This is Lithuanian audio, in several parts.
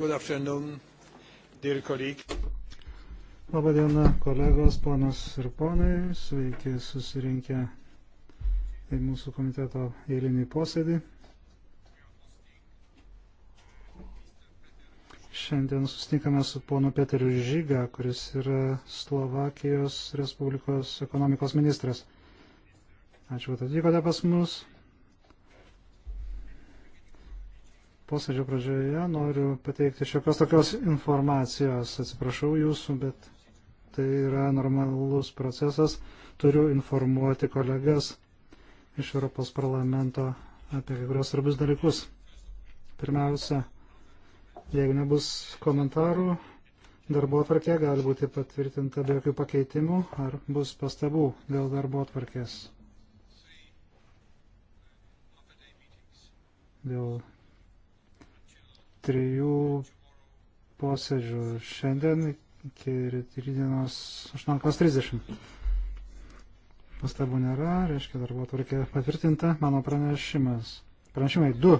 Good afternoon, dear colleague. Labadiena, kolegos, ponos ir ponai. Sveiki susirinkę į mūsų komiteto eilinį posėdį. Šiandien susitinkame su ponu Peteriu Žyga, kuris yra Slovakijos Respublikos ekonomikos ministras. Ačiū, kad atvykote pas mus. posėdžio pradžioje noriu pateikti šiokios tokios informacijos. Atsiprašau jūsų, bet tai yra normalus procesas. Turiu informuoti kolegas iš Europos parlamento apie kai kurios svarbius dalykus. Pirmiausia, jeigu nebus komentarų, darbo atvarkė gali būti patvirtinta be jokių pakeitimų ar bus pastabų dėl darbo atvarkės. Dėl trijų posėdžių šiandien iki rytdienos 18.30. Pastabų nėra, reiškia darbo tvarkė patvirtinta. Mano pranešimas. Pranešimai 2.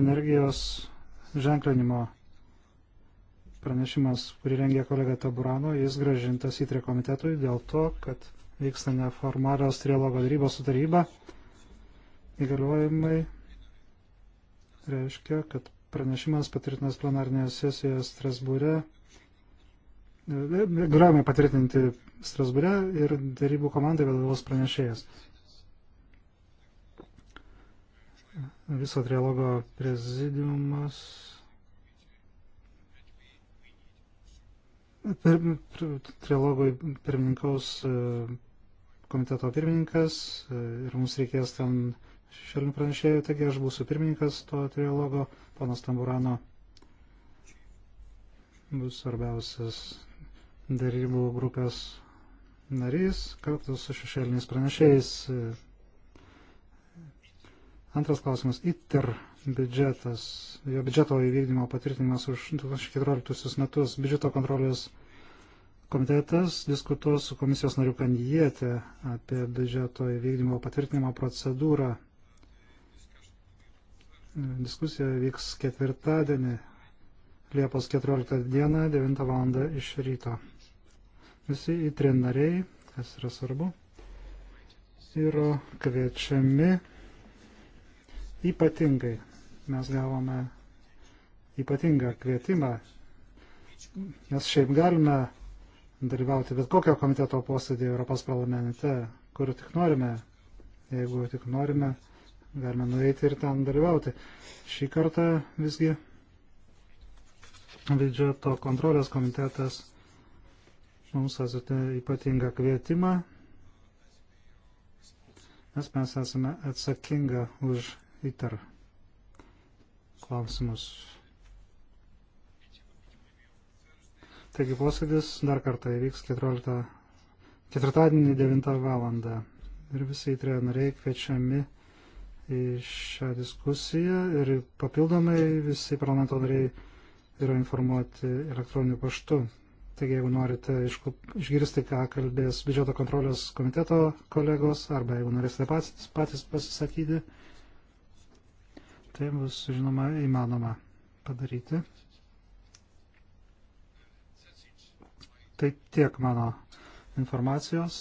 Energijos ženklinimo pranešimas, kurį rengė kolega Taburano, jis gražintas į komitetui dėl to, kad vyksta neformalios trialogo darybos su taryba. Įgaliojimai reiškia, kad pranešimas patvirtinas plenarnėje sesijoje Strasbūre. E, e, Galėjome patvirtinti Strasbūre ir darybų komandai vadovos pranešėjas. Viso trialogo prezidiumas. Per, per, trilogui pirmininkaus e, komiteto pirmininkas ir mums reikės ten šešėlinių pranešėjų, taigi aš būsiu pirmininkas to trilogo ponas Tamburano bus svarbiausias darybų grupės narys kartu su šešėliniais pranešėjais. Antras klausimas - ITER biudžetas, jo biudžeto įvykdymo patvirtinimas už 2014 metus. Biudžeto kontrolės komitetas diskutuos su komisijos nariu Kanijėte apie biudžeto įvykdymo patvirtinimo procedūrą Diskusija vyks ketvirtadienį, Liepos 14 dieną, 9 val. iš ryto. Visi įtrin nariai, kas yra svarbu, yra kviečiami ypatingai. Mes gavome ypatingą kvietimą, nes šiaip galime dalyvauti bet kokio komiteto posėdėje Europos parlamente, kur tik norime, jeigu tik norime galime nueiti ir ten dalyvauti. Šį kartą visgi biudžeto kontrolės komitetas mums atsitė ypatingą kvietimą, nes mes esame atsakinga už ITER klausimus. Taigi posėdis dar kartą įvyks 14, ketvirtadienį 9 valandą ir visi įtrė nariai kviečiami į šią diskusiją ir papildomai visi parlamento nariai yra informuoti elektroniniu paštu. Taigi, jeigu norite išgirsti, ką kalbės biudžeto kontrolės komiteto kolegos, arba jeigu norėsite patys, patys pasisakyti, tai bus, žinoma, įmanoma padaryti. Tai tiek mano informacijos.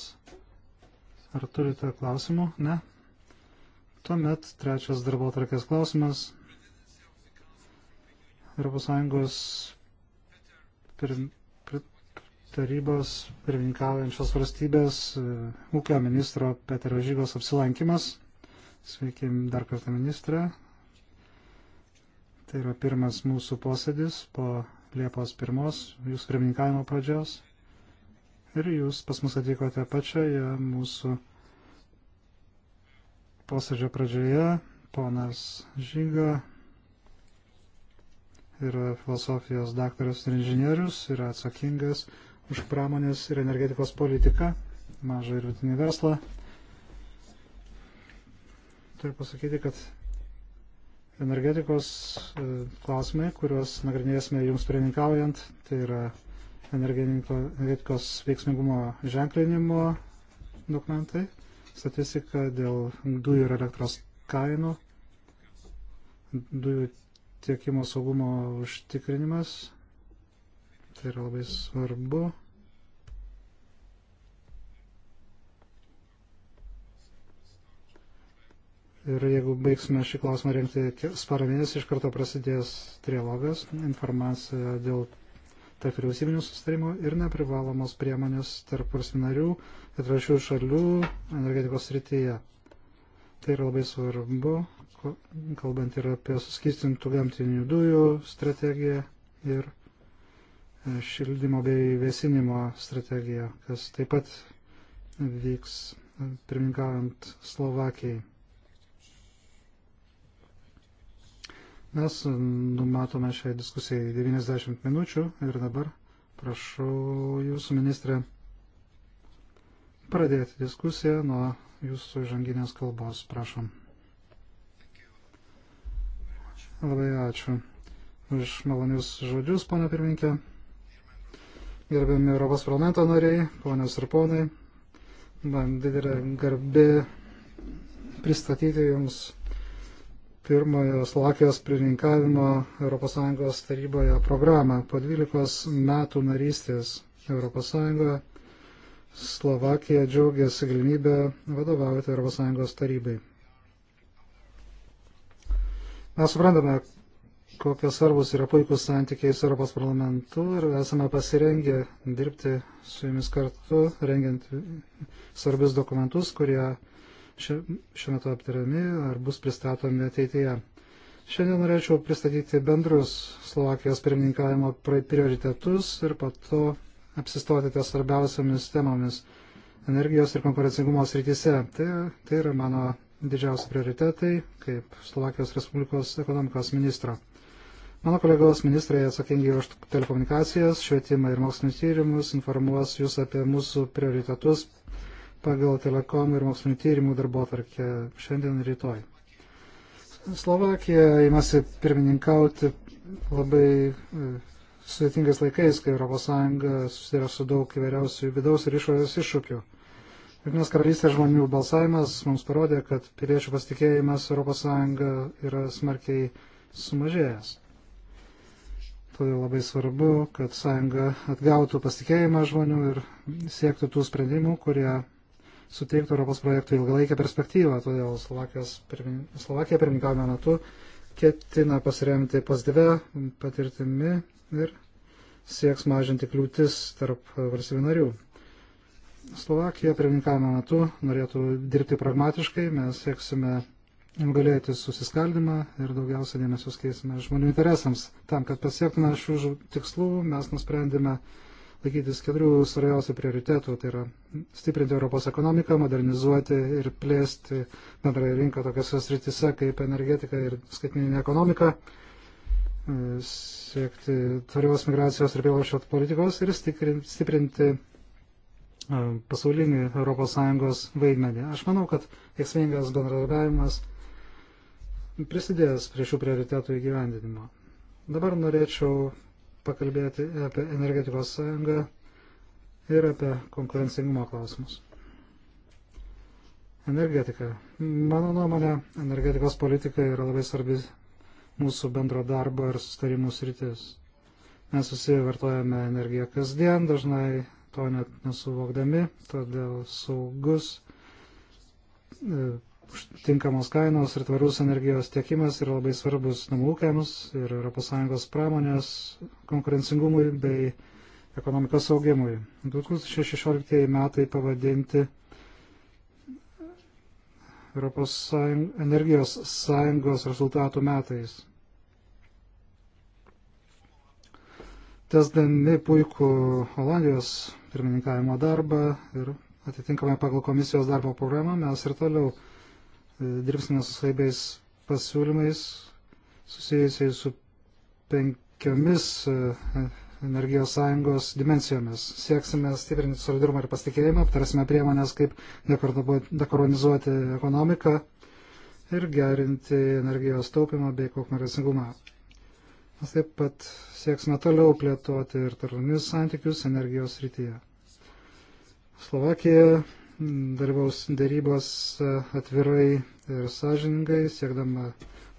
Ar turite klausimų? Ne? Tuomet trečias darbo tarkės klausimas. ES pir, pir, tarybos pirmininkaujančios valstybės e, ūkio ministro Peterio Žygos apsilankimas. Sveiki dar kartą ministrė. Tai yra pirmas mūsų posėdis po Liepos 1, jūsų pirmininkavimo pradžios. Ir jūs pas mus atvykote pačioje mūsų posėdžio pradžioje ponas Žyga yra filosofijos daktaras ir inžinierius, yra atsakingas už pramonės ir energetikos politiką, mažą ir vidutinį verslą. Turiu pasakyti, kad energetikos e, klausimai, kuriuos nagrinėsime jums prieninkaujant, tai yra energetikos veiksmingumo ženklinimo dokumentai statistiką dėl dujų ir elektros kainų, dujų tiekimo saugumo užtikrinimas. Tai yra labai svarbu. Ir jeigu baigsime šį klausimą rengti sparo mėnesį, iš karto prasidės trilogas, informacija dėl tarp vyriausybinių sustarimų ir neprivalomos priemonės tarp valstybinarių ir trečių šalių energetikos srityje. Tai yra labai svarbu, kalbant ir apie suskistintų gamtinių dujų strategiją ir e, šildymo bei vėsinimo strategiją, kas taip pat vyks e, pirmininkaujant Slovakijai. Mes numatome šiai diskusijai 90 minučių ir dabar prašau jūsų ministrė pradėti diskusiją nuo jūsų žanginės kalbos. Prašom. Labai ačiū už malonius žodžius, pana pirminkė. Gerbiami Europos parlamento nariai, ponios ir ponai, man didelė garbė pristatyti jums pirmojo Slovakijos prininkavimo ES taryboje programą. Po 12 metų narystės ES Slovakija džiaugiasi galimybę vadovauti ES tarybai. Mes suprantame, kokie svarbus yra puikūs santykiai su Europos parlamentu ir esame pasirengę dirbti su jumis kartu, rengiant svarbius dokumentus, kurie šiuo metu aptariami ar bus pristatomi ateityje. Šiandien norėčiau pristatyti bendrus Slovakijos pirmininkavimo prioritetus ir po to apsistoti ties svarbiausiamis temomis energijos ir konkurencingumo srityse. Tai, tai yra mano didžiausi prioritetai kaip Slovakijos Respublikos ekonomikos ministro. Mano kolegos ministrai atsakingi už telekomunikacijas, švietimą ir mokslinius tyrimus informuos jūs apie mūsų prioritetus pagal telekom ir mokslinio tyrimų darbo tvarkę šiandien ir rytoj. Slovakija įmasi pirmininkauti labai e, sudėtingais laikais, kai ES susiduria su daug įvairiausių vidaus ir išorės iššūkių. Jungtinės karalystės žmonių balsavimas mums parodė, kad piliečių pasitikėjimas ES yra smarkiai sumažėjęs. Todėl labai svarbu, kad sąjunga atgautų pasitikėjimą žmonių ir siektų tų sprendimų, kurie suteiktų Europos projektų ilgalaikę perspektyvą, todėl pirmin... Slovakija pirmininkavimo metu ketina pasiremti pozityvę patirtimi ir sieks mažinti kliūtis tarp valstybių narių. Slovakija pirmininkavimo metu norėtų dirbti pragmatiškai, mes sieksime nugalėti susiskaldimą ir daugiausia dėmesio skirsime žmonių interesams. Tam, kad pasiektume šių tikslų, mes nusprendėme laikytis keturių svarbiausių prioritetų, tai yra stiprinti Europos ekonomiką, modernizuoti ir plėsti bendrąją rinką tokiose sritise kaip energetika ir skaitmininė ekonomika, e, siekti tvarios migracijos ir vėlošio politikos ir stiprinti e, pasaulinį ES vaidmenį. Aš manau, kad veiksmingas bendradarbiavimas prisidės prie šių prioritetų įgyvendinimo. Dabar norėčiau pakalbėti apie energetikos sąjungą ir apie konkurencingumo klausimus. Energetika. Mano nuomonė, energetikos politika yra labai svarbi mūsų bendro darbo ir sustarimų sritis. Mes visi vartojame energiją kasdien, dažnai to net nesuvokdami, todėl saugus e, tinkamos kainos ir tvarus energijos tiekimas yra labai svarbus namų ūkiams ir ES pramonės konkurencingumui bei ekonomikos augimui. 2016 metai pavadinti ES energijos sąjungos rezultatų metais. Tesdami puikų Olandijos pirmininkavimo darbą ir atitinkamai pagal komisijos darbo programą mes ir toliau E, dirbsime su svaibiais pasiūlymais susijusiais su penkiomis e, energijos sąjungos dimencijomis. Sieksime stiprinti solidarumą ir pasitikėjimą, aptarsime priemonės, kaip dekarbonizuoti ekonomiką ir gerinti energijos taupimą bei konkurencingumą. Mes taip pat sieksime toliau plėtoti ir tarptautinius santykius energijos rytyje. Slovakija dalyvaus darybos e, atvirai ir sąžiningai, siekdama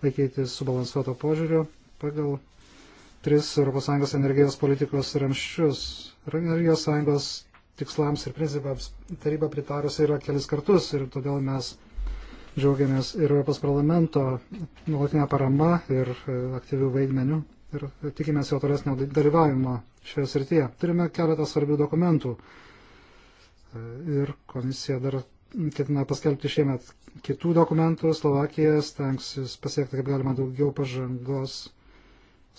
laikytis subalansuoto požiūrio pagal tris ES energijos politikos ramščius. Energijos sąjungos tikslams ir principams taryba pritarusi yra kelis kartus ir todėl mes džiaugiamės ir Europos parlamento nuolatinę paramą ir e, aktyvių vaidmenių ir tikimės jo tolesnio dalyvavimo šioje srityje. Turime keletą svarbių dokumentų ir komisija dar ketina paskelbti šiemet kitų dokumentų. Slovakija stengsis pasiekti kaip galima daugiau pažangos,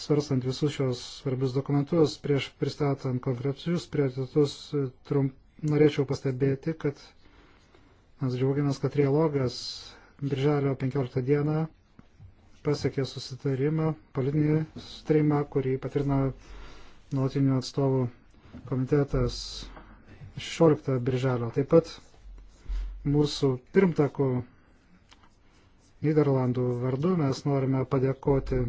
svarstant visus šios svarbius dokumentus. Prieš pristatant konkrečius prioritetus, trump, norėčiau pastebėti, kad mes džiaugiamės, kad trialogas Birželio 15 dieną pasiekė susitarimą, politinį susitarimą, kurį patvirtino nuolatinių atstovų komitetas 16 birželio. Taip pat mūsų pirmtakų Niderlandų vardu mes norime padėkoti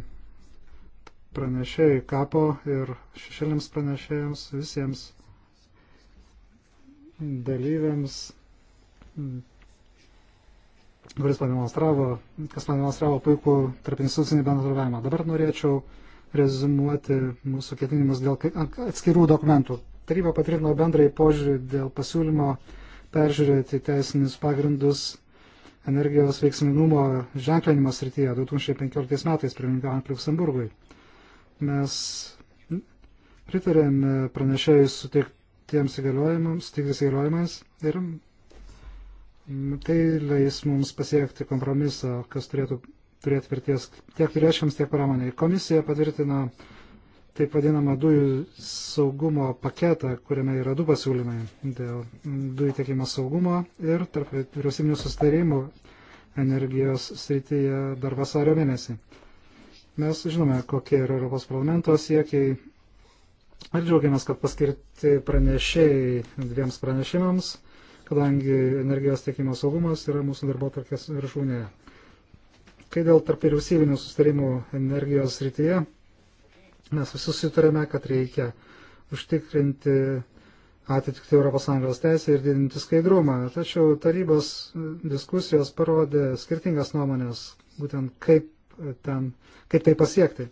pranešėjai kapo ir šešėliams pranešėjams visiems dalyviams, kuris pademonstravo, kas pademonstravo puikų tarp institucinį bendradarbiavimą. Dabar norėčiau rezumuoti mūsų ketinimus dėl atskirų dokumentų taryba patvirtino bendrąjį požiūrį dėl pasiūlymo peržiūrėti teisinius pagrindus energijos veiksmingumo ženklinimo srityje 2015 metais pirmininkaujant Luxemburgui. Mes pritarėm pranešėjus suteiktiems įgaliojimams, tikris įgaliojimais ir tai leis mums pasiekti kompromisą, kas turėtų turėti verties tiek piliečiams, tiek pramoniai. Komisija patvirtino taip vadinamą dujų saugumo paketą, kuriame yra du pasiūlymai dėl dujų tiekimo saugumo ir tarp vyriausybinių sustarimų energijos srityje dar vasario mėnesį. Mes žinome, kokie yra Europos parlamento siekiai ir džiaugiamės, kad paskirti pranešėjai dviems pranešimams, kadangi energijos tiekimo saugumas yra mūsų darbo tarkės viršūnėje. Kai dėl tarp vyriausybinių sustarimų energijos srityje, Mes visi sutarėme, kad reikia užtikrinti atitikti ES teisę ir didinti skaidrumą. Tačiau tarybos diskusijos parodė skirtingas nuomonės, būtent kaip, ten, kaip tai pasiekti.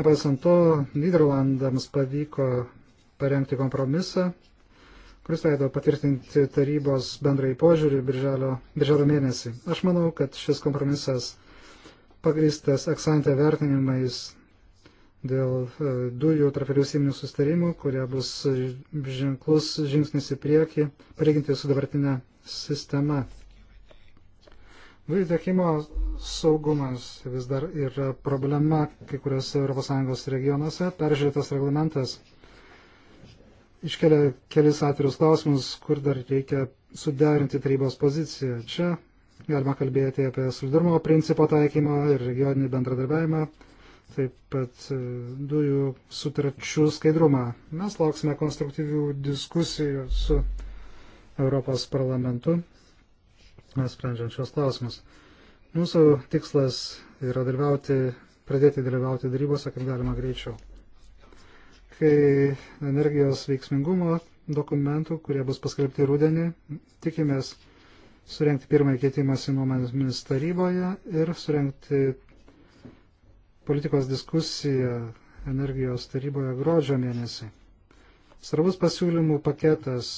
Nepaisant to, Niderlandams pavyko parengti kompromisą, kuris leido patvirtinti tarybos bendrai požiūrį birželio, birželio mėnesį. Aš manau, kad šis kompromisas pagristas eksantė vertinimais dėl e, dujų tarp vyriausybinių sustarimų, kurie bus ženklus žingsnis į priekį, palyginti su dabartinė sistema. Dujų tiekimo saugumas vis dar yra problema kai kuriuose ES regionuose. Peržiūrėtas reglamentas iškelia kelis atvirus klausimus, kur dar reikia suderinti tarybos poziciją. Čia galima kalbėti apie solidarumo principo taikymą ir regioninį bendradarbiavimą taip pat e, dujų sutarčių skaidrumą. Mes lauksime konstruktyvių diskusijų su Europos parlamentu, sprendžiant šios klausimus. Mūsų tikslas yra dalyvauti, pradėti dalyvauti darybose, kaip galima greičiau. Kai energijos veiksmingumo dokumentų, kurie bus paskelbti rūdienį, tikimės surenkti pirmąjį keitimąsi nuomonės taryboje ir surenkti politikos diskusiją energijos taryboje gruodžio mėnesį. Svarbus pasiūlymų paketas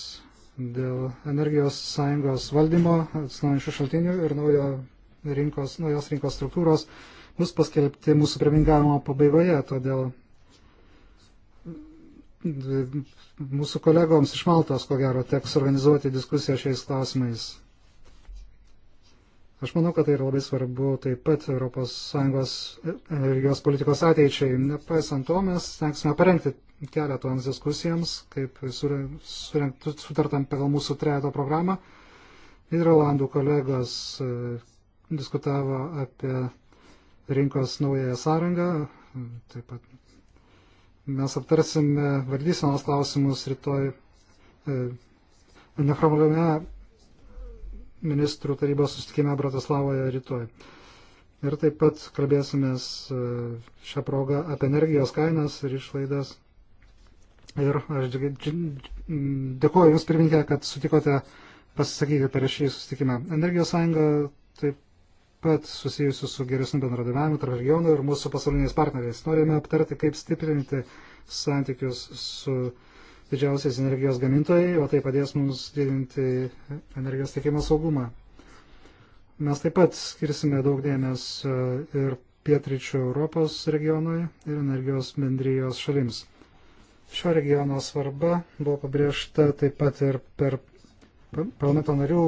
dėl energijos sąjungos valdymo, atsinaujančių šaltinių ir naujo rinkos, naujos rinkos struktūros bus paskelbti mūsų pirmingavimo pabaigoje, todėl mūsų kolegoms iš Maltos, ko gero, teks organizuoti diskusiją šiais klausimais. Aš manau, kad tai yra labai svarbu taip pat ES ir jos politikos ateičiai. Nepaisant to, mes tenksime parengti kelią toms diskusijams, kaip sutartam pagal mūsų trejato programą. Niderlandų kolegos e, diskutavo apie rinkos naująją sąrangą. Taip pat mes aptarsime valdysenos klausimus rytoj e, neformaliame ministrų tarybos sustikime Bratislavoje rytoj. Ir taip pat kalbėsimės e, šią progą apie energijos kainas ir išlaidas. Ir aš dėkuoju Jums, pirmininkė, kad sutikote pasisakyti per šį sustikimą. Energijos sąjunga taip pat susijusi su geresniu bendradavimu tarp regionų ir mūsų pasauliniais partneriais. Norime aptarti, kaip stiprinti santykius su didžiausiais energijos gamintojai, o tai padės mums didinti energijos tiekimo saugumą. Mes taip pat skirsime daug dėmesio ir pietryčių Europos regionui ir energijos bendrijos šalims. Šio regiono svarba buvo pabrėžta taip pat ir per parlamento narių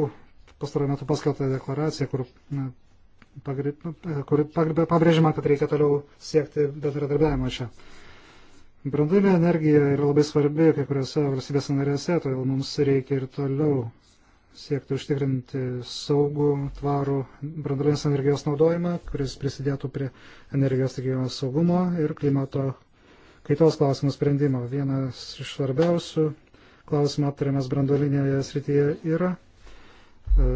pastaruoju metu paskelbtą deklaraciją, kur, pagrib, kur pagrib, pabrėžima, kad reikia toliau siekti bendradarbiavimo čia. Branduolinė energija yra labai svarbi kai kuriuose valstybės narėse, todėl mums reikia ir toliau siekti užtikrinti saugų, tvarų branduolinės energijos naudojimą, kuris prisidėtų prie energijos tikėjimo saugumo ir klimato kaitos klausimų sprendimo. Vienas iš svarbiausių klausimų aptariamas branduolinėje srityje yra e,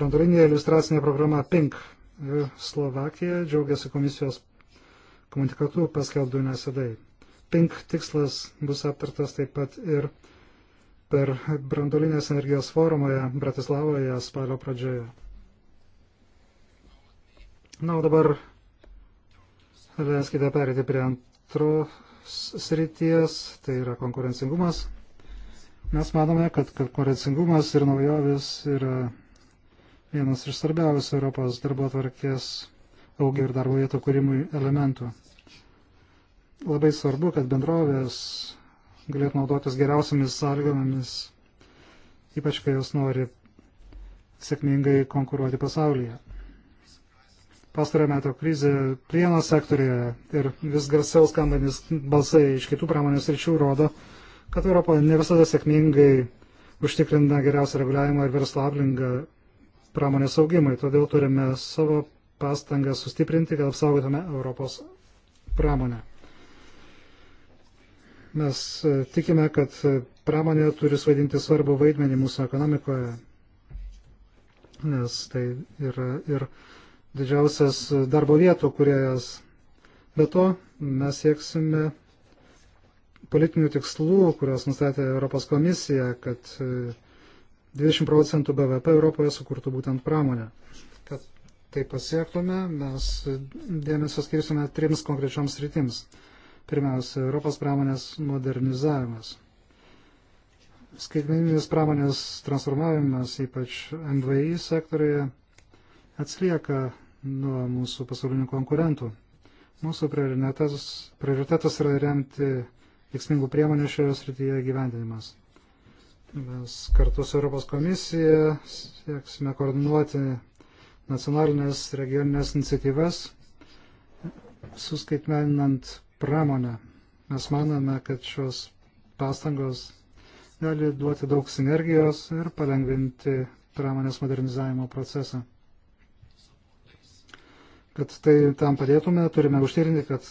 branduolinė iliustracinė programa PINK. E, Slovakija džiaugiasi komisijos komunikatu paskelbtų nesadai pink tikslas bus aptartas taip pat ir per brandolinės energijos forumoje Bratislavoje spalio pradžioje. Na, o dabar leiskite perėti prie antros srities, tai yra konkurencingumas. Mes manome, kad konkurencingumas ir naujovis yra vienas iš svarbiausių Europos darbo tvarkės augio ir darbo vietų kūrimui elementų labai svarbu, kad bendrovės galėtų naudotis geriausiamis sąlygomis, ypač kai jos nori sėkmingai konkuruoti pasaulyje. Pastarą metą krizė plieno sektorijoje ir vis garsiau skambantis balsai iš kitų pramonės ryčių rodo, kad Europa ne visada sėkmingai užtikrina geriausią reguliavimą ir verslo aplinką pramonės augimui. Todėl turime savo pastangą sustiprinti, kad apsaugotume Europos pramonę. Mes e, tikime, kad e, pramonė turi svaidinti svarbu vaidmenį mūsų ekonomikoje, nes tai yra ir didžiausias darbo vietų kuriejas. Be to, mes sieksime politinių tikslų, kurios nustatė Europos komisija, kad 20 e, procentų BVP Europoje sukurtų būtent pramonę. Kad tai pasiektume, mes dėmesio skirsime trims konkrečioms rytims. Pirmiausia, Europos pramonės modernizavimas. Skaitmeninės pramonės transformavimas, ypač MVI sektorėje, atsilieka nuo mūsų pasaulinių konkurentų. Mūsų prioritetas, prioritetas yra remti veiksmingų priemonių šioje srityje gyvendinimas. Mes kartu su Europos komisija sieksime koordinuoti nacionalinės regioninės iniciatyvas, suskaitmeninant pramonę. Mes manome, kad šios pastangos gali duoti daug sinergijos ir palengvinti pramonės modernizavimo procesą. Kad tai tam padėtume, turime užtikrinti, kad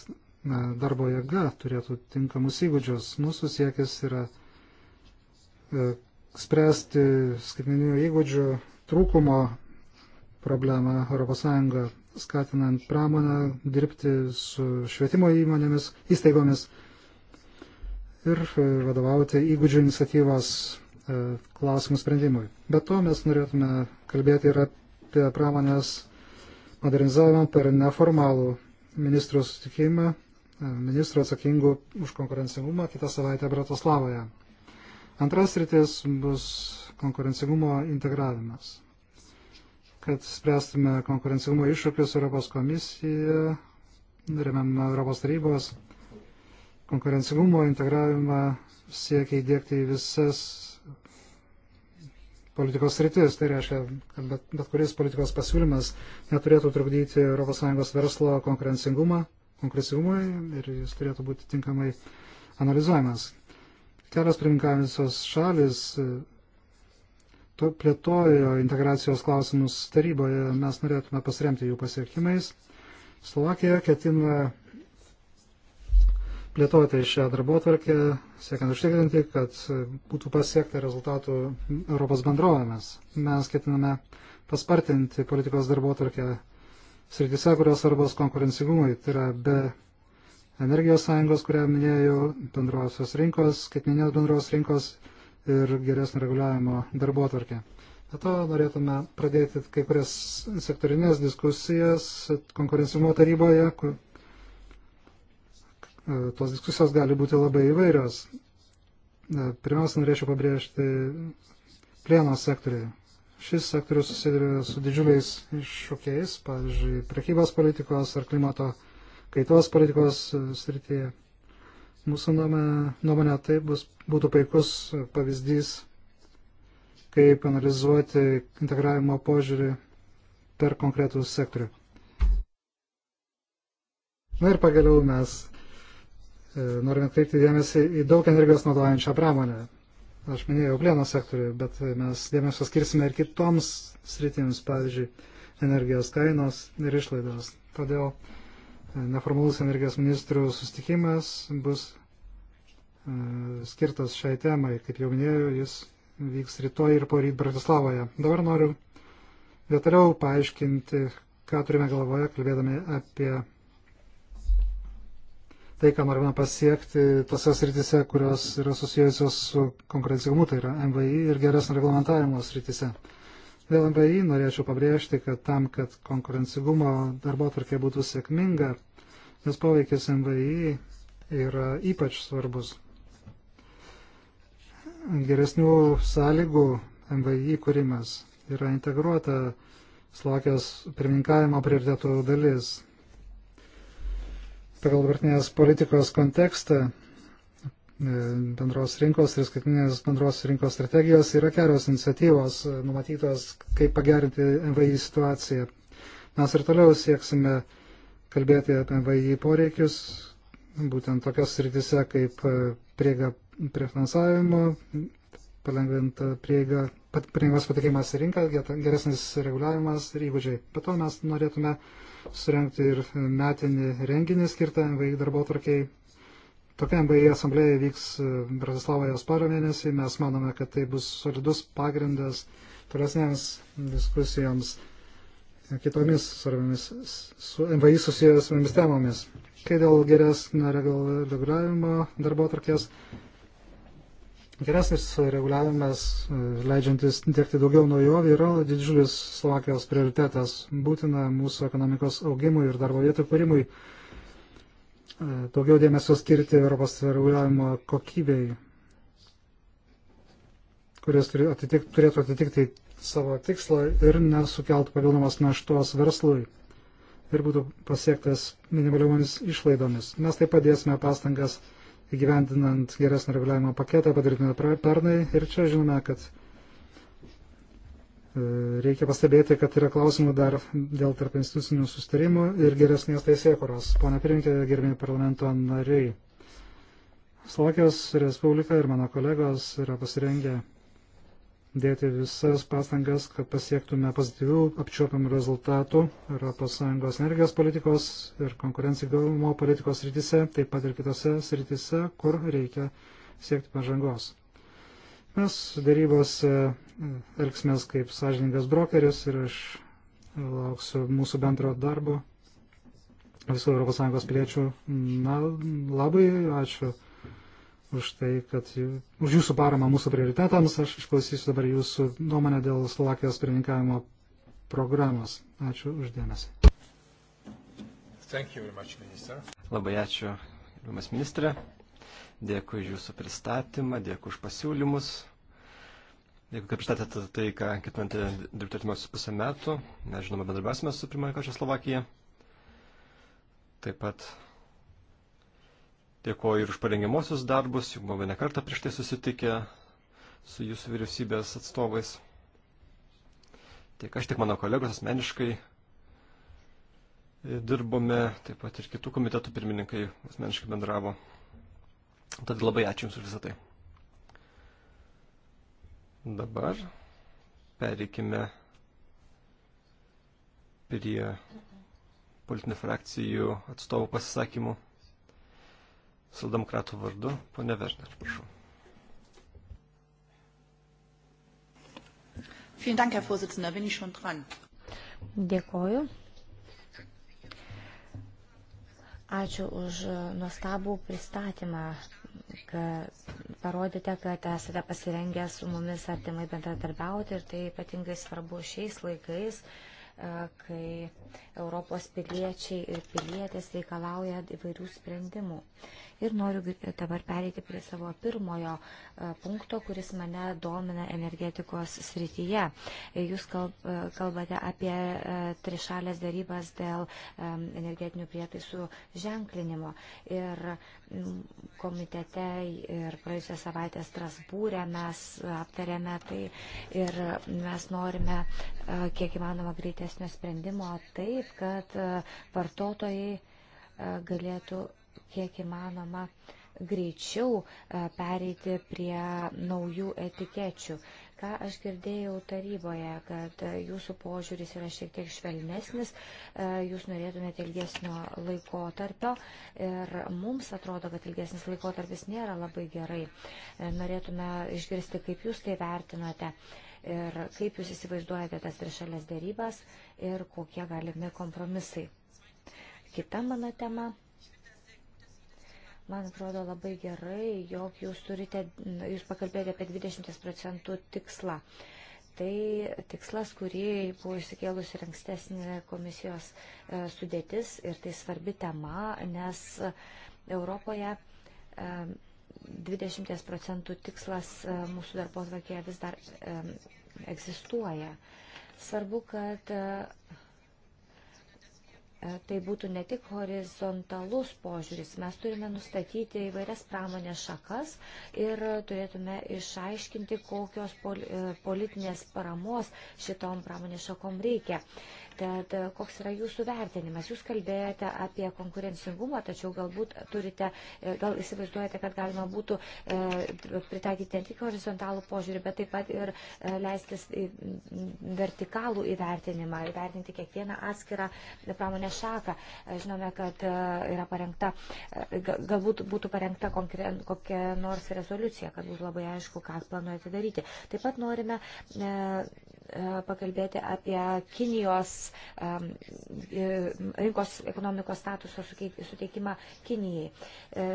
darbo jėga turėtų tinkamus įgūdžius. Mūsų siekis yra e, spręsti skaitmeninių įgūdžių trūkumo problemą ES skatinant pramoną, dirbti su švietimo įmonėmis, įstaigomis ir e, vadovauti įgūdžių iniciatyvos e, klausimų sprendimui. Bet to mes norėtume kalbėti ir apie pramonės modernizavimą per neformalų ministrų sutikimą, e, ministrų atsakingų už konkurencingumą kitą savaitę Bratislavoje. Antras rytis bus konkurencingumo integravimas kad spręstume konkurencingumo iššūkius Europos komisija, remiam Europos tarybos konkurencingumo integravimą siekia įdėkti į visas politikos rytis. Tai reiškia, kad bet, bet kuris politikos pasiūlymas neturėtų trukdyti ES verslo konkurencingumą, konkurencingumui ir jis turėtų būti tinkamai analizuojamas. Kelios pirmininkavusios šalis plėtojo integracijos klausimus taryboje, mes norėtume pasiremti jų pasiekimais. Slovakija ketina plėtoti šią darbotvarkę, siekiant užtikrinti, kad būtų pasiekta rezultatų Europos bendrovėmis. Mes ketiname paspartinti politikos darbotvarkę srityse, kurios svarbos konkurencingumui, tai yra be energijos sąjungos, kurią minėjau, bendrosios rinkos, skaitminės bendros rinkos, rinkos ir geresnio reguliavimo darbo atvarkę. Be to norėtume pradėti kai kurias sektorinės diskusijas konkurencingumo taryboje. Kur, e, tos diskusijos gali būti labai įvairios. E, pirmiausia, norėčiau pabrėžti plieno sektorių. Šis sektorius susiduria su didžiuliais iššūkiais, pavyzdžiui, prekybos politikos ar klimato kaitos politikos e, srityje. Mūsų nuomonė tai bus, būtų paikus pavyzdys, kaip analizuoti integravimo požiūrį per konkretų sektorių. Na ir pagaliau mes e, norime kreipti dėmesį į daug energijos naudojančią pramonę. Aš minėjau plieno sektorių, bet mes dėmesio skirsime ir kitoms sritims, pavyzdžiui, energijos kainos ir išlaidos. Todėl e, neformalus energijos ministrų sustikimas bus E, skirtas šiai temai. Kaip jau minėjau, jis vyks rytoj ir poryt Bratislavoje. Dabar noriu detaliau paaiškinti, ką turime galvoje, kalbėdami apie tai, ką norime pasiekti tose sritise, kurios yra susijusios su konkurencingumu, tai yra MVI ir geresnio reglamentavimo sritise. Dėl MVI norėčiau pabrėžti, kad tam, kad konkurencingumo darbo tvarkė būtų sėkminga, jos poveikis MVI yra ypač svarbus geresnių sąlygų MVI kūrimas yra integruota Slovakijos pirmininkavimo prioritetų dalis. Pagal dabartinės politikos kontekstą e, bendros rinkos ir skaitinės bendros rinkos strategijos yra kelios iniciatyvos e, numatytos, kaip pagerinti MVI situaciją. Mes ir toliau sieksime kalbėti apie MVI poreikius, būtent tokios rytise kaip e, prieiga prie finansavimo, palengvinta prieiga, prieigas patekimas į rinką, geresnis reguliavimas ir įgūdžiai. Be to mes norėtume surenkti ir metinį renginį skirtą MVI darbo tvarkiai. Tokia MVI asamblėja vyks Bratislavoje spalio mėnesį. Mes manome, kad tai bus solidus pagrindas tolesnėms diskusijoms kitomis svarbiamis su MVI susijęs temomis. Kai dėl geresnio reguliavimo darbo tvarkės, Geresnis reguliavimas, e, leidžiantis tiekti daugiau naujovių, yra didžiulis Slovakijos prioritetas, būtina mūsų ekonomikos augimui ir darbo vietų kūrimui. E, daugiau dėmesio skirti Europos reguliavimo kokybei, kuris atitik, turėtų atitikti savo tikslą ir nesukeltų papildomos naštos verslui ir būtų pasiektas minimaliomis išlaidomis. Mes taip padėsime pastangas įgyvendinant geresnio reguliavimo paketą padarytume pernai. Ir čia žinome, kad e, reikia pastebėti, kad yra klausimų dar dėl tarp institucinių sustarimų ir geresnės teisėkuros. Pone pirinkė, gerbėjai parlamento nariai. Slovakijos Respublika ir mano kolegos yra pasirengę dėti visas pastangas, kad pasiektume pozityvių apčiuopiamų rezultatų ES energijos politikos ir konkurencingumo politikos rytise, taip pat ir kitose srityse, kur reikia siekti pažangos. Mes darybos e, elgsimės kaip sąžininkas brokeris ir aš lauksiu mūsų bendro darbo visų ES piliečių. Na, labai ačiū už tai, kad už jūsų paramą mūsų prioritetams. Aš išklausysiu dabar jūsų nuomonę dėl Slovakijos pirmininkavimo programos. Ačiū uždėmesį. Much, minister. Labai ačiū, gerbiamas ministrė. Dėkui už jūsų pristatymą, dėkui už pasiūlymus. Dėkui, kad pristatėte tai, ką ketinate dirbti artimiausius pusę metų. Mes žinoma, bendarbiausime su pirmoji kažkokia Slovakija. Taip pat Dėkoju ir už parengiamosius darbus, juk buvome ne kartą prieš tai susitikę su jūsų vyriausybės atstovais. Tiek aš, tiek mano kolegos asmeniškai e, dirbome, taip pat ir kitų komitetų pirmininkai asmeniškai bendravo. Tad labai ačiū Jums už visą tai. Dabar pereikime prie politinių frakcijų atstovų pasisakymų. Saldemokratų vardu, ponė Verner, prašau. Vielen Dank, Herr Vorsitzender, bin ich schon dran. Dėkoju. Ačiū už nuostabų pristatymą, kad parodėte, kad esate pasirengę su mumis artimai bendradarbiauti ir tai ypatingai svarbu šiais laikais, kai Europos piliečiai ir pilietės reikalauja įvairių sprendimų. Ir noriu dabar pereiti prie savo pirmojo e, punkto, kuris mane domina energetikos srityje. E, jūs e, kalbate apie trišalės darybas dėl energetinių prietaisų ženklinimo. Ir komitete ir praėjusią savaitę Strasbūrę mes aptarėme tai ir mes norime kiek įmanoma greitesnio sprendimo taip, kad vartotojai galėtų kiek įmanoma greičiau e, pereiti prie naujų etikečių. Ką aš girdėjau taryboje, kad e, jūsų požiūris yra šiek tiek švelnesnis, e, jūs norėtumėte ilgesnio laikotarpio ir mums atrodo, kad ilgesnis laikotarpis nėra labai gerai. Norėtume išgirsti, kaip jūs tai vertinote ir kaip jūs įsivaizduojate tas trišalės dėrybas ir kokie galimi kompromisai. Kita mano tema Man atrodo labai gerai, jog jūs, turite, jūs pakalbėjote apie 20 procentų tikslą. Tai tikslas, kurį buvo išsikėlus ir ankstesnė komisijos e, sudėtis ir tai svarbi tema, nes Europoje 20 e, procentų tikslas e, mūsų darbo tvarkėje vis dar egzistuoja. Svarbu, kad E, tai būtų ne tik horizontalus požiūris, mes turime nustatyti įvairias pramonės šakas ir turėtume išaiškinti, kokios e, politinės paramos šitom pramonės šakom reikia. Tad e, koks yra jūsų vertinimas? Jūs kalbėjote apie konkurencingumą, tačiau galbūt turite, e, gal įsivaizduojate, kad galima būtų e, pritaikyti ne tik horizontalų požiūrį, bet taip pat ir leistis vertikalų įvertinimą, įvertinti kiekvieną atskirą pramonės šaką. Žinome, kad yra parengta, galbūt būtų parengta kokia nors rezoliucija, kad būtų labai aišku, ką planuojate daryti. Taip pat norime pakalbėti apie Kinijos Um, e, rinkos ekonomikos statuso suteikimą Kinijai. E,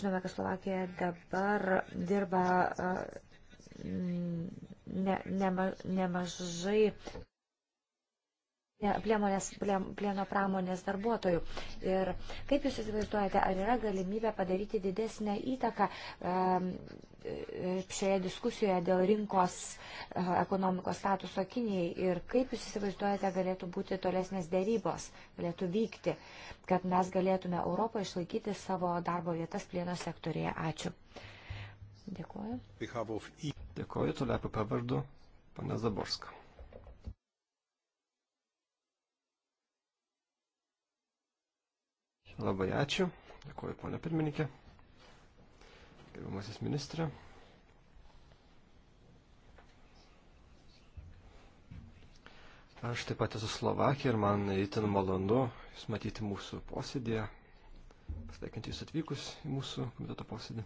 žinome, kad Slovakija dabar dirba e, ne, nema, nemažai plėmonės, plėno pramonės darbuotojų. Ir kaip Jūs įsivaizduojate, ar yra galimybė padaryti didesnę įtaką šioje diskusijoje dėl rinkos e, ekonomikos statuso Kinijai ir kaip Jūs įsivaizduojate galėtų būti tolesnės dėrybos, galėtų vykti, kad mes galėtume Europoje išlaikyti savo darbo vietas plėno sektorėje. Ačiū. Dėkuoju. E. Dėkuoju toliau apie pavardu, pana Zaborska. Labai ačiū. Dėkuoju, ponia pirmininkė. Gerbiamasis ministrė. Aš taip pat esu Slovakija ir man įtin malonu Jūs matyti mūsų posėdėje. Pasveikinti Jūs atvykus į mūsų komiteto posėdį.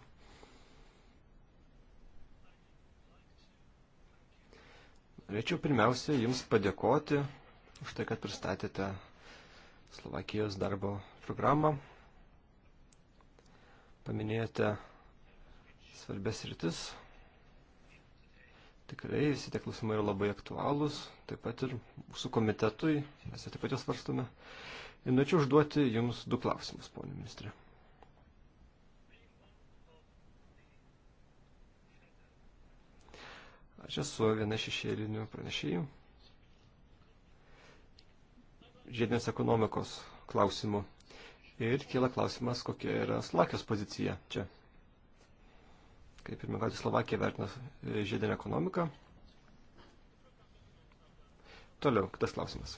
Norėčiau pirmiausia Jums padėkoti už tai, kad pristatėte Slovakijos darbo programą. Paminėjote svarbės rytis. Tikrai visi tie klausimai yra labai aktualūs, taip pat ir mūsų komitetui, mes taip pat juos svarstome. Ir norėčiau užduoti Jums du klausimus, ponė ministrė. Aš esu viena šešėlinių pranešėjų. Žiedinės ekonomikos klausimų. Ir kyla klausimas, kokia yra Slovakijos pozicija čia. Kaip ir mėgauti Slovakija vertina žiedinę ekonomiką. Toliau, kitas klausimas.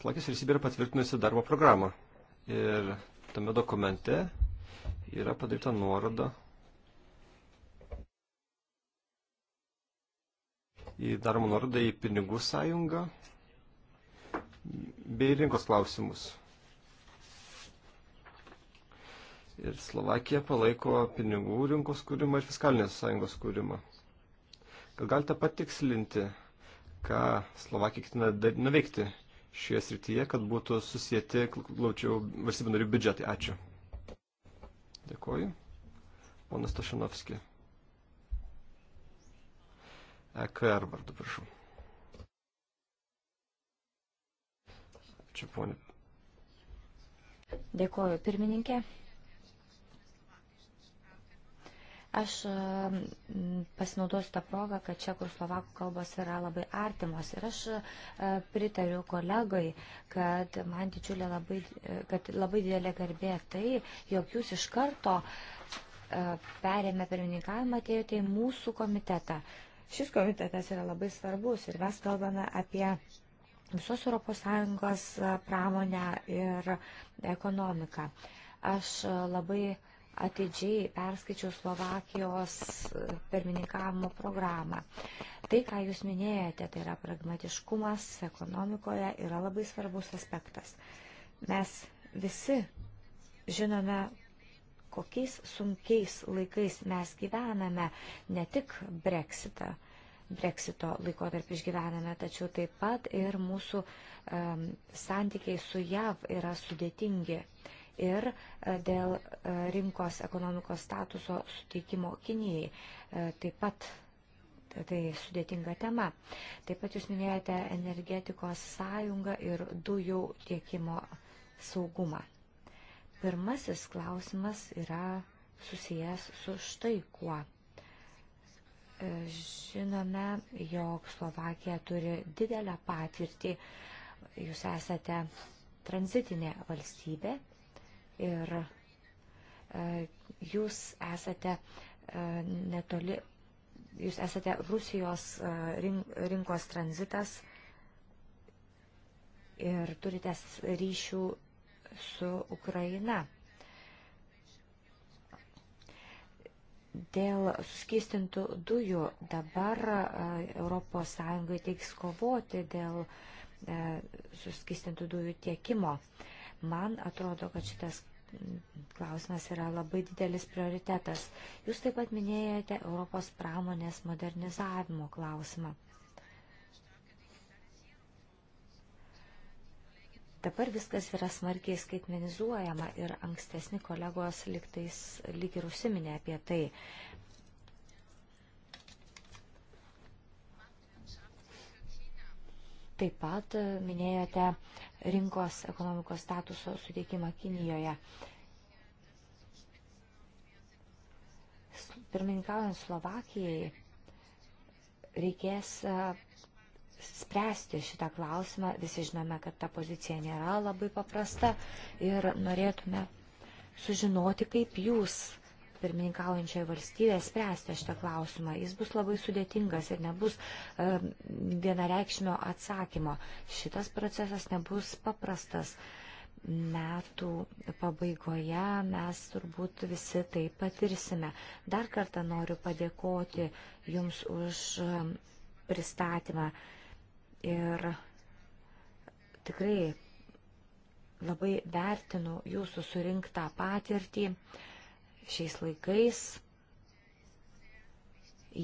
Slovakijos vyriausybė yra patvirtinusi darbo programą. Ir tame dokumente yra padaryta nuoroda į daromą nuorodą į pinigų sąjungą bei rinkos klausimus. Ir Slovakija palaiko pinigų rinkos kūrimą ir fiskalinės sąjungos kūrimą. Gal galite patikslinti, ką Slovakija ketina nuveikti šioje srityje, kad būtų susijęti glaučiau valstybių narių biudžetai? Ačiū. Dėkoju. Ponas Tošinovski. EKR vardu, prašau. Ačiū, ponė. Dėkoju, pirmininkė. Aš pasinaudosiu tą progą, kad čekų ir slovakų kalbos yra labai artimos. Ir aš e, pritariu kolegai, kad man didžiulė labai, kad labai didelė garbė tai, jog jūs iš karto e, perėmė pirmininkavimą, atėjote į mūsų komitetą. Šis komitetas yra labai svarbus ir mes kalbame apie visos ES e, pramonę ir ekonomiką. Aš labai uh, atidžiai perskaičiau Slovakijos pirmininkavimo programą. Tai, ką Jūs minėjote, tai yra pragmatiškumas ekonomikoje, yra labai svarbus aspektas. Mes visi žinome, kokiais sunkiais laikais mes gyvename, ne tik Brexitą. Brexito laikotarpį išgyvename, tačiau taip pat ir mūsų um, santykiai su JAV yra sudėtingi. Uh, ir e, dėl e, rinkos ekonomikos statuso suteikimo Kinijai. E, taip pat tai sudėtinga tema. Taip pat jūs minėjote energetikos sąjungą ir dujų tiekimo saugumą. Pirmasis klausimas yra susijęs su štai kuo. Žinome, jog Slovakija turi didelę patirtį. Jūs esate tranzitinė valstybė ir e, jūs esate e, netoli, jūs esate Rusijos e, rinkos tranzitas ir turite ryšių su Ukraina. Dėl suskistintų dujų dabar ES teiks kovoti dėl suskistintų dujų tiekimo. Man atrodo, kad šitas klausimas yra labai didelis prioritetas. Jūs taip pat minėjote Europos pramonės modernizavimo klausimą. Dabar viskas yra smarkiai skaitmenizuojama ir ankstesni kolegos liktais lyg ir užsiminė apie tai. Taip pat minėjote rinkos ekonomikos statuso suteikimą Kinijoje. Pirmininkaujant Slovakijai reikės spręsti šitą klausimą. Visi žinome, kad ta pozicija nėra labai paprasta ir norėtume sužinoti, kaip jūs pirmininkaujančiai valstybė spręsti šitą klausimą. Jis bus labai sudėtingas ir nebus e, vienareikšmio atsakymo. Šitas procesas nebus paprastas. Metų pabaigoje mes turbūt visi tai patirsime. Dar kartą noriu padėkoti Jums už e, pristatymą ir tikrai labai vertinu Jūsų surinktą patirtį. E, šiais laikais,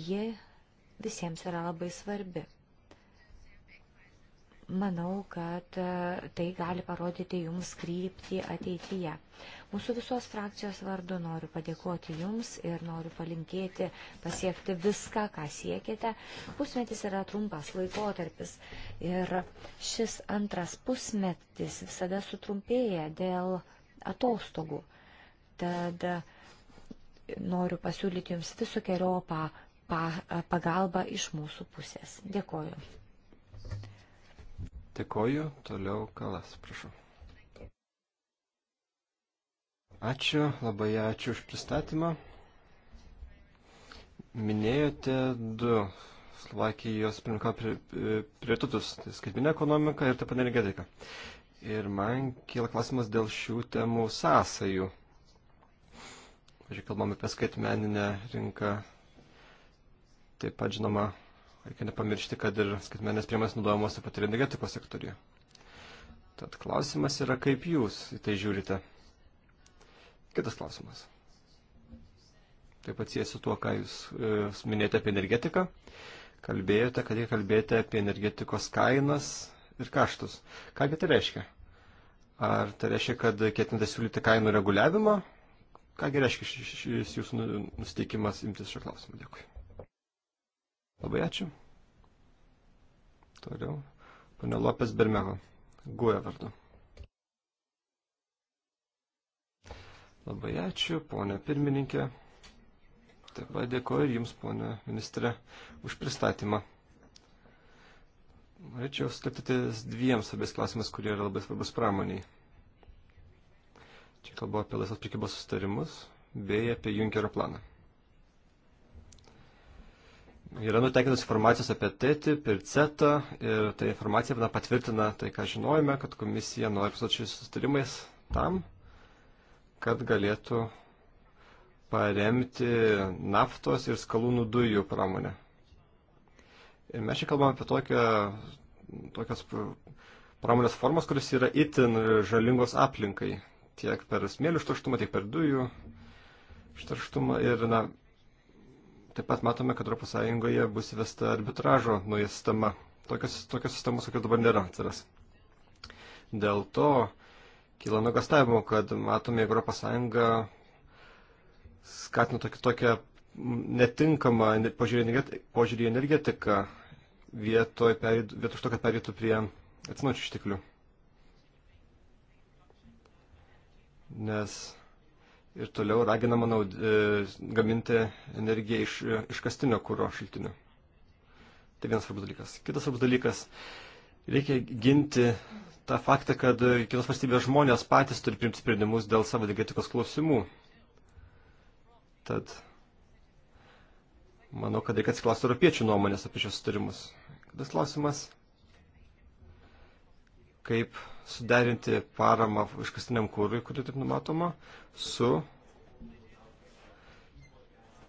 ji visiems yra labai svarbi. Manau, kad e, tai gali parodyti jums kryptį ateityje. Mūsų visos frakcijos vardu noriu padėkoti jums ir noriu palinkėti pasiekti viską, ką siekite. Pusmetis yra trumpas laikotarpis ir šis antras pusmetis visada sutrumpėja dėl atostogų. Tad noriu pasiūlyti Jums visokiojopą pagalbą iš mūsų pusės. Dėkoju. Dėkoju. Toliau Kalas, prašau. Ačiū, labai ačiū už pristatymą. Minėjote du Slovakijos pirmininko e, prioritetus - tai skaitminė ekonomika ir taip pat energetika. Ir man kyla klausimas dėl šių temų sąsajų. Pavyzdžiui, kalbam apie skaitmeninę rinką. Taip pat, žinoma, reikia nepamiršti, kad ir skaitmeninės priemonės naudojamos taip pat ir energetikos sektoriuje. Tad klausimas yra, kaip jūs į tai žiūrite. Kitas klausimas. Taip pat siejasi tuo, ką jūs e, minėjote apie energetiką. Kalbėjote, kad jie kalbėjote apie energetikos kainas ir kaštus. Kągi tai reiškia? Ar tai reiškia, kad ketinate siūlyti kainų reguliavimą, Kągi reiškia šis jūsų nu- nusteikimas imtis šio klausimo? Dėkui. Labai ačiū. Toliau. Pane Lopes Bermeho. Guja vardu. Labai ačiū, ponė pirmininkė. Taip pat dėkoju ir jums, ponė ministrė, už pristatymą. Norėčiau skirtytis dviems abės klausimas, kurie yra labai svarbus pramoniai. Čia kalbu apie laisvos prekybos sustarimus bei apie Junkerio planą. Yra nutekintos informacijos apie TTIP ir CETA ir ta informacija na, patvirtina tai, ką žinojame, kad komisija nori su šiais sustarimais tam, kad galėtų paremti naftos ir skalūnų dujų pramonę. Ir mes čia kalbame apie tokią, tokias pramonės formas, kuris yra itin žalingos aplinkai tiek per smėlių užterštumą, tiek per dujų užterštumą. Ir na, taip pat matome, kad Europos Sąjungoje bus įvesta arbitražo nauja sistema. Tokios, tokios sistemos, kokios dabar nėra, atsiras. Dėl to kyla nugastavimų, kad matome, jog Europos Sąjunga skatina tokį, tokią netinkamą požiūrį į energetiką vietoj, vietoj to, kad perėtų prie atsinaučių išteklių. nes ir toliau raginama naud... E, gaminti energiją iš iškastinio kūro šaltinių. Tai vienas svarbus dalykas. Kitas svarbus dalykas - reikia ginti tą faktą, kad kitos valstybės žmonės patys turi priimti sprendimus dėl savo energetikos klausimų. Tad manau, kad reikia atsiklausti europiečių nuomonės apie šios sutarimus. Kitas klausimas - kaip suderinti paramą iškastiniam kūrui, kuri taip numatoma, su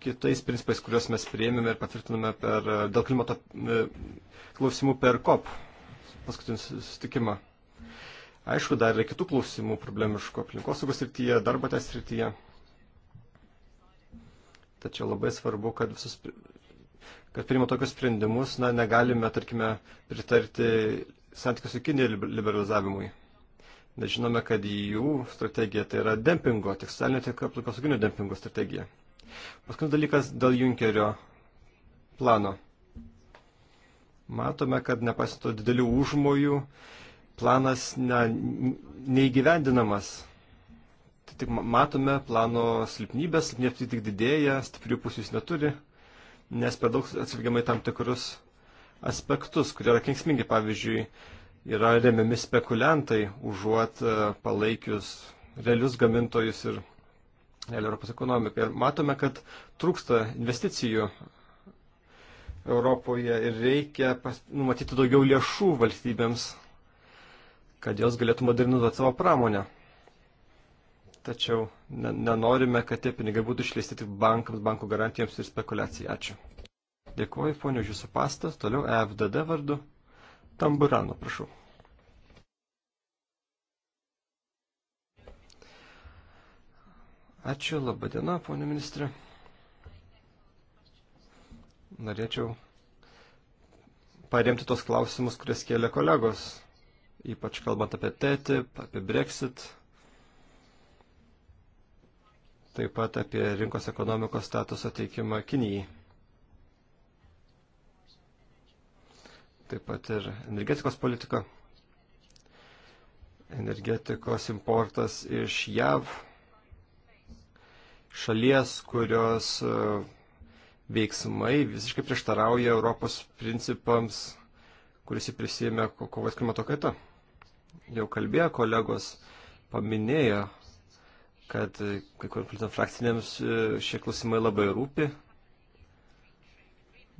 kitais principais, kuriuos mes priėmėme ir patvirtiname per, dėl klimato e, klausimų per COP paskutinį sustikimą. Aišku, dar yra kitų klausimų problemiškų aplinkosaugos srityje, darbo teisės srityje. Tačiau labai svarbu, kad visus kad priima tokius sprendimus, na, negalime, tarkime, pritarti santykių su Kinija liberalizavimui. Nes žinome, kad jų strategija tai yra dempingo, tik socialinio, tik aplinkosauginio dempingo strategija. Paskutinis dalykas dėl Junkerio plano. Matome, kad nepasito didelių užmojų, planas ne, neįgyvendinamas. Tai tik matome plano silpnybės, silpnybės tik didėja, stiprių pusių jis neturi, nes per daug atsivilgiamai tam tikrus aspektus, kurie yra kengsmingi. Pavyzdžiui, yra remiami spekuliantai užuot e, palaikius realius gamintojus ir realią Europos ekonomiką. Ir matome, kad trūksta investicijų Europoje ir reikia pas, numatyti daugiau lėšų valstybėms, kad jos galėtų modernizuoti savo pramonę. Tačiau nenorime, kad tie pinigai būtų išleisti tik bankams, bankų garantijoms ir spekulacijai. Ačiū. Dėkuoju, ponio, už jūsų pastą. Toliau EFDD vardu. Tamburano, prašau. Ačiū, laba diena, ponio ministrė. Norėčiau paremti tos klausimus, kurias kėlė kolegos, ypač kalbant apie TTIP, apie Brexit, taip pat apie rinkos ekonomikos statuso teikimą Kinijai. taip pat ir energetikos politika. Energetikos importas iš JAV, šalies, kurios e, veiksmai visiškai prieštarauja Europos principams, kuris įprisėmė kovos klimato kaita. Jau kalbėjo kolegos, paminėjo, kad kai kuriams frakcinėms e, šie klausimai labai rūpi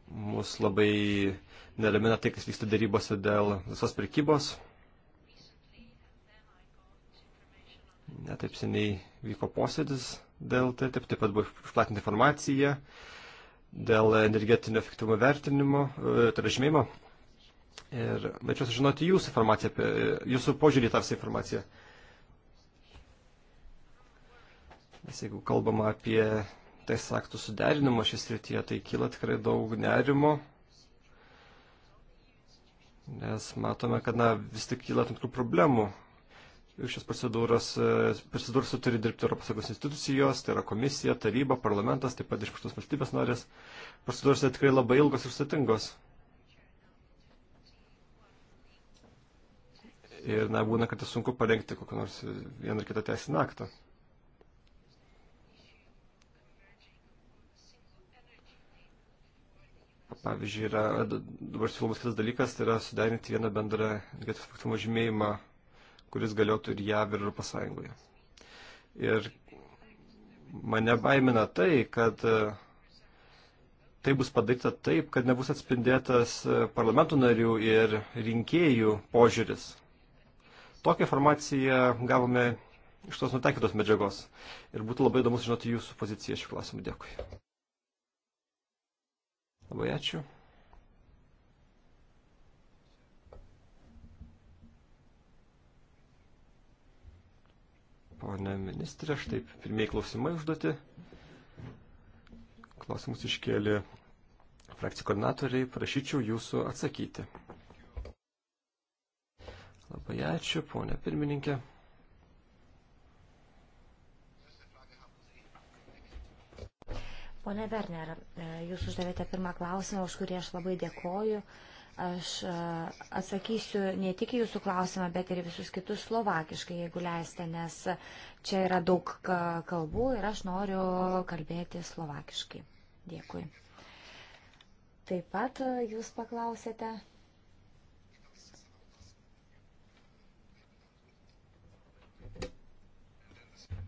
mus labai neramina tai, kas vyksta darybose dėl visos prekybos. Netaip seniai vyko posėdis dėl tai, taip, taip pat buvo išplatinta informacija dėl energetinio efektyvumo vertinimo, e, tai yra žymėjimo. Ir norėčiau sužinoti jūsų informaciją, apie, jūsų požiūrį į tą visą informaciją. Nes jeigu kalbama apie teisės aktų suderinimo šis rytyje, tai kyla tikrai daug nerimo, nes matome, kad na, vis tik kyla tam tikrų problemų. Ir šias procedūras, e, procedūras turi dirbti Europos Sąjungos institucijos, tai yra komisija, taryba, parlamentas, taip pat iš paštos valstybės narės. Procedūros tai tikrai labai ilgos ir sudėtingos. Ir na, būna, kad tai sunku parengti kokią nors vieną ar kitą teisinę aktą. Pavyzdžiui, yra dabar siūlomas kitas dalykas, tai yra suderinti vieną bendrą energetikos efektyvumo žymėjimą, kuris galiotų ir JAV ir Europos Sąjungoje. Ir mane baimina tai, kad e, tai bus padaryta taip, kad nebus atspindėtas e, parlamentų narių ir rinkėjų požiūris. Tokią informaciją gavome iš tos nutaikytos medžiagos. Ir būtų labai įdomu žinoti jūsų poziciją šiuo klausimu. Dėkui. Labai ačiū. Pone ministrė, štai pirmieji klausimai užduoti. Klausimus iškėlė frakcijų koordinatoriai, prašyčiau jūsų atsakyti. Labai ačiū, ponė pirmininkė. Pone Werner, e, jūs uždavėte pirmą klausimą, už kurį aš labai dėkoju. Aš e, atsakysiu ne tik jūsų klausimą, bet ir visus kitus slovakiškai, jeigu leiste, nes čia yra daug kalbų ir aš noriu kalbėti slovakiškai. Dėkui. Taip pat e, jūs paklausėte.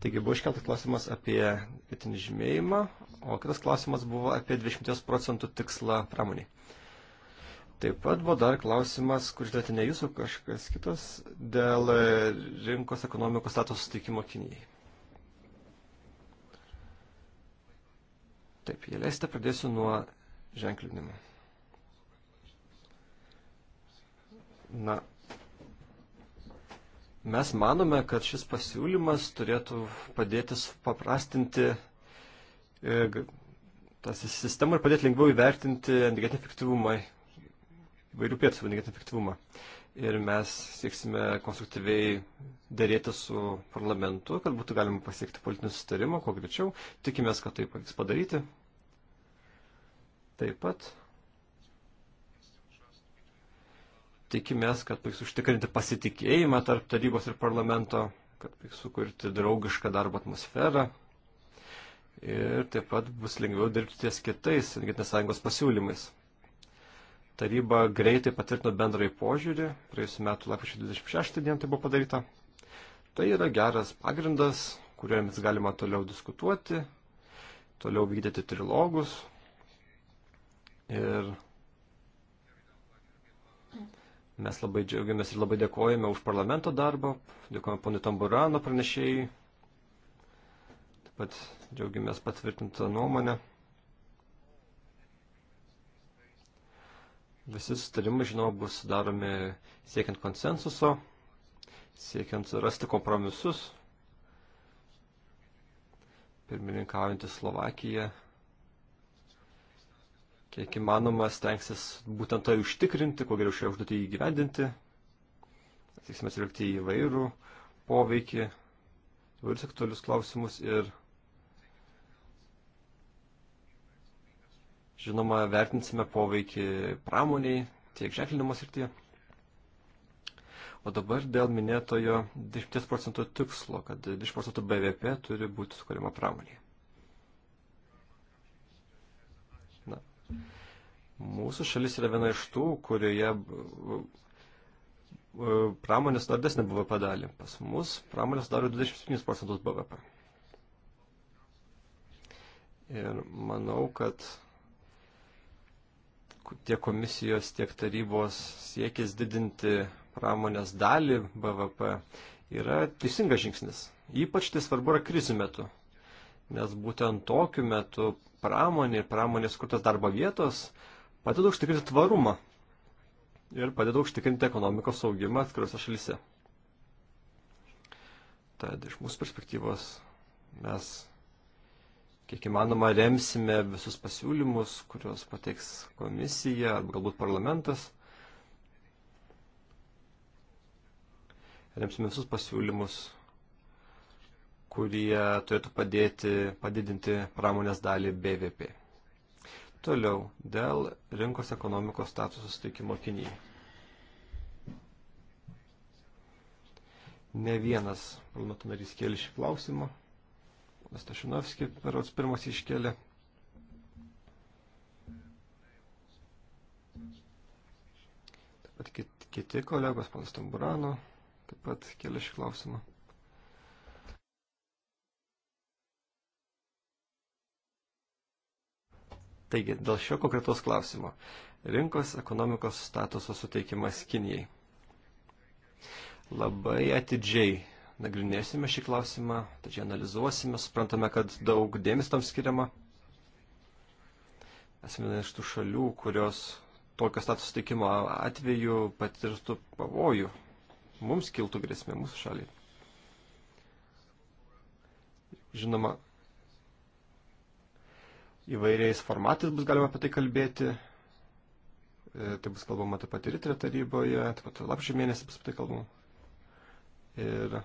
Taigi buvo iškeltas klausimas apie itin žymėjimą, O kitas klausimas buvo apie 20 procentų tikslą pramoniai. Taip pat buvo dar klausimas, kur žinote ne jūsų, kažkas kitas, dėl rinkos ekonomikos statusų suteikimo Kinijai. Taip, jei leisite, pradėsiu nuo ženklinimo. Na, mes manome, kad šis pasiūlymas turėtų padėti paprastinti E, tą sistemą ir padėti lengviau įvertinti energetinį efektyvumą, vairių pėtsų energetinį efektyvumą. Ir mes sieksime konstruktyviai dėrėti su parlamentu, kad būtų galima pasiekti politinį sustarimą, kuo greičiau. Tikimės, kad tai pavyks padaryti. Taip pat tikimės, kad pavyks užtikrinti pasitikėjimą tarp tarybos ir parlamento, kad pavyks sukurti draugišką darbo atmosferą ir taip pat bus lengviau dirbti ties kitais energetinės sąjungos pasiūlymais. Taryba greitai patvirtino bendrąjį požiūrį, praėjusiu metu lapkričio 26 dieną tai buvo padaryta. Tai yra geras pagrindas, kuriuo mes galima toliau diskutuoti, toliau vykdyti trilogus ir mes labai džiaugiamės ir labai dėkojame už parlamento darbą, dėkojame ponui Tamburano pranešėjai pat džiaugiamės patvirtintą nuomonę. Visi sustarimai, žinoma, bus daromi siekiant konsensuso, siekiant rasti kompromisus. Pirmininkaujantį Slovakiją, kiek įmanoma, stengsis būtent tai užtikrinti, kuo geriau šią užduotį įgyvendinti. Sėksime atsivilgti į vairų poveikį, įvairius aktualius klausimus ir Žinoma, vertinsime poveikį pramoniai tiek ženklinimo srityje. O dabar dėl minėtojo 10 procentų tikslo, kad 10 procentų BVP turi būti sukūrima pramonėje. Na. Mūsų šalis yra viena iš tų, kurioje e, pramonės dardesnė BVP dalį. Pas mus pramonės daro 27 procentus BVP. Ir manau, kad tiek komisijos, tiek tarybos siekis didinti pramonės dalį BVP yra teisingas žingsnis. Ypač tai svarbu yra krizių metu, nes būtent tokiu metu pramonė ir pramonės kurtas darbo vietos padeda užtikrinti tvarumą ir padeda užtikrinti ekonomikos augimą atskirose šalyse. Tad iš mūsų perspektyvos mes kiek įmanoma remsime visus pasiūlymus, kuriuos pateiks komisija arba galbūt parlamentas. Remsime visus pasiūlymus, kurie turėtų padėti padidinti pramonės dalį BVP. Toliau, dėl rinkos ekonomikos statuso suteikimo Kinijai. Ne vienas parlamento narys kėlė šį klausimą. Ponas Tašinovski, berods pirmas iškėlė. Taip pat kit, kiti kolegos, ponas Tamburano, taip pat kėlė šį klausimą. Taigi, dėl šio konkretaus klausimo. Rinkos ekonomikos statuso suteikimas Kinijai. Labai atidžiai nagrinėsime šį klausimą, tačiau analizuosime, suprantame, kad daug dėmesio tam skiriama. Esame viena iš tų šalių, kurios tokio status teikimo atveju patirtų pavojų. Mums kiltų grėsmė mūsų šaliai. Žinoma, įvairiais formatais bus galima apie tai kalbėti. E, tai bus kalbama taip pat ir rytrio taryboje, taip pat lapšį mėnesį bus apie tai kalbama. Ir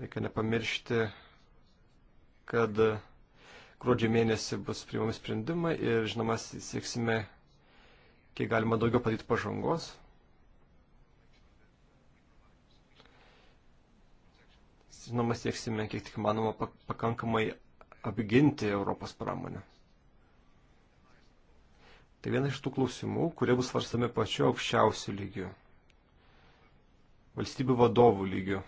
Reikia nepamiršti, kad gruodžio mėnesį bus priimami sprendimai ir, žinoma, sieksime, kiek galima daugiau padaryti pažangos. Žinoma, sieksime, kiek tik manoma, pakankamai apginti Europos pramonę. Tai vienas iš tų klausimų, kurie bus svarstami pačiu aukščiausiu lygiu valstybių vadovų lygių.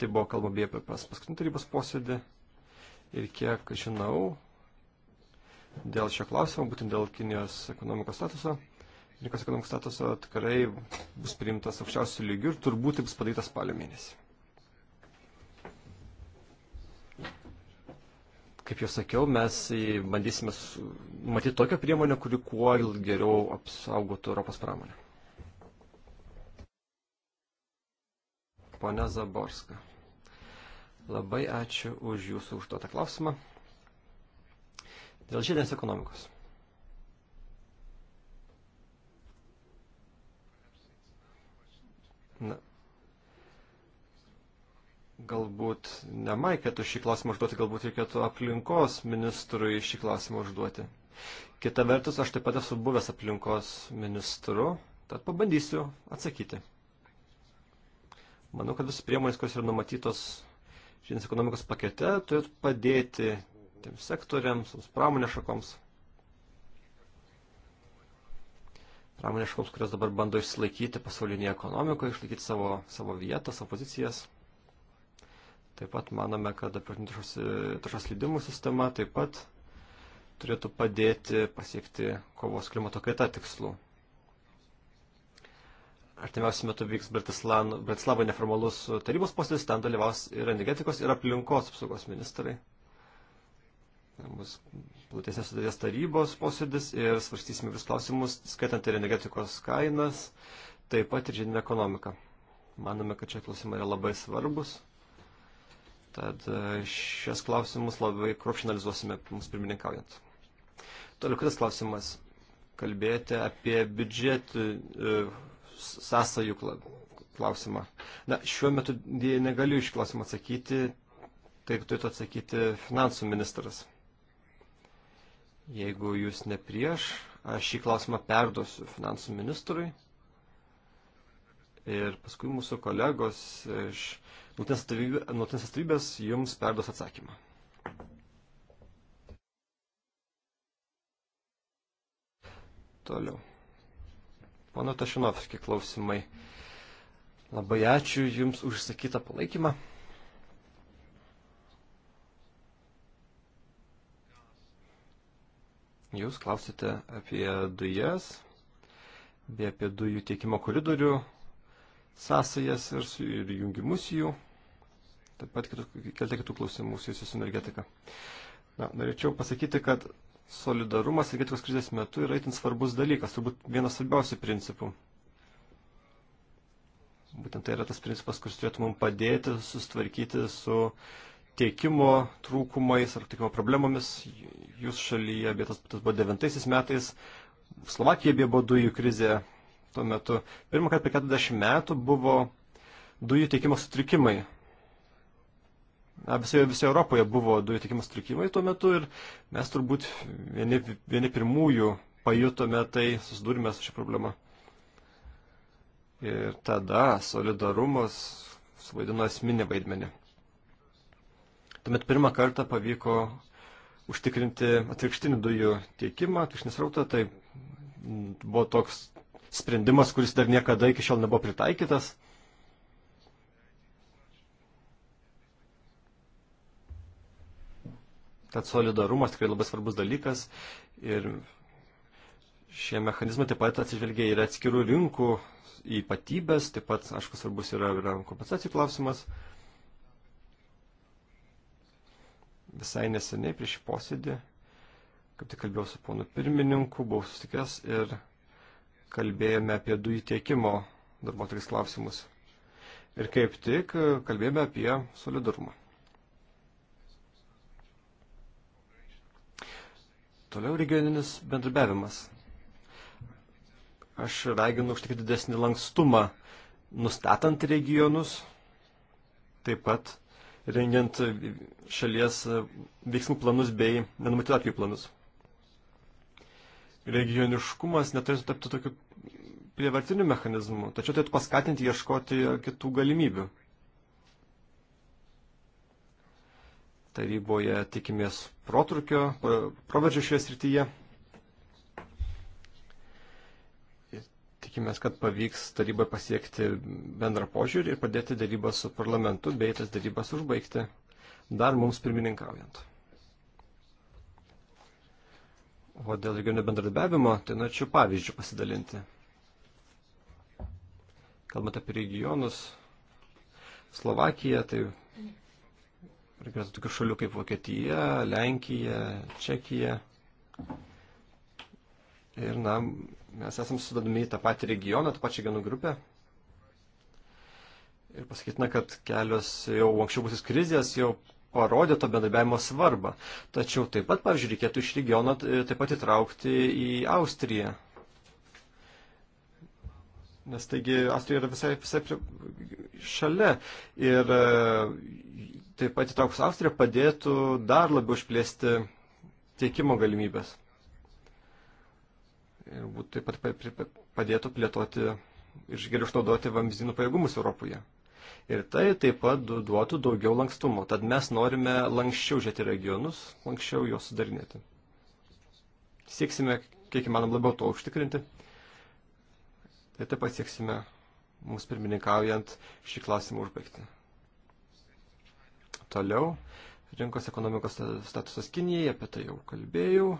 Tai buvo kalbama apie paskutinį tarybos posėdį ir kiek žinau, dėl šio klausimo, būtent dėl Kinijos ekonomikos statuso, rinkos ekonomikos statuso tikrai bus priimtas aukščiausių lygių ir turbūt tai bus padarytas spalio mėnesį. kaip jau sakiau, mes bandysime matyti tokią priemonę, kuri kuo geriau apsaugotų Europos pramonę. Pone Zaborska. Labai ačiū už jūsų užduotą klausimą. Dėl žiedinės ekonomikos. Na. Galbūt ne Maikėtų šį klausimą užduoti, galbūt reikėtų aplinkos ministrui šį klausimą užduoti. Kita vertus, aš taip pat esu buvęs aplinkos ministru, tad pabandysiu atsakyti. Manau, kad visos priemonės, kurios yra numatytos šiandien ekonomikos pakete, turėtų padėti tiems sektoriams, pramonės šakoms. Pramonės šakoms, kurios dabar bando išsilaikyti pasaulinėje ekonomikoje, išlaikyti savo, savo vietą, savo pozicijas. Taip pat manome, kad taršos leidimų sistema taip pat turėtų padėti pasiekti kovos klimato kaita tikslų. Artimiausiu metu vyks Bratislavo neformalus tarybos posėdis, ten dalyvaus ir energetikos, ir aplinkos apsaugos ministrai. Bus platesnės sudėties tarybos posėdis ir svarstysime vis klausimus, skaitant ir energetikos kainas, taip pat ir žiedinę ekonomiką. Manome, kad čia klausimai yra labai svarbus. Tad e, šias klausimus labai kruopšinalizuosime mums pirmininkaujant. Toliau kitas klausimas. Kalbėti apie biudžetų e, sąsajų klausimą. Na, šiuo metu negaliu iš klausimą atsakyti, taip turėtų atsakyti finansų ministras. Jeigu jūs ne prieš, aš šį klausimą perduosiu finansų ministrui. Ir paskui mūsų kolegos iš nuotinės atstovybės jums perduos atsakymą. Toliau. Pono Tašinovskį klausimai. Labai ačiū Jums užsakytą palaikymą. Jūs klausite apie dujas, bei apie dujų tiekimo koridorių, sąsajas ir, ir jungimus jų. Taip pat keltė kitų klausimų susijusių su energetika. Na, norėčiau pasakyti, kad solidarumas energetikos krizės metu yra itin svarbus dalykas, turbūt vienas svarbiausių principų. Būtent tai yra tas principas, kuris turėtų mums padėti sustvarkyti su tiekimo trūkumais ar tiekimo problemomis. Jūs šalyje, bet tas, tas buvo devintaisiais metais, Slovakija beje buvo dujų krizė tuo metu. Pirmą kartą per 40 metų buvo dujų tiekimo sutrikimai na, visoje, visoje Europoje buvo dujų tiekimo sutrikimai tuo metu ir mes turbūt vieni, vieni pirmųjų pajutome tai, susidūrime su šia problema. Ir tada solidarumas suvaidino esminį vaidmenį. Tuomet pirmą kartą pavyko užtikrinti atvirkštinį dujų tiekimą, atvirkštinį srautą, tai buvo toks sprendimas, kuris dar niekada iki šiol nebuvo pritaikytas. Tad solidarumas tikrai labai svarbus dalykas ir šie mechanizmai taip pat atsižvelgia ir atskirų rinkų ypatybės, taip pat, aišku, svarbus yra, yra kompensacijų klausimas. Visai neseniai prieš šį posėdį, kaip tik kalbėjau su ponu pirmininku, buvau susitikęs ir kalbėjome apie dujų tiekimo darbuotojais klausimus. Ir kaip tik kalbėjome apie solidarumą. Toliau regioninis bendrabiavimas. Aš raginu užtikrinti didesnį lankstumą, nustatant regionus, taip pat rengiant šalies veiksmų planus bei nenumatytų atvejų planus. Regioniškumas neturėtų tapti tokiu prievartiniu mechanizmu, tačiau turėtų paskatinti ieškoti kitų galimybių. Taryboje tikimės protrukio, proveržio šioje srityje. tikimės, kad pavyks tarybai pasiekti bendrą požiūrį ir padėti darybą su parlamentu bei tas darybas užbaigti dar mums pirmininkaujant. O dėl regioninio bendradarbiavimo, tai norėčiau pavyzdžių pasidalinti. Kalbant apie regionus, Slovakija, tai reikėtų tokių šalių kaip Vokietija, Lenkija, Čekija. Ir, na, mes esam sudadami į tą patį regioną, tą pačią genų grupę. Ir pasakytina, kad kelios jau anksčiau busis krizės jau parodė to bendradarbiavimo svarbą. Tačiau taip pat, pavyzdžiui, reikėtų iš regiono taip pat įtraukti į Austriją. Nes taigi Austrija yra visai, visai šalia ir taip pat įtraukus Austriją padėtų dar labiau išplėsti tiekimo galimybės. Ir būtų taip pat padėtų plėtoti ir geriau išnaudoti vamzdynų pajėgumus Europoje. Ir tai taip pat duotų daugiau lankstumo. Tad mes norime lankščiau žiūrėti regionus, lankščiau juos sudarinėti. Sieksime, kiek įmanom, labiau to užtikrinti. Ir taip pat sieksime mums pirmininkaujant šį klausimą užbaigti. Toliau, rinkos ekonomikos statusas Kinijai, apie tai jau kalbėjau.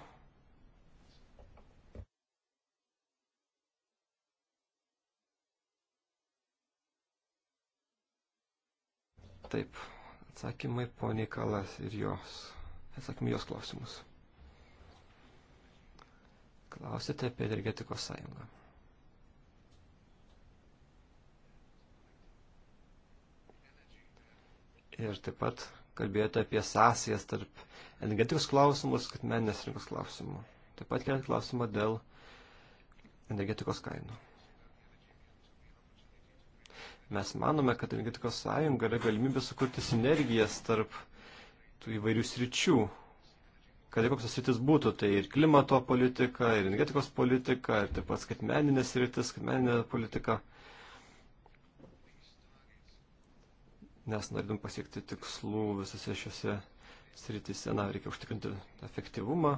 Taip, atsakymai poniai Kalas ir jos. Atsakymai jos klausimus. Klausėte apie energetikos sąjungą. ir taip pat kalbėjote apie sąsijas tarp energetikos klausimus, kad meninės rinkos klausimų. Taip pat keliant klausimą dėl energetikos kainų. Mes manome, kad energetikos sąjunga yra galimybė sukurti sinergijas tarp tų įvairių sričių, kad ir koks tas sritis būtų, tai ir klimato politika, ir energetikos politika, ir taip pat skaitmeninės sritis, skaitmeninė politika. politika nes norim pasiekti tikslų visose šiose sritise, na, reikia užtikrinti efektyvumą,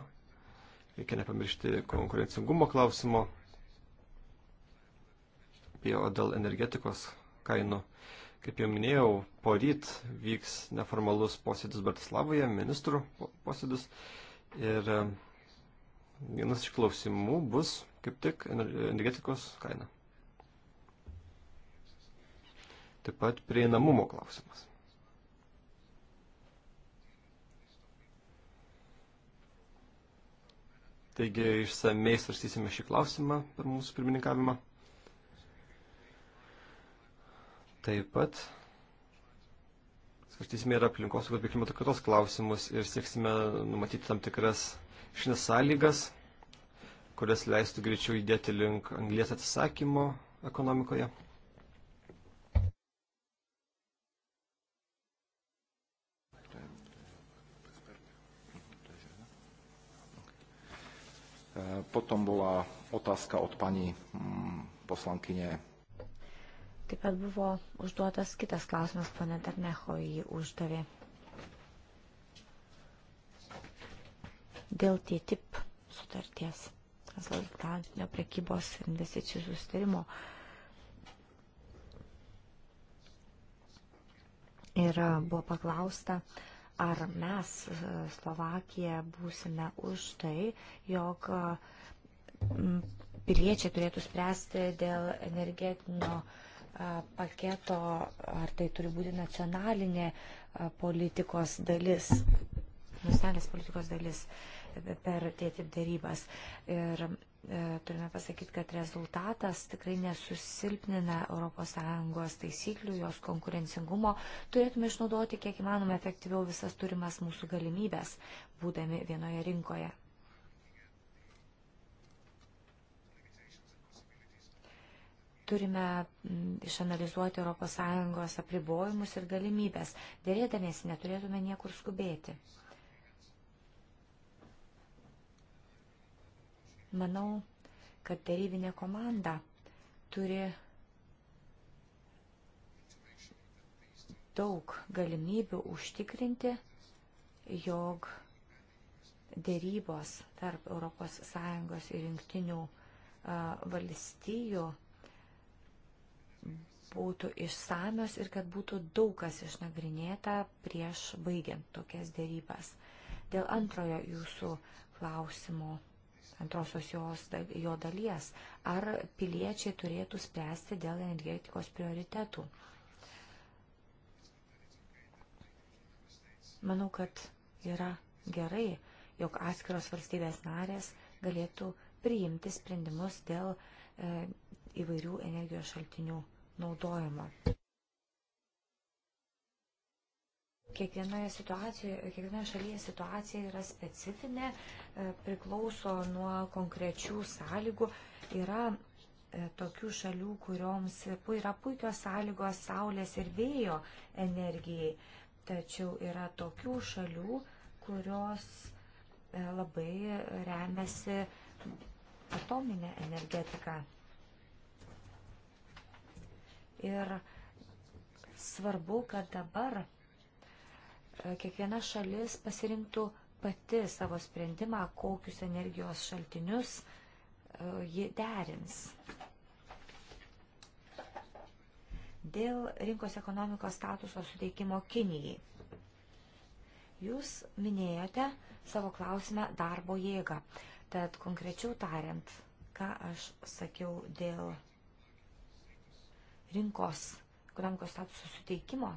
reikia nepamiršti konkurencingumo klausimo, o dėl energetikos kainų. Kaip jau minėjau, poryt vyks neformalus posėdis Bratislavoje, ministrų posėdis. Ir e, vienas iš klausimų bus kaip tik energetikos kaina taip pat prieinamumo klausimas. Taigi išsamei svarstysime šį klausimą per mūsų pirmininkavimą. Taip pat svarstysime ir aplinkos saugos bei klimato kaitos klausimus ir sieksime numatyti tam tikras išnes sąlygas, kurias leistų greičiau įdėti link anglies atsisakymo ekonomikoje. Potom bola otázka od pani poslankyne. Taip pat buvo užduotas kitas klausimas, pana Tarneho jį uždavė. Dėl TTIP sutarties, transatlantinio prekybos ir investicijų sustarimo, ir buvo paklausta, uh, ar mes e, Slovakija būsime už tai, jog e, piliečiai turėtų spręsti dėl energetinio e, paketo, ar tai turi būti nacionalinė politikos dalis, nacionalinės politikos dalis per tėtip darybas. Ir E, turime pasakyti, kad rezultatas tikrai nesusilpnina ES taisyklių, jos konkurencingumo. Turėtume išnaudoti kiek įmanoma efektyviau visas turimas mūsų galimybės, būdami vienoje rinkoje. Turime išanalizuoti ES apribojimus ir galimybės. Dėrėdamiesi neturėtume niekur skubėti. Manau, kad darybinė komanda turi daug galimybių užtikrinti, jog dėrybos tarp ES ir jungtinių valstijų būtų išsamios ir kad būtų daug kas išnagrinėta prieš baigiant tokias dėrybas. Dėl antrojo jūsų klausimo antrosios jos, jo dalies, ar piliečiai turėtų spręsti dėl energetikos prioritetų. Manau, kad yra gerai, jog atskiros valstybės narės galėtų priimti sprendimus dėl e, įvairių energijos šaltinių naudojimo. Kiekvienoje, kiekvienoje šalyje situacija yra specifinė, e, priklauso nuo konkrečių sąlygų. Yra e, tokių šalių, kurioms yra puikios sąlygos saulės ir vėjo energijai. Tačiau yra tokių šalių, kurios e, labai remiasi atominę energetiką. Ir svarbu, kad dabar kiekviena šalis pasirinktų pati savo sprendimą, kokius energijos šaltinius e, ji derins. Dėl rinkos ekonomikos statuso suteikimo Kinijai. Jūs minėjote savo klausime darbo jėgą. Tad konkrečiau tariant, ką aš sakiau dėl rinkos ekonomikos statuso suteikimo,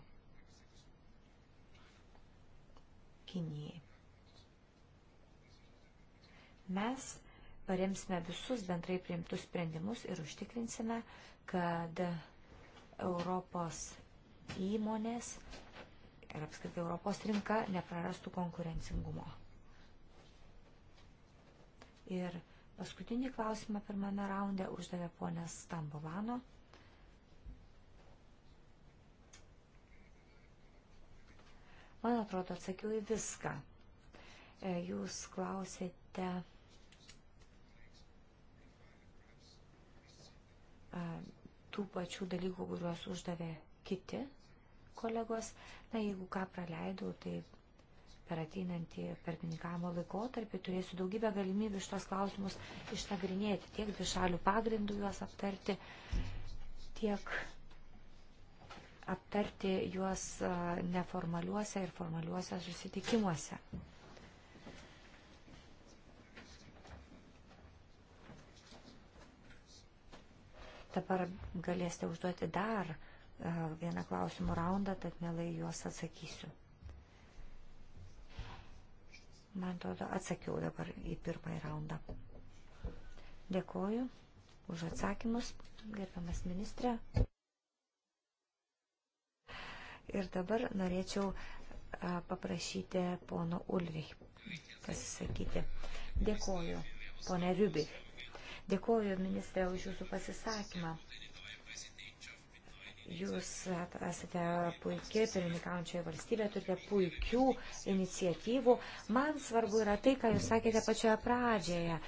Kinijai. Mes paremsime visus bendrai priimtus sprendimus ir užtikrinsime, kad Europos įmonės ir apskritai Europos rinka neprarastų konkurencingumo. Ir paskutinį klausimą pirmame raunde uždavė ponės Stambovano. Man atrodo, atsakiau į viską. E, jūs klausėte. E, tų pačių dalykų, kuriuos uždavė kiti kolegos. Na, jeigu ką praleidau, tai per ateinantį perpininkavimo laikotarpį turėsiu daugybę galimybių šitos klausimus išnagrinėti, tiek dvišalių pagrindų juos aptarti, tiek aptarti juos neformaliuose ir formaliuose susitikimuose. Dabar galėsite užduoti dar vieną klausimų raundą, tad mielai juos atsakysiu. Man atrodo, atsakiau dabar į pirmąjį raundą. Dėkoju už atsakymus, gerbiamas ministrė. Ir dabar norėčiau paprašyti pono Ulrich pasisakyti. Dėkoju, pone Riubi. Dėkoju, ministrė, už jūsų pasisakymą. Jūs esate puikiai pirmininkaujančioje valstybėje, turite puikių iniciatyvų. Man svarbu yra tai, ką jūs sakėte pačioje pradžioje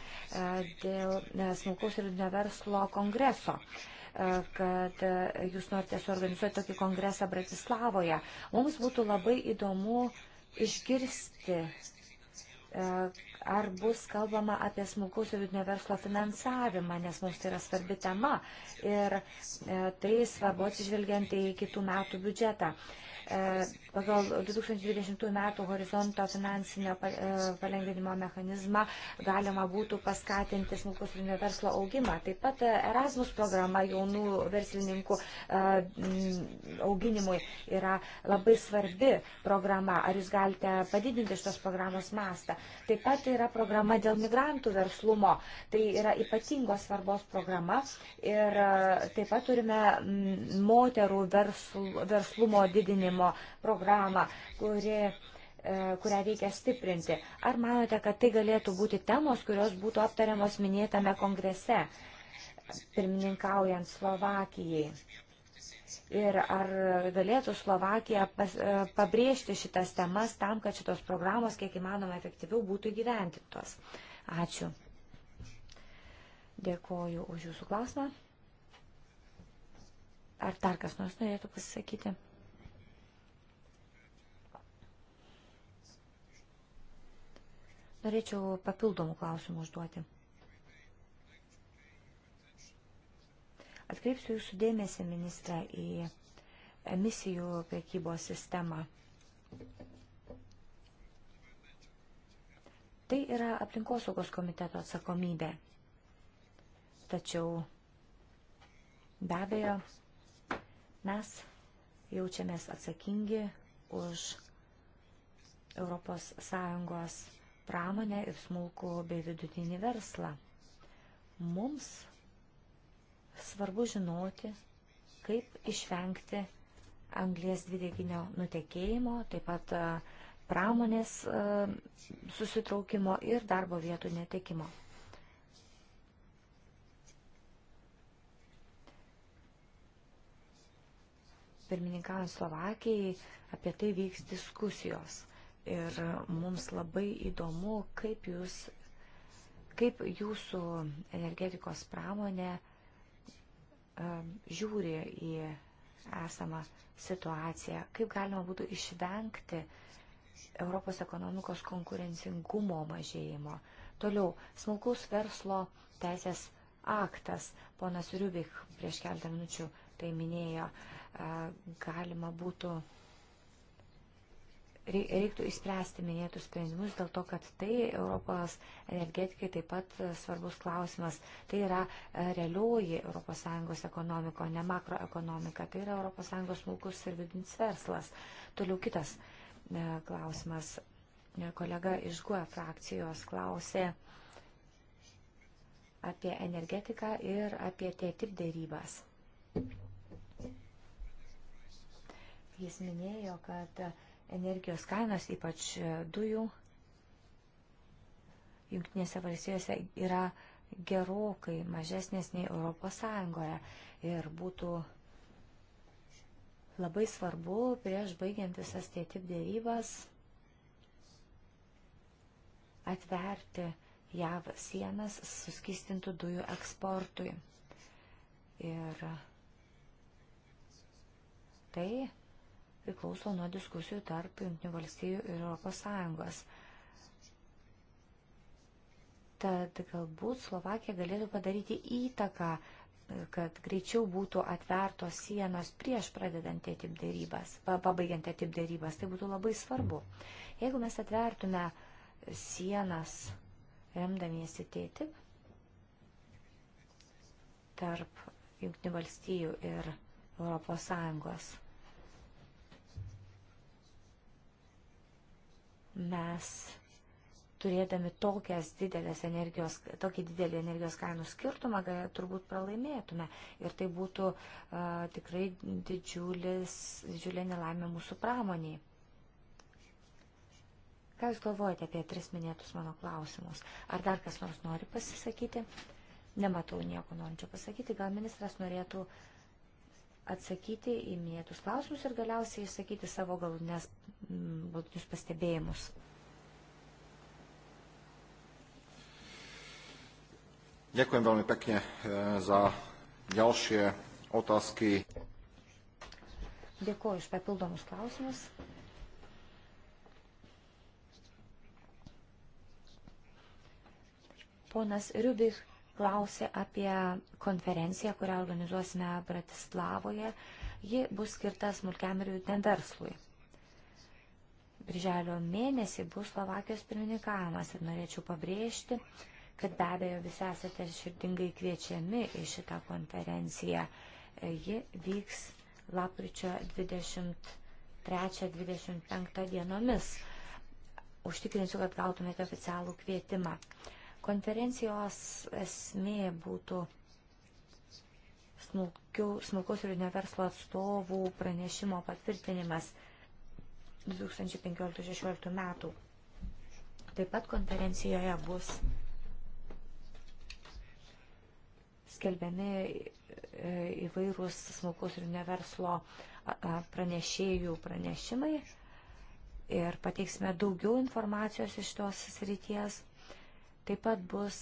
dėl e, smulkaus ir vidutinio verslo kongreso kad jūs norite suorganizuoti tokį kongresą Bratislavoje. Mums būtų labai įdomu išgirsti, e, ar bus kalbama apie smulkaus ir vidinio verslo finansavimą, nes mums tai yra svarbi tema ir e, tai svarbu atsižvelgiant į kitų metų biudžetą. E, pagal 2020 metų horizonto finansinio e, palengvinimo mechanizmą galima būtų paskatinti smulkus ir verslo augimą. Taip pat Erasmus programa jaunų verslininkų e, auginimui yra labai svarbi programa. Ar jūs galite padidinti šitos programos mastą? Taip pat yra programa dėl migrantų verslumo. Tai yra ypatingos svarbos programa. Ir taip pat turime moterų verslumo didinimą stiprinimo programą, kuri e, kurią reikia stiprinti. Ar manote, kad tai galėtų būti temos, kurios būtų aptariamos minėtame kongrese, pirmininkaujant Slovakijai? Ir ar galėtų Slovakija pas, e, pabrėžti šitas temas tam, kad šitos programos kiek įmanoma efektyviau būtų įgyventintos? Ačiū. Dėkoju už Jūsų klausimą. Ar dar kas nors norėtų pasisakyti? Norėčiau papildomų klausimų užduoti. Atkreipsiu jūsų dėmesį, ministrė, į emisijų prekybos sistemą. Tai yra aplinkosaugos komiteto atsakomybė. Tačiau be abejo, mes jaučiamės atsakingi už Europos Sąjungos pramonę ir smulkų bei vidutinį verslą. Mums svarbu žinoti, kaip išvengti anglės dvideginio nutekėjimo, taip pat e, pramonės e, susitraukimo ir darbo vietų netekimo. Pirmininkavant Slovakijai apie tai vyks diskusijos – ir mums labai įdomu, kaip, jūs, kaip jūsų energetikos pramonė e, žiūri į esamą situaciją, kaip galima būtų išvengti Europos ekonomikos konkurencingumo mažėjimo. Toliau, smulkaus verslo teisės aktas, ponas Riubik prieš keltą minučių tai minėjo, e, galima būtų reiktų įspręsti minėtus sprendimus dėl to, kad tai Europos energetikai taip pat e, svarbus klausimas. Tai yra e, realioji ES ekonomika, ne makroekonomika. Tai yra ES smulkus ir vidinis verslas. Toliau kitas e, klausimas. Kolega iš GUE frakcijos klausė apie energetiką ir apie TTIP dėrybas. Jis minėjo, kad energijos kainos, ypač e, dujų, Junktinėse valstijose yra gerokai mažesnės nei Europos Sąjungoje. Ir būtų labai svarbu prieš baigiant visas tėtip dėrybas atverti JAV sienas suskistintų dujų eksportui. Ir tai priklauso nuo diskusijų tarp Junktinių valstybių ir Europos Sąjungos. Tad galbūt Slovakija galėtų padaryti įtaką, kad greičiau būtų atvertos sienos prieš pradedant atip dėrybas, pabaigiant atip dėrybas. Tai būtų labai svarbu. Jeigu mes atvertume sienas remdamiesi tėtip tarp Junktinių valstybių ir Europos Sąjungos. mes turėdami tokias didelės energijos, tokį didelį energijos kainų skirtumą, turbūt pralaimėtume. Ir tai būtų uh, tikrai didžiulis, didžiulė nelaimė mūsų pramoniai. Ką Jūs galvojate apie tris minėtus mano klausimus? Ar dar kas nors nori pasisakyti? Nematau nieko norinčio pasakyti. Gal ministras norėtų uh, atsakyti į minėtus klausimus ir galiausiai išsakyti savo mm, galutinius pastebėjimus. Ďakujem veľmi pekne e, za ďalšie otázky. Dėkuoju už papildomus klausimus. Ponas Riubik klausė apie konferenciją, kurią organizuosime Bratislavoje. Ji bus skirta smulkiam ir judiniam verslui. Birželio mėnesį bus Slovakijos pirmininkavimas ir norėčiau pabrėžti, kad be abejo visi esate širdingai kviečiami į šitą konferenciją. Ji vyks lapkričio 23-25 dienomis. Užtikrinsiu, kad gautumėte oficialų kvietimą. Konferencijos esmė būtų smulkaus ir verslo atstovų pranešimo patvirtinimas 2015-2016 metų. Taip pat konferencijoje bus skelbiami e, įvairūs smulkaus ir verslo pranešėjų pranešimai ir pateiksime daugiau informacijos iš tos srities Taip pat bus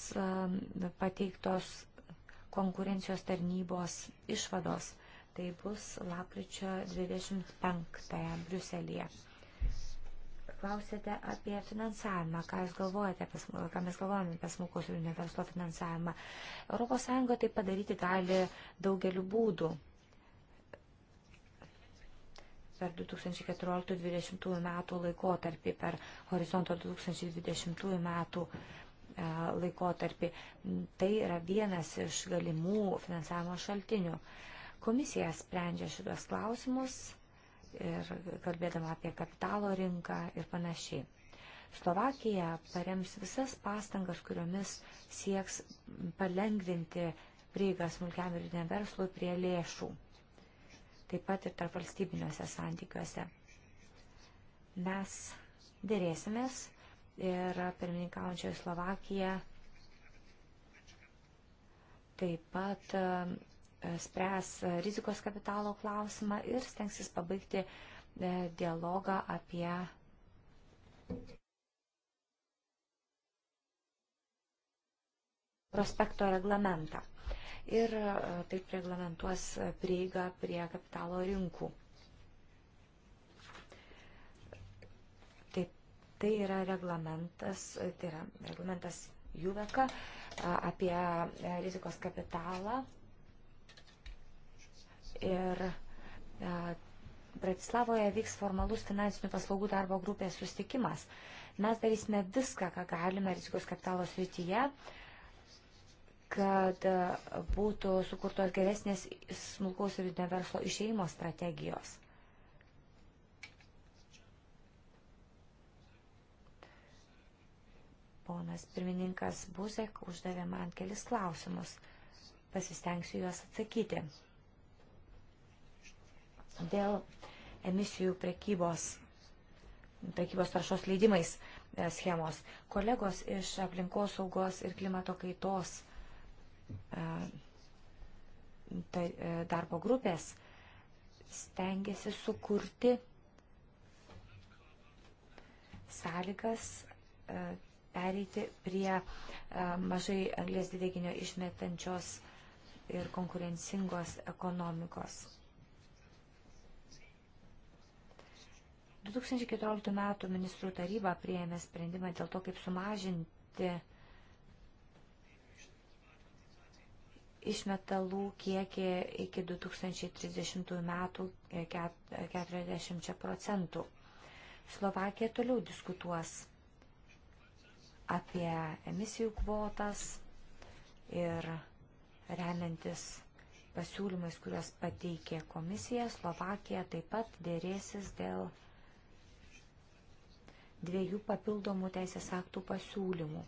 pateiktos konkurencijos tarnybos išvados. Tai bus lapkričio 25-ąją Briuselėje. Klausėte apie finansavimą, ką jūs galvojate, apie, ką mes galvojame apie smulkos ir verslo finansavimą. ES tai padaryti gali daugeliu būdų per 2014-2020 metų laikotarpį, per horizonto 2020 metų E, laikotarpį. Tai yra vienas iš galimų finansavimo šaltinių. Komisija sprendžia šitos klausimus ir kalbėdama apie kapitalo rinką ir panašiai. Slovakija parems visas pastangas, kuriomis sieks palengvinti prieigą smulkiam ir verslui prie lėšų, taip pat ir tarp valstybiniuose santykiuose. Mes dėrėsimės ir pirmininkaujančioji Slovakija taip pat e, spręs rizikos kapitalo klausimą ir stengsis pabaigti e, dialogą apie prospekto reglamentą. Ir e, taip reglamentuos prieigą prie kapitalo rinkų. Tai yra reglamentas, tai yra reglamentas Juveka apie rizikos kapitalą. Ir Bratislavoje vyks formalus finansinių paslaugų darbo grupės sustikimas. Mes darysime viską, ką galime rizikos kapitalo srityje, kad būtų sukurtos geresnės smulkaus ir vidutinio verslo išeimo strategijos. Ponas pirmininkas Buzek uždavė man kelis klausimus. Pasistengsiu juos atsakyti. Dėl emisijų prekybos, prekybos taršos leidimais e, schemos. Kolegos iš aplinkos saugos ir klimato kaitos e, tai, e, darbo grupės stengiasi sukurti sąlygas pereiti prie e, mažai anglės dvideginio išmetančios ir konkurencingos ekonomikos. 2014 m. ministrų taryba prieėmė sprendimą dėl to, kaip sumažinti išmetalų kiekį iki 2030 metų 40 e, e, procentų. Slovakija toliau diskutuos apie emisijų kvotas ir remiantis pasiūlymais, kuriuos pateikė komisija, Slovakija taip pat dėrėsis dėl dviejų papildomų teisės aktų pasiūlymų.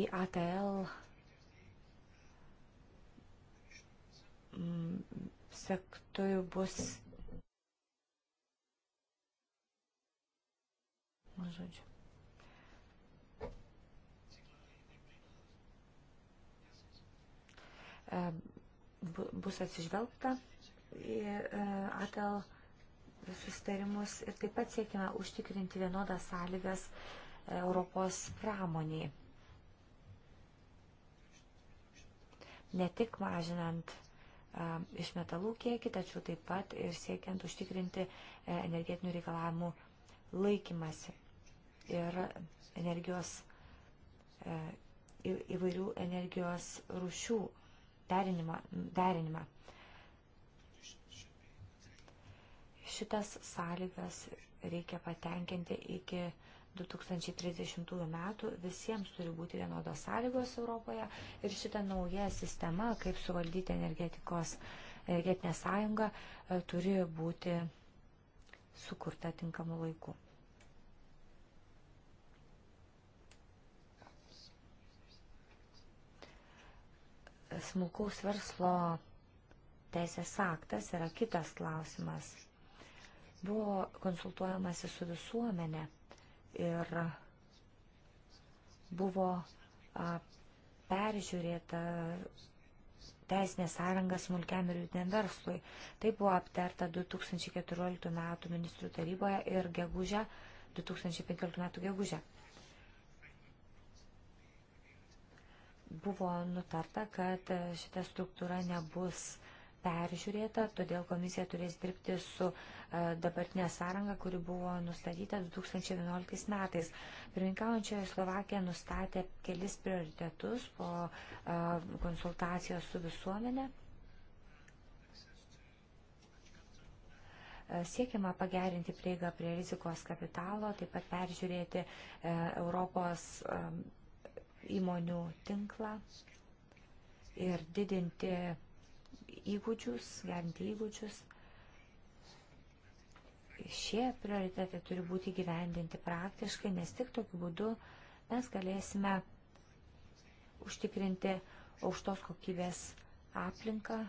Į ATL mm, sektorių bus nu, žodžiu. E, bus atsižvelgta į e, ATL susitarimus ir taip pat siekime užtikrinti vienodas sąlygas e, Europos pramoniai. Ne tik mažinant iš metalų kiekį, tačiau taip pat ir siekiant užtikrinti energetinių reikalavimų laikymasi ir energijos įvairių energijos rušių derinimą. derinimą. Šitas sąlygas reikia patenkinti iki 2030 metų visiems turi būti vienodos sąlygos Europoje ir šita nauja sistema, kaip suvaldyti energetikos, energetinę sąjungą, turi būti sukurta tinkamu laiku. smulkaus verslo teisės aktas yra kitas klausimas. Buvo konsultuojamasi su visuomenė ir buvo peržiūrėta teisinė sąranga smulkiam ir vidiniam verslui. Tai buvo aptarta 2014 m. ministrų taryboje ir gegužę, 2015 m. gegužę. buvo nutarta, kad šita struktūra nebus peržiūrėta, todėl komisija turės dirbti su e, dabartinė sąranga, kuri buvo nustatyta 2011 metais. Pirminkaujančioje Slovakija nustatė kelis prioritetus po e, konsultacijos su visuomenė. E, siekiama pagerinti prieigą prie rizikos kapitalo, taip pat peržiūrėti Europos įmonių tinklą ir didinti įgūdžius, gerinti įgūdžius. Šie prioritetai turi būti gyvendinti praktiškai, nes tik tokiu būdu mes galėsime užtikrinti aukštos kokybės aplinką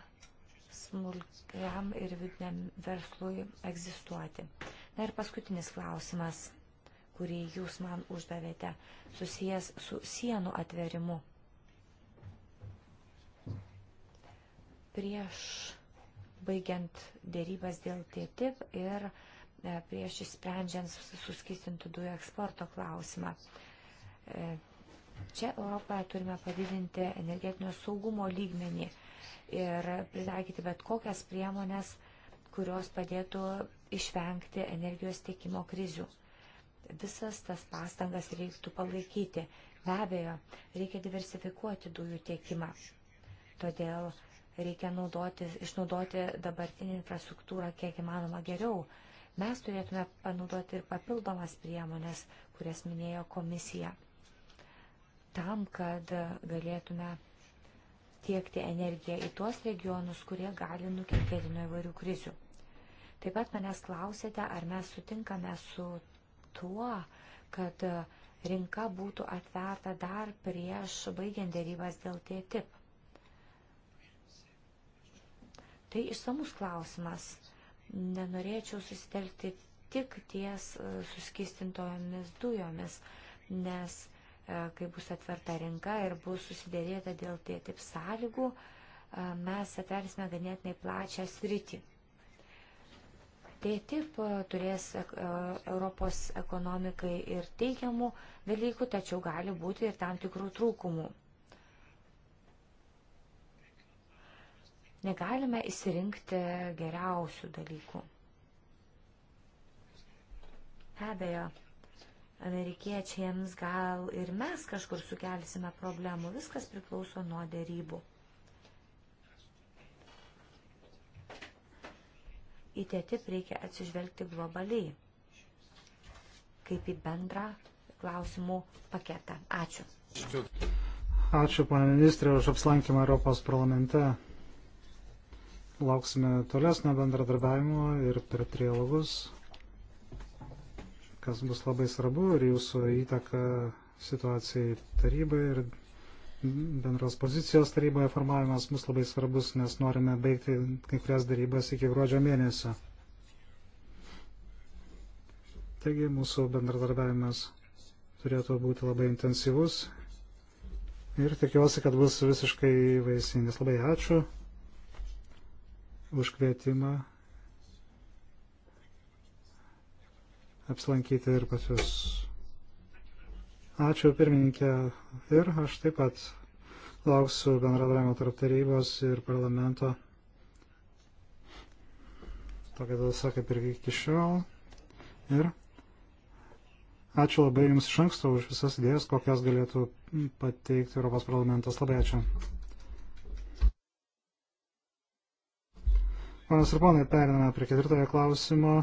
smulkiam ir vidiniam verslui egzistuoti. Na ir paskutinis klausimas kurį jūs man uždavėte, susijęs su sienų atverimu. Prieš baigiant dėrybas dėl TTIP ir e, prieš įsprendžiant suskistintų dujų eksporto klausimą. E, čia Europoje turime padidinti energetinio saugumo lygmenį ir pritaikyti bet kokias priemonės, kurios padėtų išvengti energijos tiekimo krizių visas tas pastangas reiktų palaikyti. Be abejo, reikia diversifikuoti dujų tiekimą. Todėl reikia naudoti, išnaudoti dabartinį infrastruktūrą kiek įmanoma geriau. Mes turėtume panaudoti ir papildomas priemonės, kurias minėjo komisija, tam, kad galėtume tiekti energiją į tuos regionus, kurie gali nukentėti nuo įvairių krizių. Taip pat manęs klausėte, ar mes sutinkame su tuo, kad rinka būtų atverta dar prieš baigiant dėrybas dėl TTIP. Tai išsamus klausimas. Nenorėčiau susitelkti tik ties e, suskistintojomis dujomis, nes e, kai bus atverta rinka ir bus susidėrėta dėl TTIP sąlygų, e, mes atversime ganėtinai plačią sritį. TTIP tai e, turės e, Europos ekonomikai ir teigiamų dalykų, tačiau gali būti ir tam tikrų trūkumų. Negalime įsirinkti geriausių dalykų. Be abejo, amerikiečiams gal ir mes kažkur sukelsime problemų, viskas priklauso nuo dėrybų. į TTIP reikia atsižvelgti globaliai, kaip į bendrą klausimų paketą. Ačiū. Ačiū, pane ministrė, už apslankymą Europos parlamente. Lauksime tolesnio bendradarbiavimo ir per trialogus, kas bus labai svarbu ir jūsų įtaka situacijai tarybai ir bendros pozicijos taryboje formavimas mus labai svarbus, nes norime baigti kai kurias darybas iki gruodžio mėnesio. Taigi mūsų bendradarbiavimas turėtų būti labai intensyvus ir tikiuosi, kad bus visiškai vaisingas. Labai ačiū už kvietimą apsilankyti ir pas jūs. Ačiū pirmininkė ir aš taip pat lauksiu bendradarbiavimo tarp tarybos ir parlamento. Tokia dasa kaip ir iki šiol. Ir ačiū labai Jums iš anksto už visas idėjas, kokias galėtų pateikti Europos parlamentas. Labai ačiū. Panas ir ponai, periname prie ketvirtojo klausimo.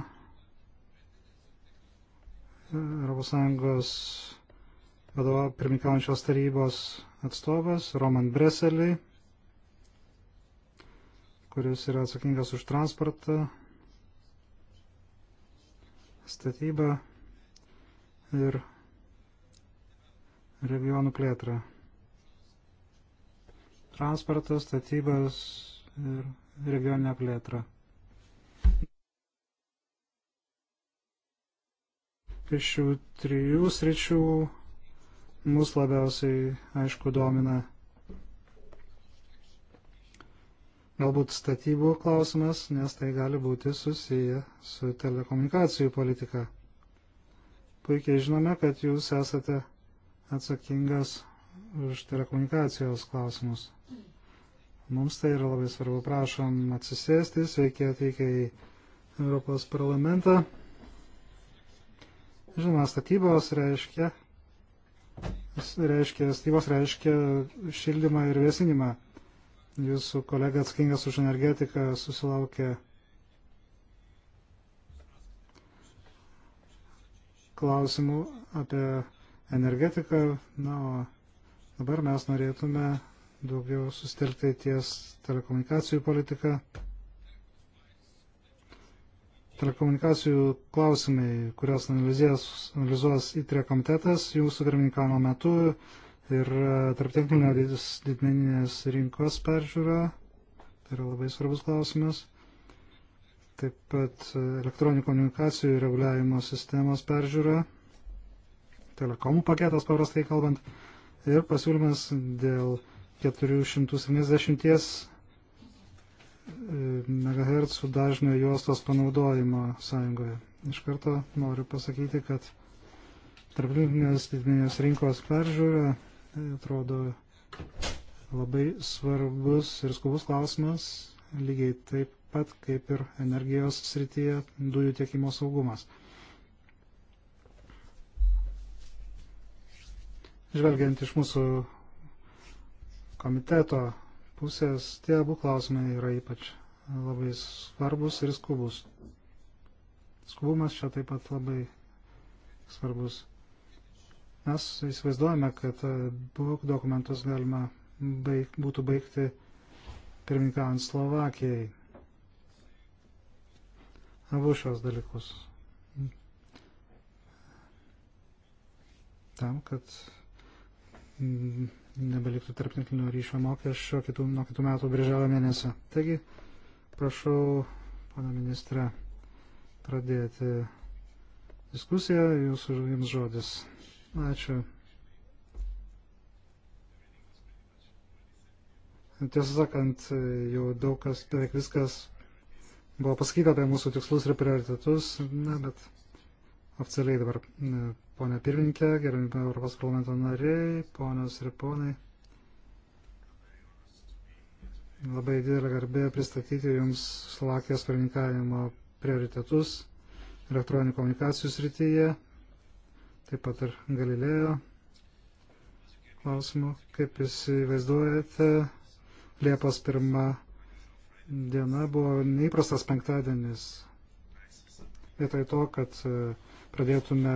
Europos Sąjungos vadovavo pirmininkaujančios tarybos atstovas Roman Breselį, kuris yra atsakingas už transportą, statybą ir regionų plėtrą. Transportas, statybas ir regioninę plėtrą. Iš šių trijų sričių mus labiausiai, aišku, domina galbūt statybų klausimas, nes tai gali būti susiję su telekomunikacijų politika. Puikiai žinome, kad jūs esate atsakingas už telekomunikacijos klausimus. Mums tai yra labai svarbu. Prašom atsisėsti. Sveiki atvykę į Europos parlamentą. Žinoma, statybos reiškia, reiškia, styvos reiškia šildymą ir vėsinimą. Jūsų kolega atsakingas už energetiką susilaukė klausimų apie energetiką. Na, o dabar mes norėtume daugiau sustelkti ties telekomunikacijų politiką telekomunikacijų klausimai, kurios analizuos įtrė komitetas jūsų pirmininkavimo metu ir e, tarptinklinio didmeninės rinkos peržiūra. Tai yra labai svarbus klausimas. Taip pat e, elektroninių komunikacijų reguliavimo sistemos peržiūra. Telekomų paketas, paprastai kalbant. Ir pasiūlymas dėl 470 MHz dažnio juostos panaudojimo sąjungoje. Iš karto noriu pasakyti, kad tarptautinės didmeninės rinkos peržiūra e, atrodo labai svarbus ir skubus klausimas, lygiai taip pat kaip ir energijos srityje dujų tiekimo saugumas. Žvelgiant iš mūsų komiteto pusės tie abu klausimai yra ypač labai svarbus ir skubus. Skubumas čia taip pat labai svarbus. Mes įsivaizduojame, kad daug dokumentus galima baig, būtų baigti pirmininkavant Slovakijai. Abu šios dalykus. Tam, kad mm, nebeliktų tarptinklinio ryšio mokesčio kitų, nuo kitų metų birželio mėnesio. Taigi, prašau, pana ministra, pradėti diskusiją, jūsų jums žodis. Ačiū. Tiesą sakant, jau daug kas, beveik viskas buvo pasakyta apie mūsų tikslus ir prioritetus, na, bet oficialiai dabar ponė pirmininkė, gerbimi Europos parlamento nariai, ponios ir ponai. Labai didelė garbė pristatyti Jums Slovakijos pirmininkavimo prioritetus elektroninių komunikacijų srityje, taip pat ir Galilėjo klausimų. Kaip Jūs įvaizduojate, Liepos pirma diena buvo neįprastas penktadienis. Vietoj to, kad uh, pradėtume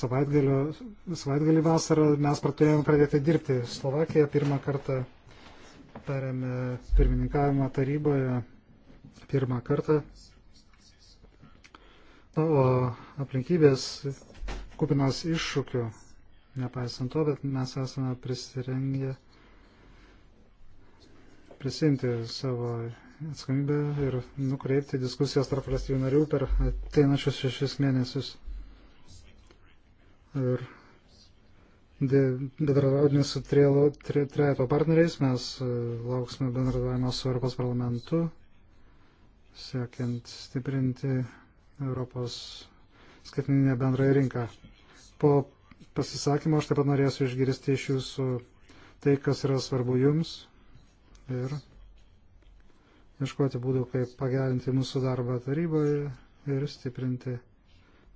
savaitgalį vasarą, mes pradėjome pradėti dirbti. Slovakija pirmą kartą perėmė pirmininkavimą taryboje, pirmą kartą. Na, o aplinkybės kupinos iššūkių, nepaisant to, bet mes esame prisirengę prisimti savo atsakomybę ir nukreipti diskusijas tarp valstybių narių per ateinačius šešis mėnesius. Ir bendradarbiaudami su trejato partneriais mes e, lauksime bendradarbiavimo su Europos parlamentu, siekiant stiprinti Europos skaitmininę bendrąją rinką. Po pasisakymo aš taip pat norėsiu išgirsti iš jūsų tai, kas yra svarbu jums. Ir ieškoti būdų, kaip pagerinti mūsų darbą taryboje ir stiprinti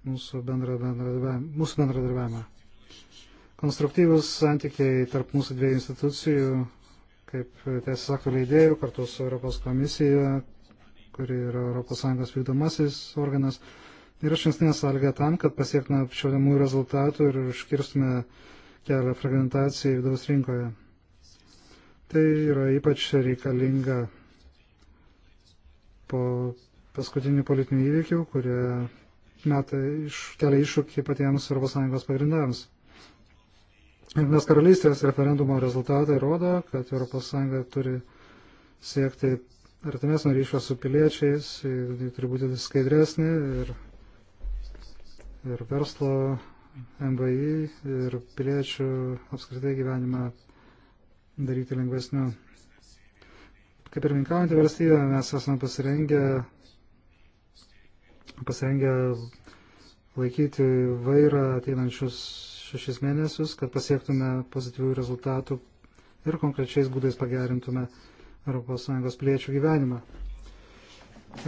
mūsų, bendra, bendradarbiavimą, mūsų bendradarbiavimą. Konstruktyvus santykiai tarp mūsų dviejų institucijų, kaip teisės aktų leidėjų, kartu su Europos komisija, kuri yra ES vykdomasis organas, yra šinstinė sąlyga tam, kad pasiektume apčiuodamų rezultatų ir užkirstume kelią fragmentacijai vidaus rinkoje. Tai yra ypač reikalinga po paskutinių politinių įvykių, kurie meta iš, kelia iššūkį patiems ES pagrindams. Nes karalystės referendumo rezultatai rodo, kad ES turi siekti artimesnio ryšio su piliečiais, ji turi būti skaidresnė ir, ir verslo MVI ir piliečių apskritai gyvenimą daryti lengvesniu. Kaip ir minkaujantį valstybę mes esame pasirengę, pasirengę laikyti vairą ateinančius šešis mėnesius, kad pasiektume pozityvių rezultatų ir konkrečiais būdais pagerintume ES piliečių gyvenimą.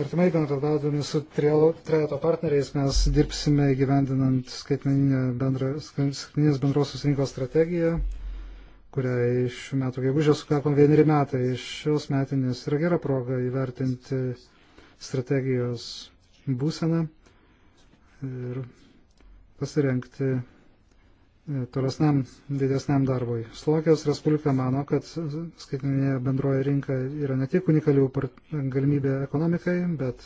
Artimai bendradarbiaudami su trejato partneriais mes dirbsime įgyvendinant skaitmeninės bendrosios rinkos strategiją kuriai šių metų gegužės sukakom vieneri metai. Šios metinės yra gera proga įvertinti strategijos būseną ir pasirengti e, tolesniam didesniam darbui. Slovakijos Respublika mano, kad skaitmeninė bendroji rinka yra ne tik unikalių galimybė ekonomikai, bet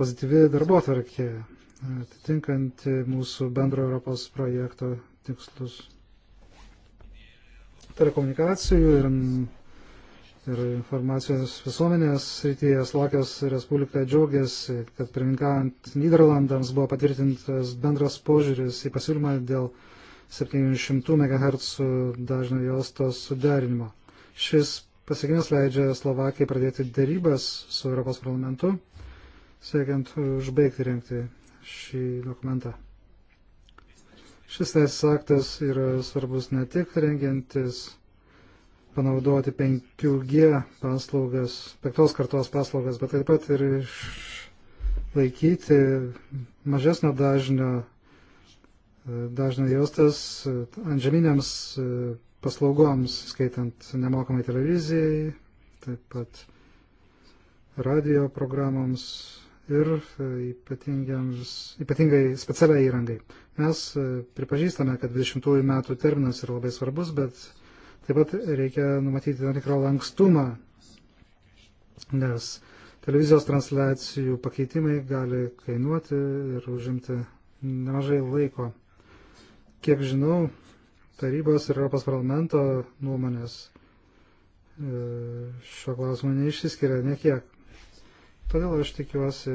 pozityvi darbo atvarkė, atitinkant mūsų bendro Europos projekto tikslus telekomunikacijų ir, ir informacijos visuomenės srityje Slovakijos Respublika džiaugiasi, kad pirminkant Niderlandams buvo patvirtintas bendras požiūris į pasiūlymą dėl 700 MHz dažnio juostos suderinimo. Šis pasiekimas leidžia Slovakijai pradėti dėrybas su Europos parlamentu, siekiant užbaigti rengti šį dokumentą. Šis teisės aktas yra svarbus ne tik rengiantis panaudoti 5G paslaugas, penktos kartos paslaugas, bet taip pat ir išlaikyti mažesnio dažnio, dažnio juostas antžeminiams paslaugoms, skaitant nemokamai televizijai, taip pat radio programoms, ir e, ypatingai specialiai įrangai. Mes e, pripažįstame, kad 20 metų terminas yra labai svarbus, bet taip pat reikia numatyti tam tikrą lankstumą, nes televizijos transliacijų pakeitimai gali kainuoti ir užimti nemažai laiko. Kiek žinau, tarybos ir Europos parlamento nuomonės e, šio klausimo neišsiskiria nekiek Todėl aš tikiuosi,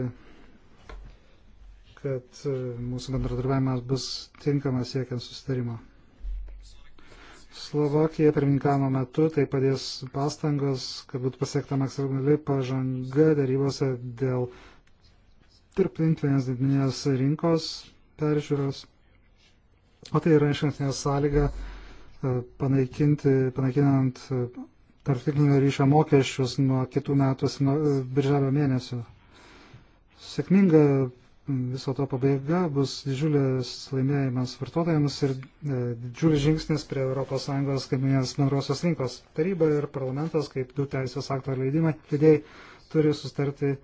kad e, mūsų bendradarbiavimas bus tinkamas siekiant susitarimo. Slovakija pirmininkavimo metu tai padės pastangos, kad būtų pasiekta maksimali pažanga darybose dėl tarptinklinės didinės rinkos peržiūros. O tai yra išankstinė sąlyga e, panaikinti, panaikinant e, tarptinklinio ryšio mokesčius nuo kitų metų birželio mėnesio. Sėkminga viso to pabaiga bus didžiulis laimėjimas vartotojams ir e, didžiulis žingsnis prie ES kaiminės bendrosios rinkos. Taryba ir parlamentas, kaip du teisės akto leidimai, leidėjai turi sustarti e,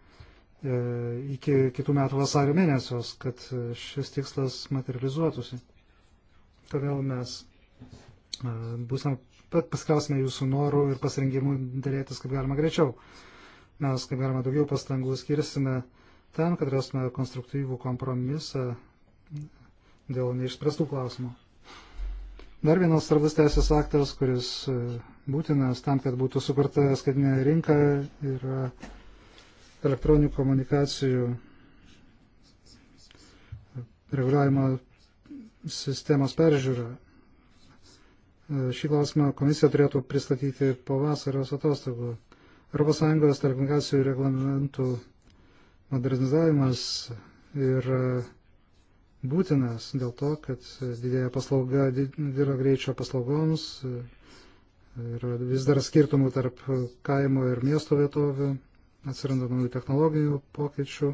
iki kitų metų vasario mėnesios, kad e, šis tikslas materializuotųsi. Todėl mes būsim paskliausime jūsų norų ir pasirengimų dėrėtis kaip galima greičiau. Mes kaip galima daugiau pastangų skirsime tam, kad rastume konstruktyvų kompromisą dėl neišspręstų klausimų. Dar vienas svarbus teisės aktas, kuris būtinas tam, kad būtų sukurta skaitinė rinka, yra elektroninių komunikacijų reguliavimo sistemos peržiūra. Šį klausimą komisija turėtų pristatyti po vasaros atostogų. ES telekomunikacijų reglamentų modernizavimas yra būtinas dėl to, kad didėja paslauga, didėja greičio paslaugoms, yra vis dar skirtumų tarp kaimo ir miesto vietovių, atsiranda naujų technologijų pokyčių,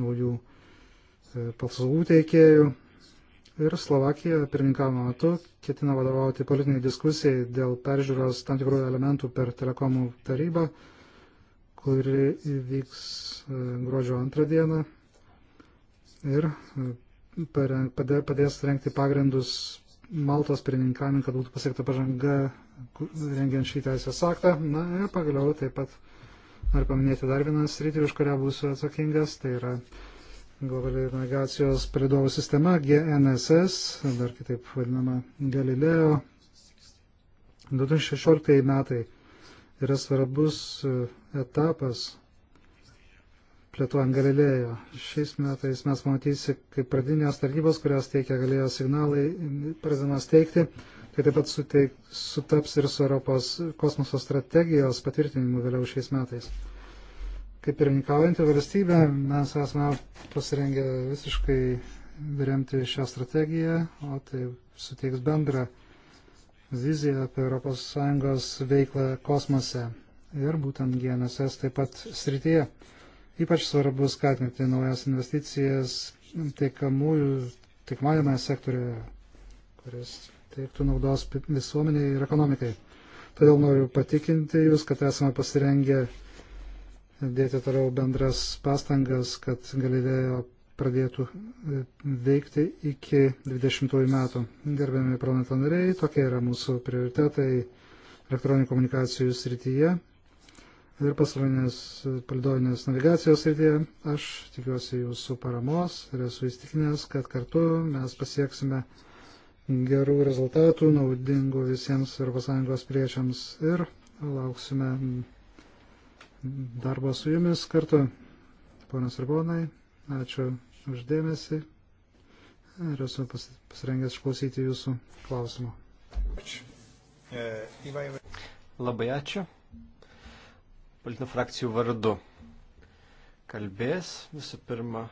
naujų e, paslaugų teikėjų. Ir Slovakija pirmininkavimo metu ketina vadovauti politiniai diskusijai dėl peržiūros tam tikrų elementų per telekomų tarybą, kuri įvyks e, gruodžio antrą dieną ir e, padės rengti pagrindus Maltos pirmininkavimui, kad būtų pasiekta pažanga rengiant šį teisės aktą. Na ir pagaliau taip pat noriu paminėti dar vieną sritį, už kurią būsiu atsakingas, tai yra globali navigacijos palidovų sistema GNSS, dar kitaip vadinama Galileo. 2016 metai yra svarbus e, etapas plėtuojant Galilėjo. Šiais metais mes matysime, kaip pradinės tarnybos, kurios teikia Galilėjo signalai, pradedamas teikti, tai taip pat suteik, sutaps ir su Europos kosmoso strategijos patvirtinimu vėliau šiais metais. Kaip pirmininkaujantį valstybę mes esame pasirengę visiškai remti šią strategiją, o tai suteiks bendrą viziją apie ES veiklą kosmose ir būtent GNSS taip pat srityje. Ypač svarbu skatinti naujas investicijas tiekamųjų, tiekmajame sektoriuje, kuris teiktų naudos visuomeniai ir ekonomikai. Todėl noriu patikinti Jūs, kad esame pasirengę dėti toliau bendras pastangas, kad Galilėjo pradėtų e, veikti iki 20 metų. Gerbiami planeto nariai, tokie yra mūsų prioritetai elektroninių komunikacijų srityje ir pasaulinės e, palidovinės navigacijos srityje. Aš tikiuosi jūsų paramos ir esu įstikinęs, kad kartu mes pasieksime gerų rezultatų, naudingų visiems ES priečiams ir lauksime darbo su jumis kartu. Ponas ir ponai, ačiū uždėmesi ir esu pasirengęs išklausyti jūsų klausimų. Labai ačiū. Politinių frakcijų vardu kalbės visų pirma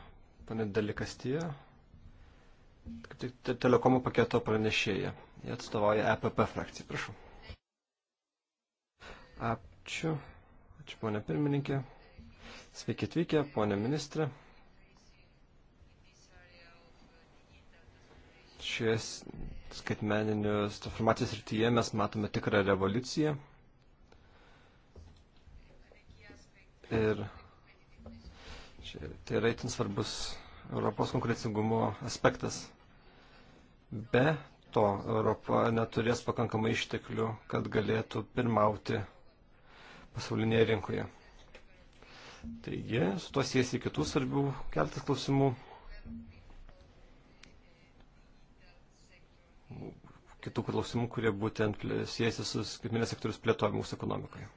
pane Delikastijo, kaip tik telekomo paketo pranešėja. Jie atstovauja EPP frakciją. Prašau. Ačiū. Ačiū, ponė pirmininkė. Sveiki atvykę, ponė ministrė. Šioje skaitmeninės transformacijos rytyje mes matome tikrą revoliuciją. Ir čia, tai yra itin svarbus Europos konkurencingumo aspektas. Be to, Europa neturės pakankamai išteklių, kad galėtų pirmauti pasaulinėje rinkoje. Taigi, su tuo siesi kitų svarbių keltas klausimų. Kitų klausimų, kurie būtent siesi su skaitminės sektorius plėtojimu mūsų ekonomikoje.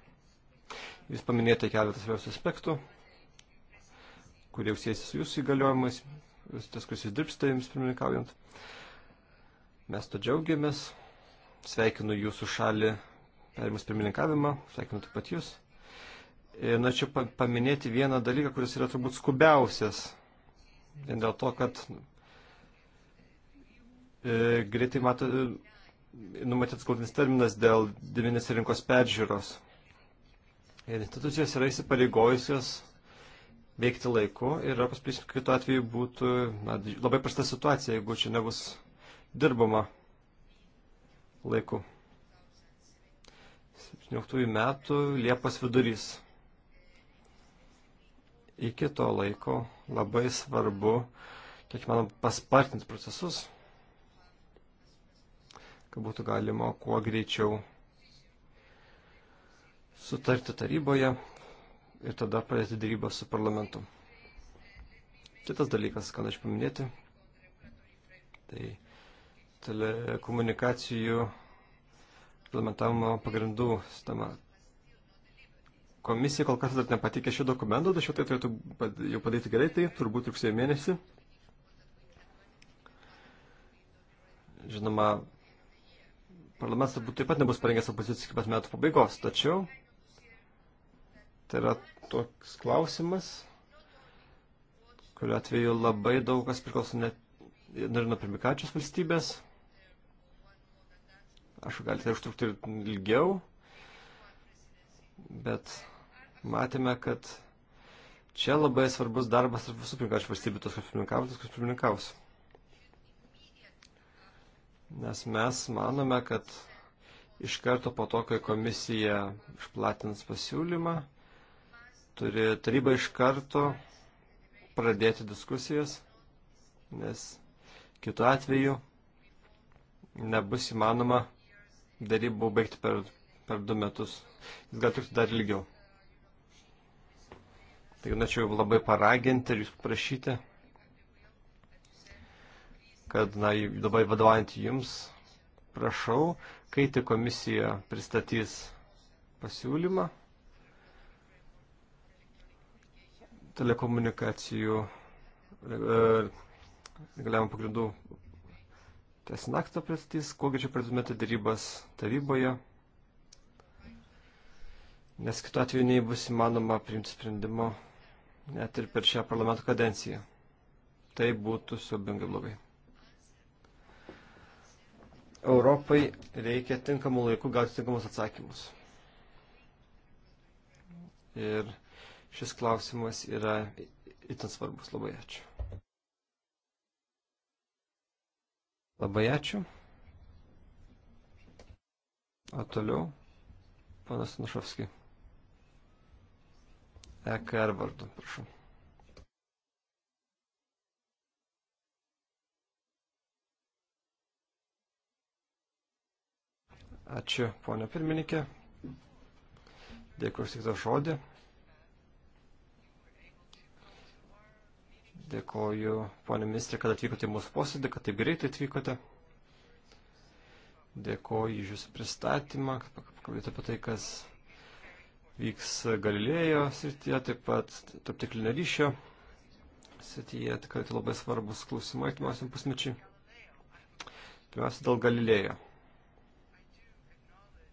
Jūs paminėjote keletą svarbiausių aspektų, kurie jau siesi su jūsų įgaliojimais, tas, kuris jūs dirbsite jums pirmininkaujant. Mes to džiaugiamės. Sveikinu jūsų šalį perimus pirmininkavimą, sveikinu taip pat jūs. Ir norėčiau nu, paminėti vieną dalyką, kuris yra turbūt skubiausias. Vien dėl to, kad e, greitai matau, e, numatytas galtinis terminas dėl dėminės rinkos peržiūros. Ir institucijos yra įsipareigojusios veikti laiku ir Europos priešininkų kitų atveju būtų na, labai prasta situacija, jeigu čia nebus dirbama laiku. 17 metų Liepos vidurys. Iki to laiko labai svarbu, kiek manom, paspartinti procesus, kad būtų galima kuo greičiau sutarti taryboje ir tada pradėti dėrybą su parlamentu. Kitas dalykas, ką aš paminėti, tai telekomunikacijų komunikacijų reglamentavimo pagrindų sistema. Komisija kol kas dar nepatikė šio dokumento, tačiau tai turėtų jau padaryti greitai, turbūt rugsėjo mėnesį. Žinoma, parlamentas turbūt taip pat nebus parengęs opozicijos iki pat metų pabaigos, tačiau tai yra toks klausimas, kuriuo atveju labai daug kas priklauso net ir nuo pirmikačios valstybės. Aš galite tai užtrukti ir ilgiau, bet matėme, kad čia labai svarbus darbas tarp visų pirmininkančių valstybių, tos, kas pirmininkavo, tos, kas pirmininkaus. Nes mes manome, kad iš karto po to, kai komisija išplatins pasiūlymą, turi taryba iš karto pradėti diskusijas, nes kitu atveju nebus įmanoma darybų baigti per, per du metus. Jis gal trukti dar ilgiau. Tai norėčiau labai paraginti ir jūs paprašyti, kad na, dabar vadovaujant jums, prašau, kai tik komisija pristatys pasiūlymą telekomunikacijų e, reguliavimo pagrindų Teisinį aktą pristatys, kuo greičiau pradėtumėte darybas taryboje, nes kitu atveju nei bus įmanoma priimti sprendimo net ir per šią parlamento kadenciją. Tai būtų siubingai blogai. Europai reikia tinkamų laikų gauti tinkamus atsakymus. Ir šis klausimas yra itin svarbus. Labai ačiū. Labai ačiū. O toliau, panas Nušovski. EKR vardu, prašau. Ačiū, ponio pirmininkė. Dėkui už tik tą žodį. Dėkoju, ponė ministrė, kad atvykote į mūsų posėdį, kad taip greitai atvykote. Dėkoju iš jūsų pristatymą, kad pakalbėjote apie tai, kas vyks Galilėjo srityje, taip pat taptiklinio ryšio srityje, tikrai tai labai svarbus klausimai atimiausiam pusmečiai. Pirmiausia, dėl Galilėjo.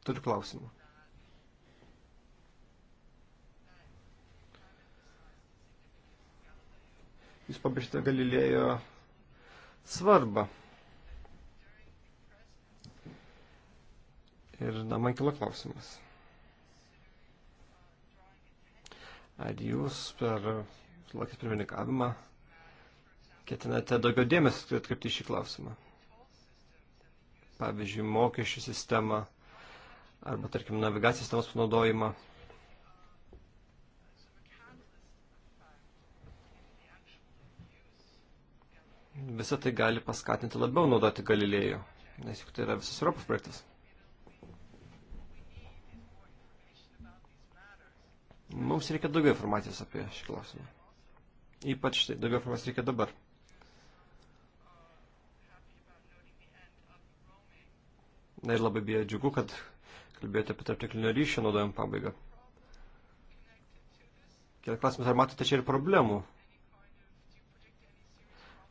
Turiu klausimą. jūs pabrėžite Galilėjo svarbą. Ir na, man kilo klausimas. Ar jūs per Slovakijos pirmininkavimą ketinate daugiau dėmesio atkreipti šį klausimą? Pavyzdžiui, mokesčių sistemą arba, tarkim, navigacijos sistemos panaudojimą. visą tai gali paskatinti labiau naudoti Galilėjų, nes juk tai yra visas Europos projektas. Mums reikia daugiau informacijos apie šį klausimą. Ypač tai, daugiau informacijos reikia dabar. Na ir labai bija džiugu, kad kalbėjote apie tarptiklinio ryšio naudojimą pabaigą. Kiek klausimas, ar matote čia ir problemų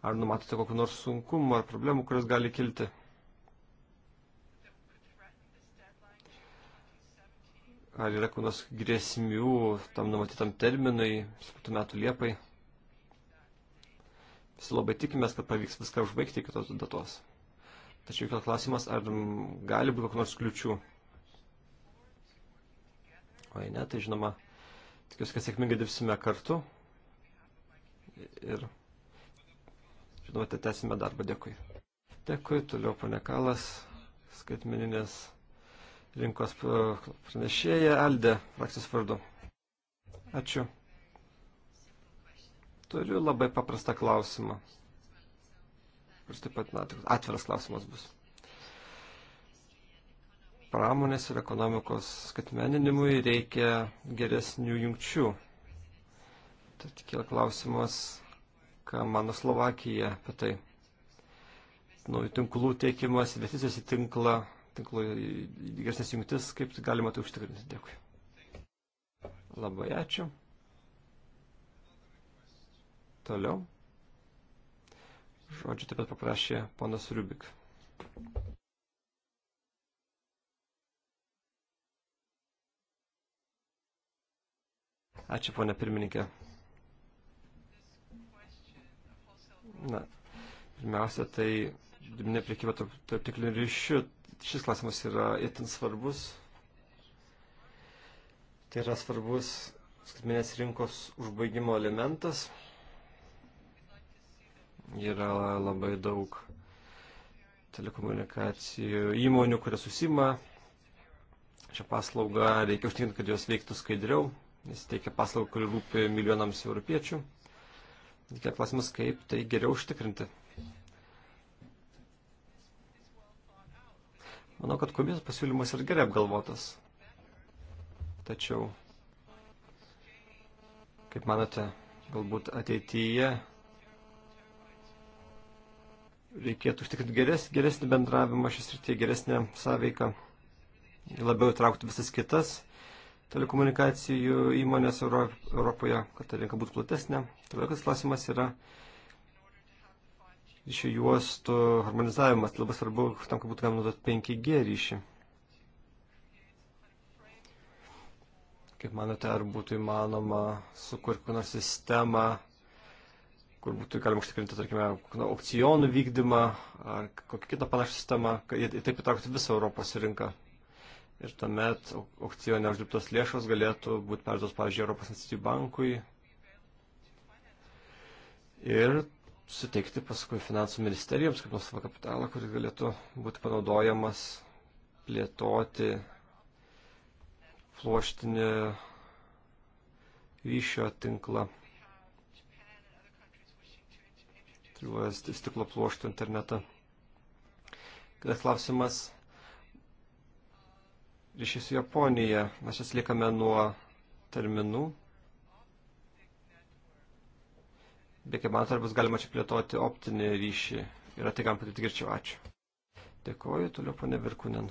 Ar numatote kokiu nors sunkumu ar problemu, kurios gali kilti? Ar yra kokios grėsmių tam numatytam terminui, 7 metų Liepai? Visi labai tikimės, kad pavyks viską užbaigti iki tos datos. Tačiau kila klausimas, ar gali būti kokių nors kliučių. O jei ne, tai žinoma, tikiuosi, kad sėkmingai dirbsime kartu. Ir Žinote, tęsime darbą. Dėkui. Dėkui. Toliau pane Kalas, skaitmeninės rinkos e, pranešėja Aldė, frakcijos vardu. Ačiū. Turiu labai paprastą klausimą. Kuris taip pat na, atviras klausimas bus. Pramonės ir ekonomikos skatmeninimui reikia geresnių jungčių. Tad kyla klausimas, ką mano Slovakija apie tai. Naujų tinklų teikimas, investicijos į tinklą, tinklo geresnės jungtis, kaip tai galima tai užtikrinti. Dėkui. Labai ačiū. Toliau. Žodžiu taip pat paprašė ponas Rubik. Ačiū, ponė pirmininkė. Na, pirmiausia, tai dirbinė priekyba tarp, tarp tiklinių ryšių. Šis klausimas yra itin svarbus. Tai yra svarbus skaitmenės rinkos užbaigimo elementas. Yra labai daug telekomunikacijų įmonių, kurie susima šią paslaugą. Reikia užtikrinti, kad jos veiktų skaidriau, nes teikia paslaugą, kuri rūpi milijonams europiečių. Kėl klausimas, kaip tai geriau užtikrinti. Manau, kad komisijos pasiūlymas ir gerai apgalvotas. Tačiau, kaip manote, galbūt ateityje reikėtų užtikrinti geres, geresnį bendravimą šis rytyje, geresnę sąveiką, labiau įtraukti visas kitas telekomunikacijų įmonės Euro, Europoje, kad ta rinka būtų platesnė. Todėl, kad klausimas yra ryšių juostų harmonizavimas. Labai svarbu, tam, kad būtų galima naudoti 5G ryšį. Kaip manote, ar būtų įmanoma sukurti kokią nors sistemą, kur būtų galima užtikrinti, tarkime, aukcionų vykdymą ar kokią kitą panašią sistemą, kad jie taip įtrauktų visą Europos rinką? ir tuomet aukcijone uždirbtos lėšos galėtų būti perduotos, pavyzdžiui, Europos institucijų bankui ir suteikti paskui finansų ministerijoms kaip nuosavą kapitalą, kuris galėtų būti panaudojamas plėtoti pluoštinį ryšio tinklą, stiklo pluoštų internetą. Kitas klausimas ryšys su Japonija. Mes atsilikame nuo terminų. Bet kaip man bus galima čia plėtoti optinį ryšį. Yra tai, kam patirti girčiau. Ačiū. Dėkuoju, toliau ponė Virkunen.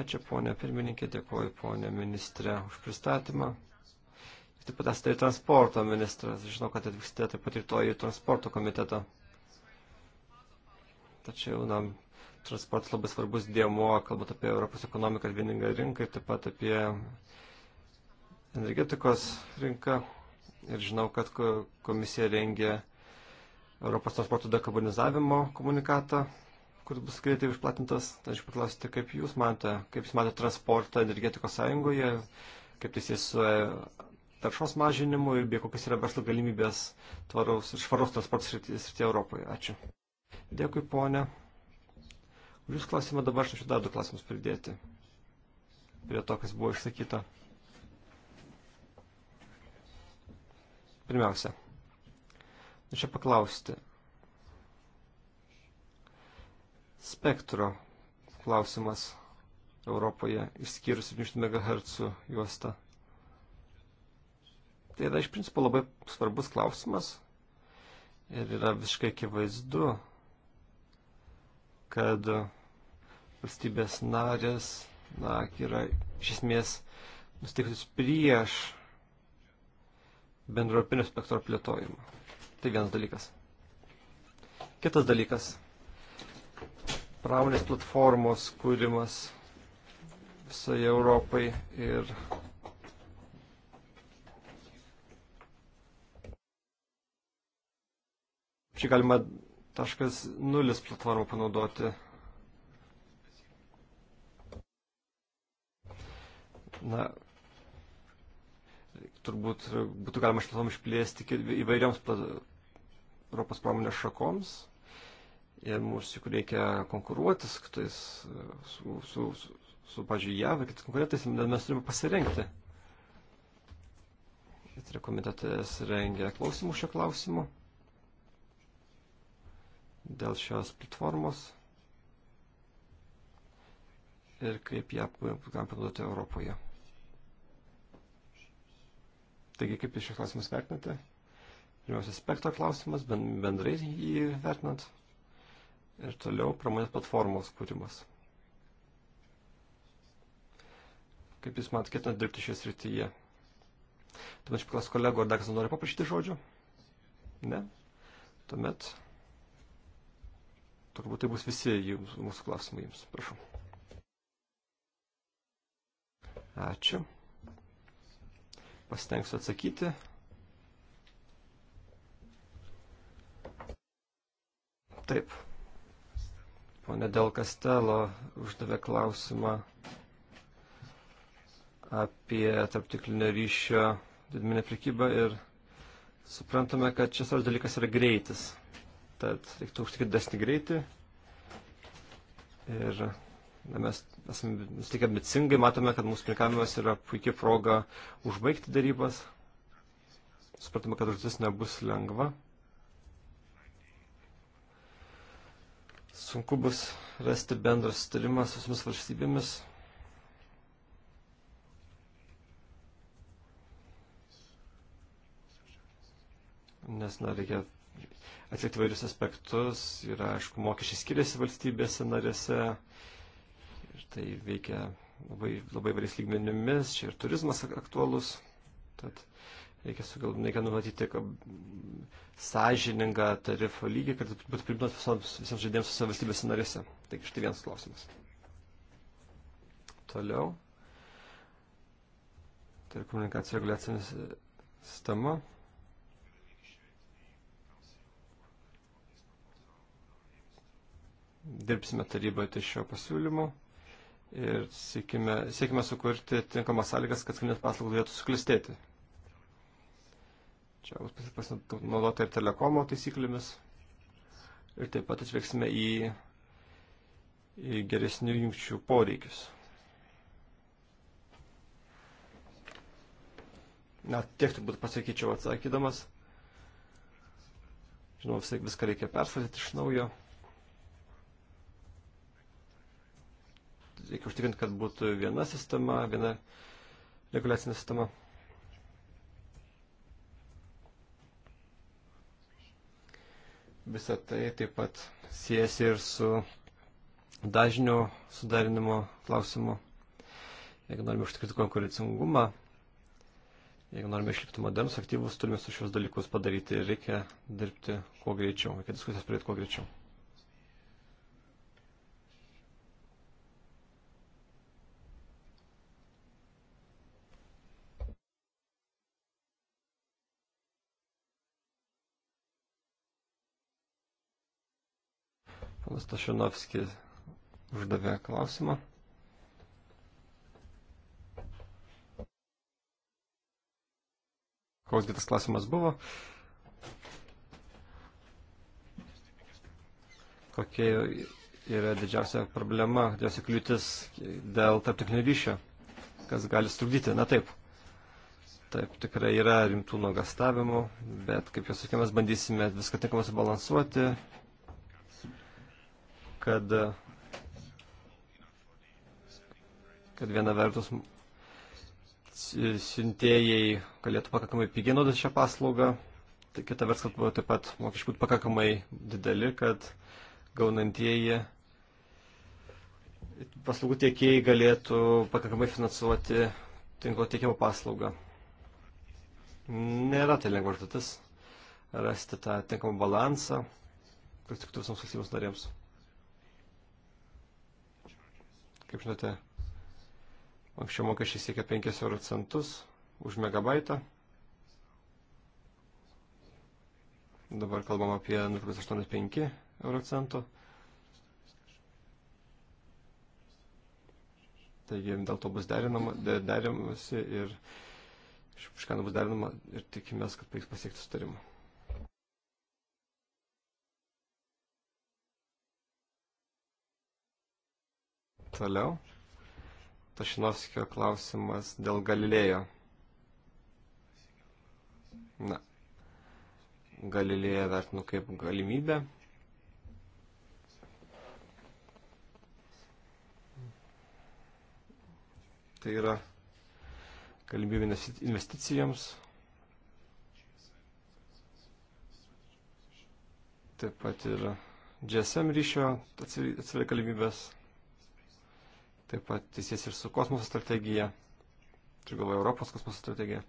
Ačiū ponė pirmininkė, dėkuoju ponė ministrė už pristatymą. Jūs taip pat esate ir transporto ministras, žinau, kad atvyksite taip pat rytoj į transporto komitetą. Tačiau, na, transportas labai svarbus dėmuo, kalbant apie Europos ekonomiką ir vieningą rinką, ir taip pat apie energetikos rinką. Ir žinau, kad komisija rengia Europos transporto dekarbonizavimo komunikatą, kuris bus greitai išplatintas. Aš paklausyti, kaip jūs matote, kaip jūs matote transportą energetikos sąjungoje, kaip tai sės su e, taršos mažinimu ir bei kokias yra verslo galimybės tvaraus ir švaraus transporto srityje Europoje. Ačiū. Dėkui, ponė. Jūs klausimą dabar aš norėčiau dar du klausimus pridėti prie to, kas buvo išsakyta. Pirmiausia, norėčiau paklausti spektro klausimas Europoje išskyrus 700 MHz juostą. Tai yra iš principo labai svarbus klausimas ir yra visiškai akivaizdu, kad valstybės narės na, yra iš esmės nusteikusios prieš bendro europinio spektro plėtojimą. Tai vienas dalykas. Kitas dalykas. Pramonės platformos kūrimas visoje Europai ir čia galima 2.0 platformą panaudoti. Na, turbūt būtų galima šitą platformą išplėsti įvairioms Europos pramonės šakoms. Ir mums juk reikia konkuruoti su kitais, su, su, su, su pažiūrėjau, JAV, kitais konkurentais, mes turime pasirengti. Ir komitetas rengia klausimų šio klausimu dėl šios platformos ir kaip ją galima panaudoti Europoje. Taigi, kaip jūs šį klausimą vertinate? Pirmiausia, spektro klausimas, bendrai jį vertinant. Ir toliau pramonės platformos kūrimas. Kaip jūs man ketinat dirbti šioje srityje? Tuomet aš paklausiu kolegų, ar dar kas nori paprašyti žodžio? Ne? Tuomet turbūt tai bus visi jums, mūsų klausimai jums. Prašau. Ačiū. Pastengsiu atsakyti. Taip. Pone Del Castelo uždavė klausimą apie tarptiklinio ryšio didmenę prekybą ir suprantame, kad šis dalykas yra greitis tad reiktų užtikrinti desnį greitį. Ir na, mes esame nusiteikę ambicingai, matome, kad mūsų pirkavimas yra puikia proga užbaigti darybas. Supratome, kad užduotis nebus lengva. Sunku bus rasti bendrą sutarimą su visomis valstybėmis. Nes, na, reikia atlikti vairius aspektus. Yra, aišku, mokesčiai skiriasi valstybėse narėse ir tai veikia labai, labai vairiais lygmenimis. Čia ir turizmas aktualus. Tad reikia, sugal, reikia numatyti sąžiningą tarifo lygį, kad būtų priimtas visoms, visoms žaidėjams visose valstybėse narėse. Taigi štai vienas klausimas. Toliau telekomunikacijų reguliacinė sistema. dirbsime taryboje ties šio pasiūlymu ir siekime, siekime sukurti tinkamas sąlygas, kad skaitminės paslaugos galėtų suklistėti. Čia bus pasinaudota ir telekomo taisyklėmis. Ir taip pat atžvelgsime į, į geresnių jungčių poreikius. Na, tiek turbūt pasakyčiau atsakydamas. Žinau, visai viską reikia persvarstyti iš naujo. reikia užtikrinti, kad būtų viena sistema, viena reguliacinė sistema. Visą tai taip pat siejasi ir su dažnio sudarinimo klausimu. Jeigu norime užtikrinti konkurencingumą, jeigu norime išlikti modernus aktyvus, turime su šios dalykus padaryti ir reikia dirbti kuo greičiau, reikia diskusijas pradėti kuo greičiau. Panas Tašinovskis uždavė klausimą. Koks kitas klausimas buvo? Kokia yra didžiausia problema, didžiausia kliūtis dėl tarptinklinio ryšio, kas gali strukdyti? Na taip, taip tikrai yra rimtų nuogastavimų, bet kaip jau sakėmės, bandysime viską tinkamai subalansuoti, kad, kad viena vertus siuntėjai galėtų pakankamai pigiai naudoti šią paslaugą, tai kita vertus, kad buvo taip pat mokesčiai būtų pakankamai dideli, kad gaunantieji paslaugų tiekėjai galėtų pakankamai finansuoti tinklo tiekimo paslaugą. Nėra tai lengva užduotis rasti tą tinkamą balansą, kas tik visams valstybės narėms. Kaip žinote, anksčiau mokesčiai siekia 5 euro centus už megabaitą. Dabar kalbam apie 0,85 euro centų. Taigi dėl to bus derinamasi ir iš ką bus derinama ir tikimės, kad pavyks pasiekti sutarimą. Toliau. Tašinovskio klausimas dėl Galilėjo. Na, Galilėją vertinu kaip galimybę. Tai yra galimybė investicijoms. Taip pat ir GSM ryšio atsiveria galimybės. Atsivė Taip pat teisės ir su kosmoso strategija. Čia galvoju Europos kosmoso strategija.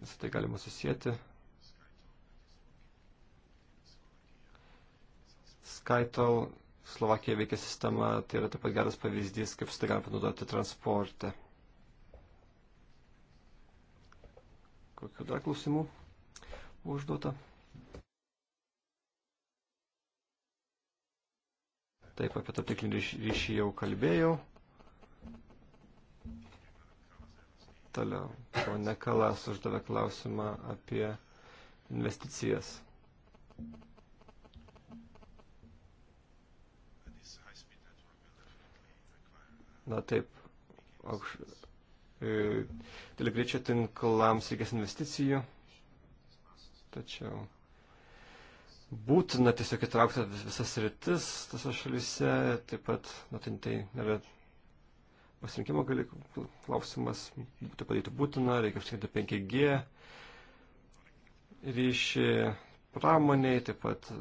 Visą tai galima susijęti. Skytol Slovakija veikia sistema, tai yra taip pat geras pavyzdys, kaip tai galima panaudoti transporte. Kokiu dar klausimų užduota? Taip, apie tarptiklinį ryšį jau kalbėjau. Toliau, ponė Kalas uždavė klausimą apie investicijas. Na taip, aukš... E, dėl greičio tinklams reikės investicijų, tačiau būtina tiesiog įtraukti visas rytis tose šalise, taip pat, na, tai, tai nėra pasirinkimo gali klausimas, tai padaryti būtina, reikia užtikrinti 5G ryšį pramoniai, taip pat e,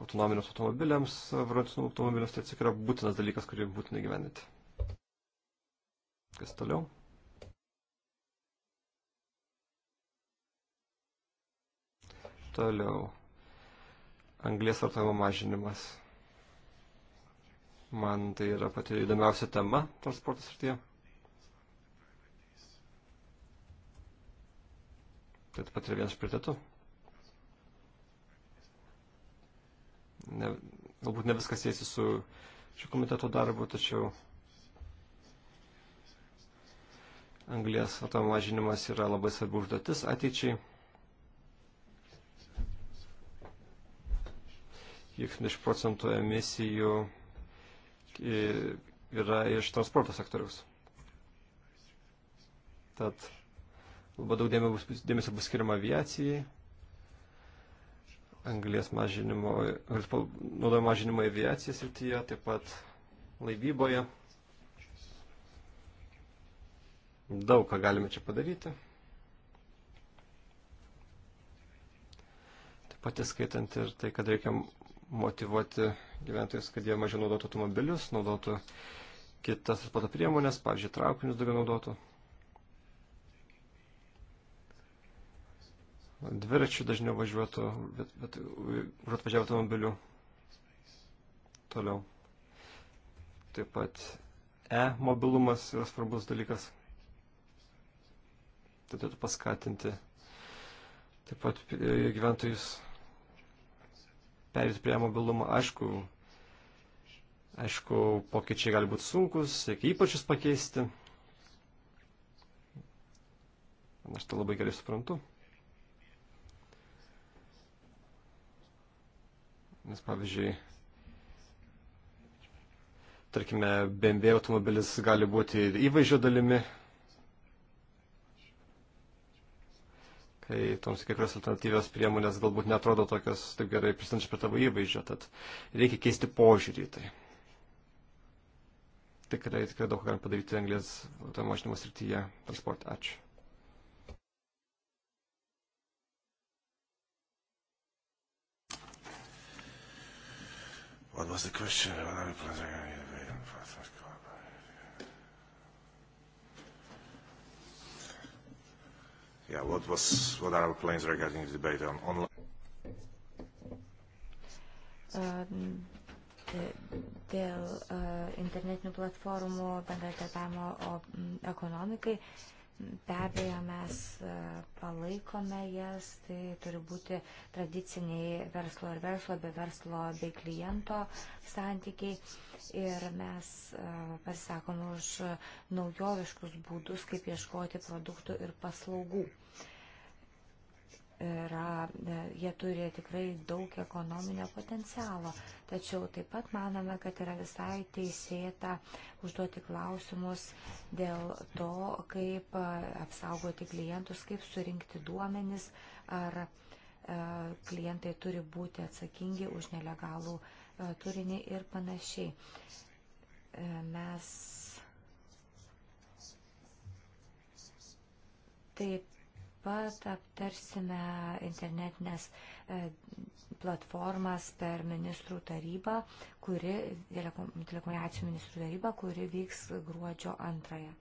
autonominiams automobiliams, varantiniams automobiliams, tai tikrai būtinas dalykas, kurį būtina gyveninti. Kas toliau? Toliau anglės vartojimo mažinimas. Man tai yra pati įdomiausia tema transportas srityje. Tai taip pat yra vienas prioritetų. Ne, galbūt ne viskas jėsi su šio komiteto darbu, tačiau anglės vartojimo mažinimas yra labai svarbi užduotis ateičiai. kiek 70 procentų emisijų e, yra iš transporto sektoriaus. Tad labai daug dėmesio bus skiriama aviacijai, anglės mažinimo, naudojimo mažinimo aviacijai srityje, taip pat laivyboje. Daug ką galime čia padaryti. Taip pat įskaitant ir tai, kad reikia motivuoti gyventojus, kad jie mažiau naudotų automobilius, naudotų kitas transporto priemonės, pavyzdžiui, traukinius daugiau naudotų. Dviračių dažniau važiuotų, bet, bet užuot važiavo automobiliu. Toliau. Taip pat e-mobilumas yra svarbus dalykas. Tai turėtų paskatinti taip pat e, gyventojus perėti prie mobilumo. Aišku, aišku, pokyčiai gali būti sunkus, reikia ypačius pakeisti. Aš tai labai gerai suprantu. Nes pavyzdžiui, tarkime, BMW automobilis gali būti ir įvaizdžio dalimi, kai toms kiekvienas alternatyvios priemonės galbūt netrodo tokios taip gerai pristančiai prie tavo įvaizdžio, tad reikia keisti požiūrį į tai. Tikrai, tikrai daug galim padaryti anglės tam mažinimo srityje transporte. Ačiū. What was the question? yeah, what, was, what are our plans regarding the debate on online? Um, e, dėl uh, internetinių platformų bendradarbiavimo mm, ekonomikai. Uh, Be abejo, mes e, palaikome jas, tai turi būti tradiciniai verslo ir verslo, be verslo, bei kliento santykiai. Ir mes e, pasisakome už naujoviškus būdus, kaip ieškoti produktų ir paslaugų. Uh, yra, e, jie turi tikrai daug ekonominio potencialo. Tačiau taip pat manome, kad yra visai teisėta užduoti klausimus dėl to, kaip e, apsaugoti klientus, kaip surinkti duomenis, ar e, klientai turi būti atsakingi už nelegalų turinį ir panašiai. Mes taip pat aptarsime internetinės e, platformas per ministrų tarybą, kuri, telekomunikacijų ministrų tarybą, kuri vyks gruodžio antrąją.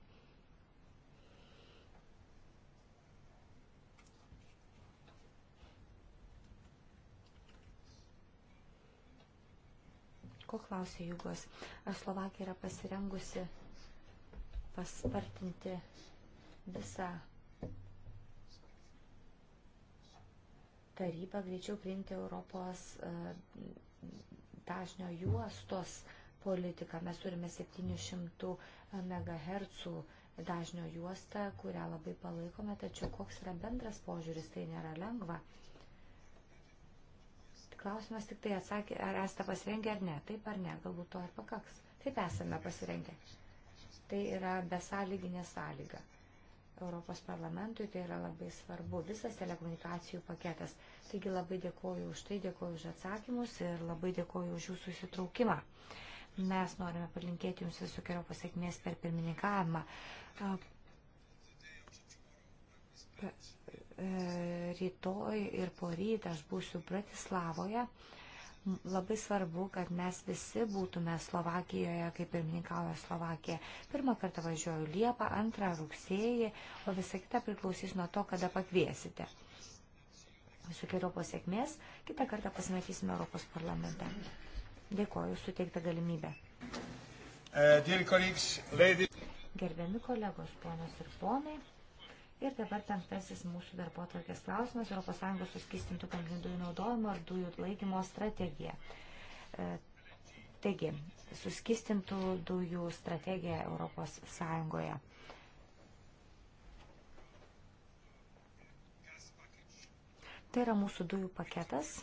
Ko klausė Jugos? Ar Slovakija yra pasirengusi paspartinti visą taryba greičiau priimti Europos e, dažnio juostos politiką. Mes turime 700 MHz dažnio juostą, kurią labai palaikome, tačiau koks yra bendras požiūris, tai nėra lengva. Klausimas tik tai atsakė, ar esate pasirengę ar ne. Taip ar ne, galbūt to ir pakaks. Taip esame pasirengę. Tai yra besąlyginė sąlyga. Europos parlamentui, tai yra labai svarbu, visas telekomunikacijų paketas. Taigi labai dėkoju už tai, dėkoju už atsakymus ir labai dėkoju už jūsų įsitraukimą. Mes norime palinkėti jums visokio pasiekmės per pirmininkavimą. E, rytoj ir poryt aš būsiu Bratislavoje. Labai svarbu, kad mes visi būtume Slovakijoje, kaip pirmininkauja Slovakija. Pirmą kartą važiuoju Liepą, antrą rugsėjį, o visa kita priklausys nuo to, kada pakviesite. Visų keriopos sėkmės, kitą kartą pasimatysime Europos parlamente. Dėkoju suteiktą galimybę. Eh, Gerbiami kolegos, ponios ir ponai. Ir dabar penktasis mūsų darbo atvarkės klausimas - ES suskistintų gamtinių dujų naudojimo ir dujų laikymo strategija. E, taigi, suskistintų dujų strategija ES. Tai yra mūsų dujų paketas,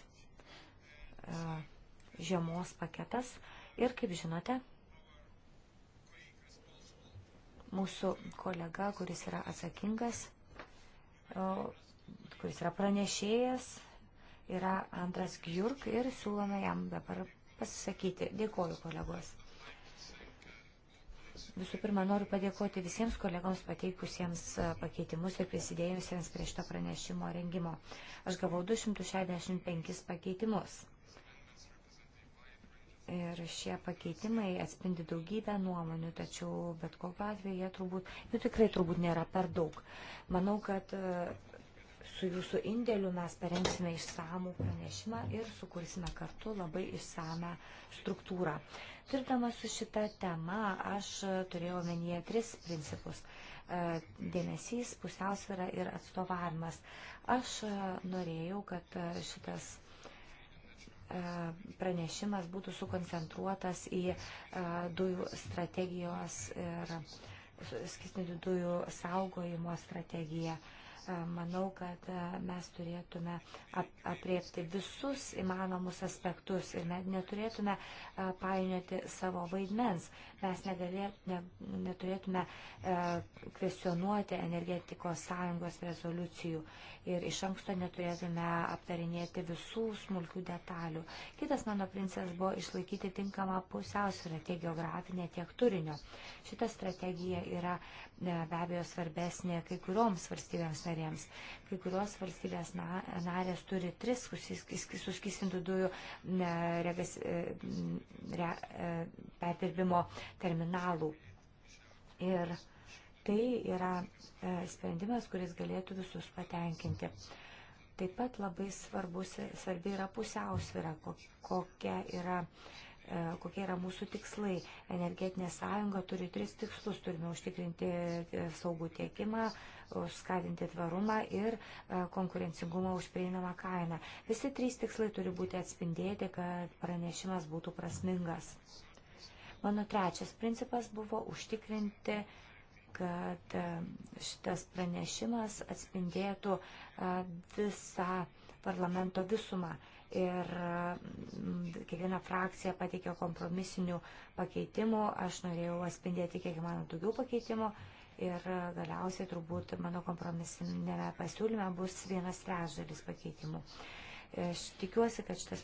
e, žiemos paketas ir, kaip žinote, Mūsų kolega, kuris yra atsakingas, kuris yra pranešėjas, yra Andras Gjurk ir siūlome jam dabar pasisakyti. Dėkoju kolegos. Visų pirma, noriu padėkoti visiems kolegoms pateikusiems e, pakeitimus ir prisidėjusiems prie šito pranešimo rengimo. Aš gavau 265 pakeitimus. Ir šie pakeitimai atspindi daugybę nuomonių, tačiau bet kokiu atveju jie turbūt, jų tikrai turbūt nėra per daug. Manau, kad e, su jūsų indėliu mes parengsime išsamų pranešimą ir sukursime kartu labai išsamę struktūrą. Dirbdama su šita tema, aš turėjau omenyje tris principus e, - dėmesys, pusiausvėra ir atstovavimas. Aš e, norėjau, kad šitas E, pranešimas būtų sukoncentruotas į e, dujų strategijos ir skistinių dujų saugojimo strategiją. Manau, kad mes turėtume apriepti visus įmanomus aspektus ir neturėtume painioti savo vaidmens. Mes negalė, ne, neturėtume kvesionuoti energetikos sąjungos rezoliucijų ir iš anksto neturėtume aptarinėti visų smulkių detalių. Kitas mano princesas buvo išlaikyti tinkamą pusiausvyrą tiek geografinę, tiek turinio. Šita strategija yra be abejo svarbesnė kai kurioms valstybėms narėms. Kai kurios valstybės narės turi tris suskistintų dujų regas, e, re, e, perdirbimo terminalų. Ir tai yra e, sprendimas, kuris galėtų visus patenkinti. Taip pat labai svarbus, svarbi yra pusiausvėra, kokia yra uh, E, kokie yra mūsų tikslai. Energetinė sąjunga turi tris tikslus. Turime užtikrinti e, saugų tiekimą, skatinti tvarumą ir e, konkurencingumą už prieinamą kainą. Visi trys tikslai turi būti atspindėti, kad pranešimas būtų prasmingas. Mano trečias principas buvo užtikrinti kad šitas pranešimas atspindėtų visą parlamento visumą ir mm, kiekviena frakcija pateikė kompromisinių pakeitimų, aš norėjau atspindėti kiek įmanoma daugiau pakeitimų ir galiausiai turbūt mano kompromisinėme pasiūlyme bus vienas trečdalis pakeitimų. Aš tikiuosi, kad šitas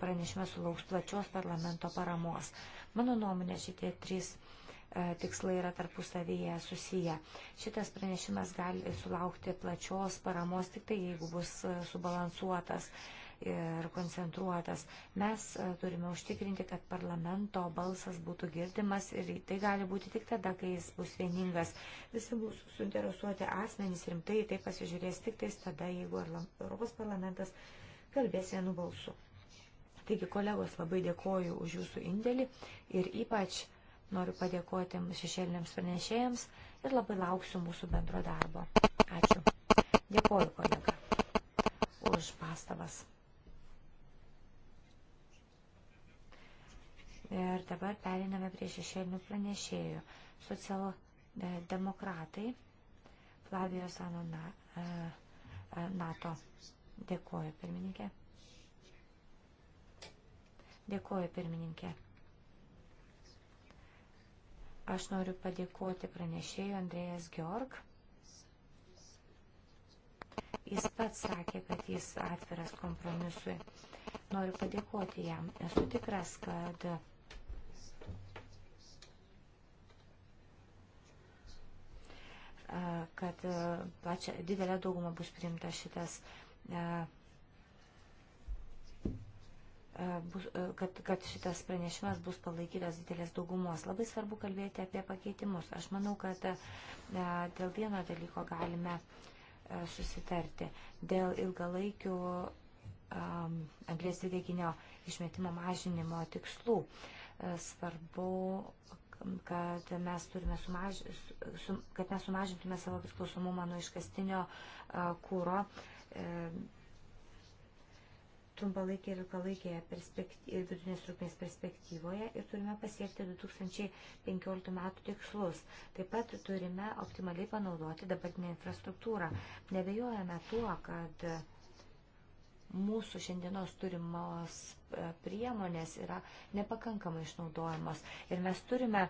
pranešimas sulauks plačios parlamento paramos. Mano nuomonė šitie trys e, tikslai yra tarpusavyje susiję. Šitas pranešimas gali sulaukti plačios paramos tik tai, jeigu bus e, subalansuotas. Uh, ir koncentruotas. Mes e, turime užtikrinti, kad parlamento balsas būtų girdimas ir tai gali būti tik tada, kai jis bus vieningas. Visi mūsų suinteresuoti asmenys rimtai tai pasižiūrės tik tais tada, jeigu Europos parlamentas kalbės vienu balsu. Taigi, kolegos, labai dėkoju už jūsų indėlį ir ypač noriu padėkoti šešėliniams pranešėjams ir labai lauksiu mūsų bendro darbo. Ačiū. Dėkoju, kolega, už pastabas. Ir dabar periname prie šešėlinių pranešėjų. Socialdemokratai, Flavijos Ano e, e, NATO. Dėkuoju, pirmininkė. Dėkuoju, pirmininkė. Aš noriu padėkoti pranešėjui Andrėjas Georg. Jis pats sakė, kad jis atviras kompromisui. Noriu padėkoti jam. Esu tikras, kad kad plačia, didelė dauguma bus priimta šitas bus, kad, kad šitas pranešimas bus palaikytas didelės daugumos. Labai svarbu kalbėti apie pakeitimus. Aš manau, kad dėl vieno dalyko galime susitarti. Dėl ilgalaikių um, anglės dvideginio išmetimo mažinimo tikslų. Svarbu, kad mes, sumaž... sum... kad mes sumažintume savo priklausomumą nuo iškastinio kūro e, trumpalaikėje ir ilgalaikėje ir vidutinės trukmės perspektyvoje ir turime pasiekti 2015 metų tikslus. Taip pat turime optimaliai panaudoti dabartinę infrastruktūrą. Nebejojame tuo, kad mūsų šiandienos turimos e, priemonės yra nepakankamai išnaudojamos. Ir mes turime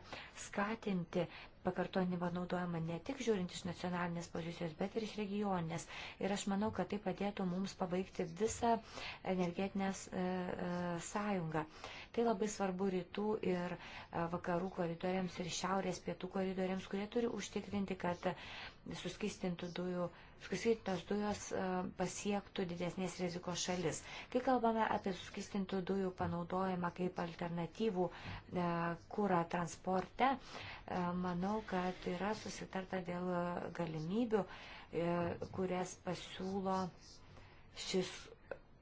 skatinti pakartotinį panaudojimą ne tik žiūrint iš nacionalinės pozicijos, bet ir iš regioninės. Ir aš manau, kad tai padėtų mums pabaigti visą energetinės e, e, sąjungą. Tai labai svarbu rytų ir e, vakarų koridoriams ir šiaurės pietų koridoriams, kurie turi užtikrinti, kad suskistintų dujų e, suskistintos dujos e, pasiektų didesnės rizikos šalis. Kai kalbame apie suskistintų dujų panaudojimą kaip alternatyvų e, kūrą transporte, e, manau, kad yra susitarta dėl galimybių, kurias pasiūlo šis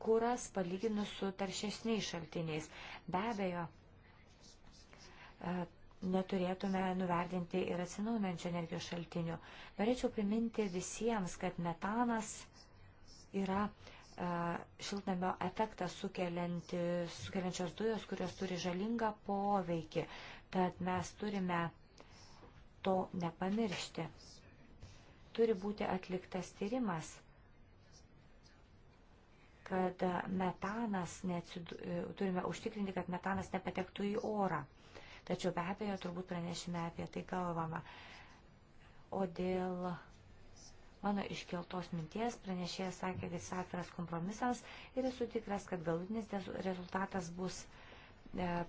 kuras palyginus su taršesniais šaltiniais. Be abejo, neturėtume nuverdinti ir atsinaujinančių energijos šaltinių. Norėčiau priminti visiems, kad metanas yra e, šiltnamio efektą sukeliančios dujos, kurios turi žalingą poveikį. Tad mes turime to nepamiršti. Turi būti atliktas tyrimas kad metanas, neatsidu, turime užtikrinti, kad metanas nepatektų į orą. Tačiau be abejo, turbūt pranešime apie tai kalbama. O dėl mano iškeltos minties pranešėjas sakė, kad jis atviras kompromisams ir esu tikras, kad galutinis rezultatas bus e,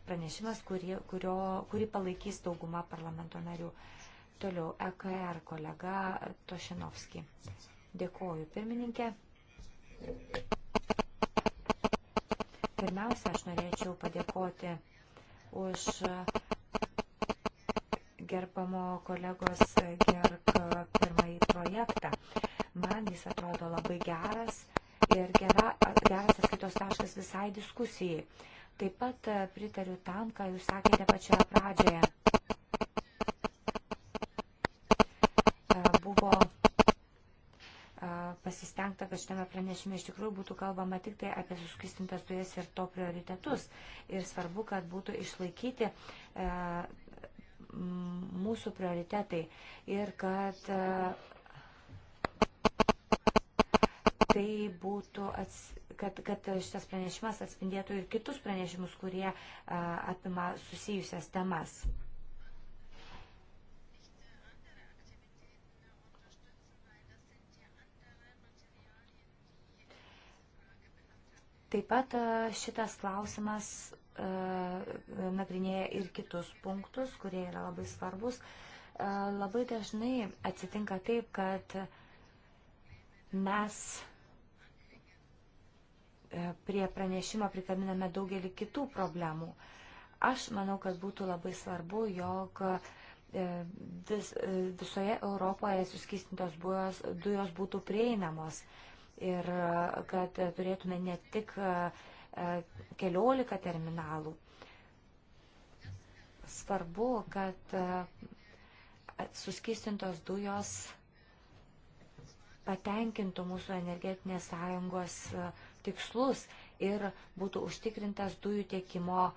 pranešimas, kurį, kurio, kurį palaikys dauguma parlamento narių. Toliau EKR kolega Tošinovski. Dėkoju, pirmininkė. Pirmiausia, aš norėčiau padėkoti už e, gerbamo kolegos Gerk pirmąjį projektą. Man jis atrodo labai geras ir gera, geras atskaitos taškas visai diskusijai. Taip pat e, pritariu tam, ką jūs sakėte pačioje pradžioje pasistengta, kad šitame pranešime iš tikrųjų būtų kalbama tik tai apie suskistintas dujas ir to prioritetus. Ir svarbu, kad būtų išlaikyti e, mūsų prioritetai ir kad e, tai būtų ats, kad, kad šitas pranešimas atspindėtų ir kitus pranešimus, kurie a, e, apima susijusias temas. Taip pat e, šitas klausimas e, nagrinėja ir kitus punktus, kurie yra labai svarbus. E, labai dažnai atsitinka taip, kad mes prie pranešimo prikaminame daugelį kitų problemų. Aš manau, kad būtų labai svarbu, jog vis, visoje Europoje suskistintos dujos būtų prieinamos ir kad turėtume ne tik e, keliolika terminalų. Svarbu, kad e, suskistintos dujos patenkintų mūsų energetinės sąjungos e, tikslus ir būtų užtikrintas dujų tiekimo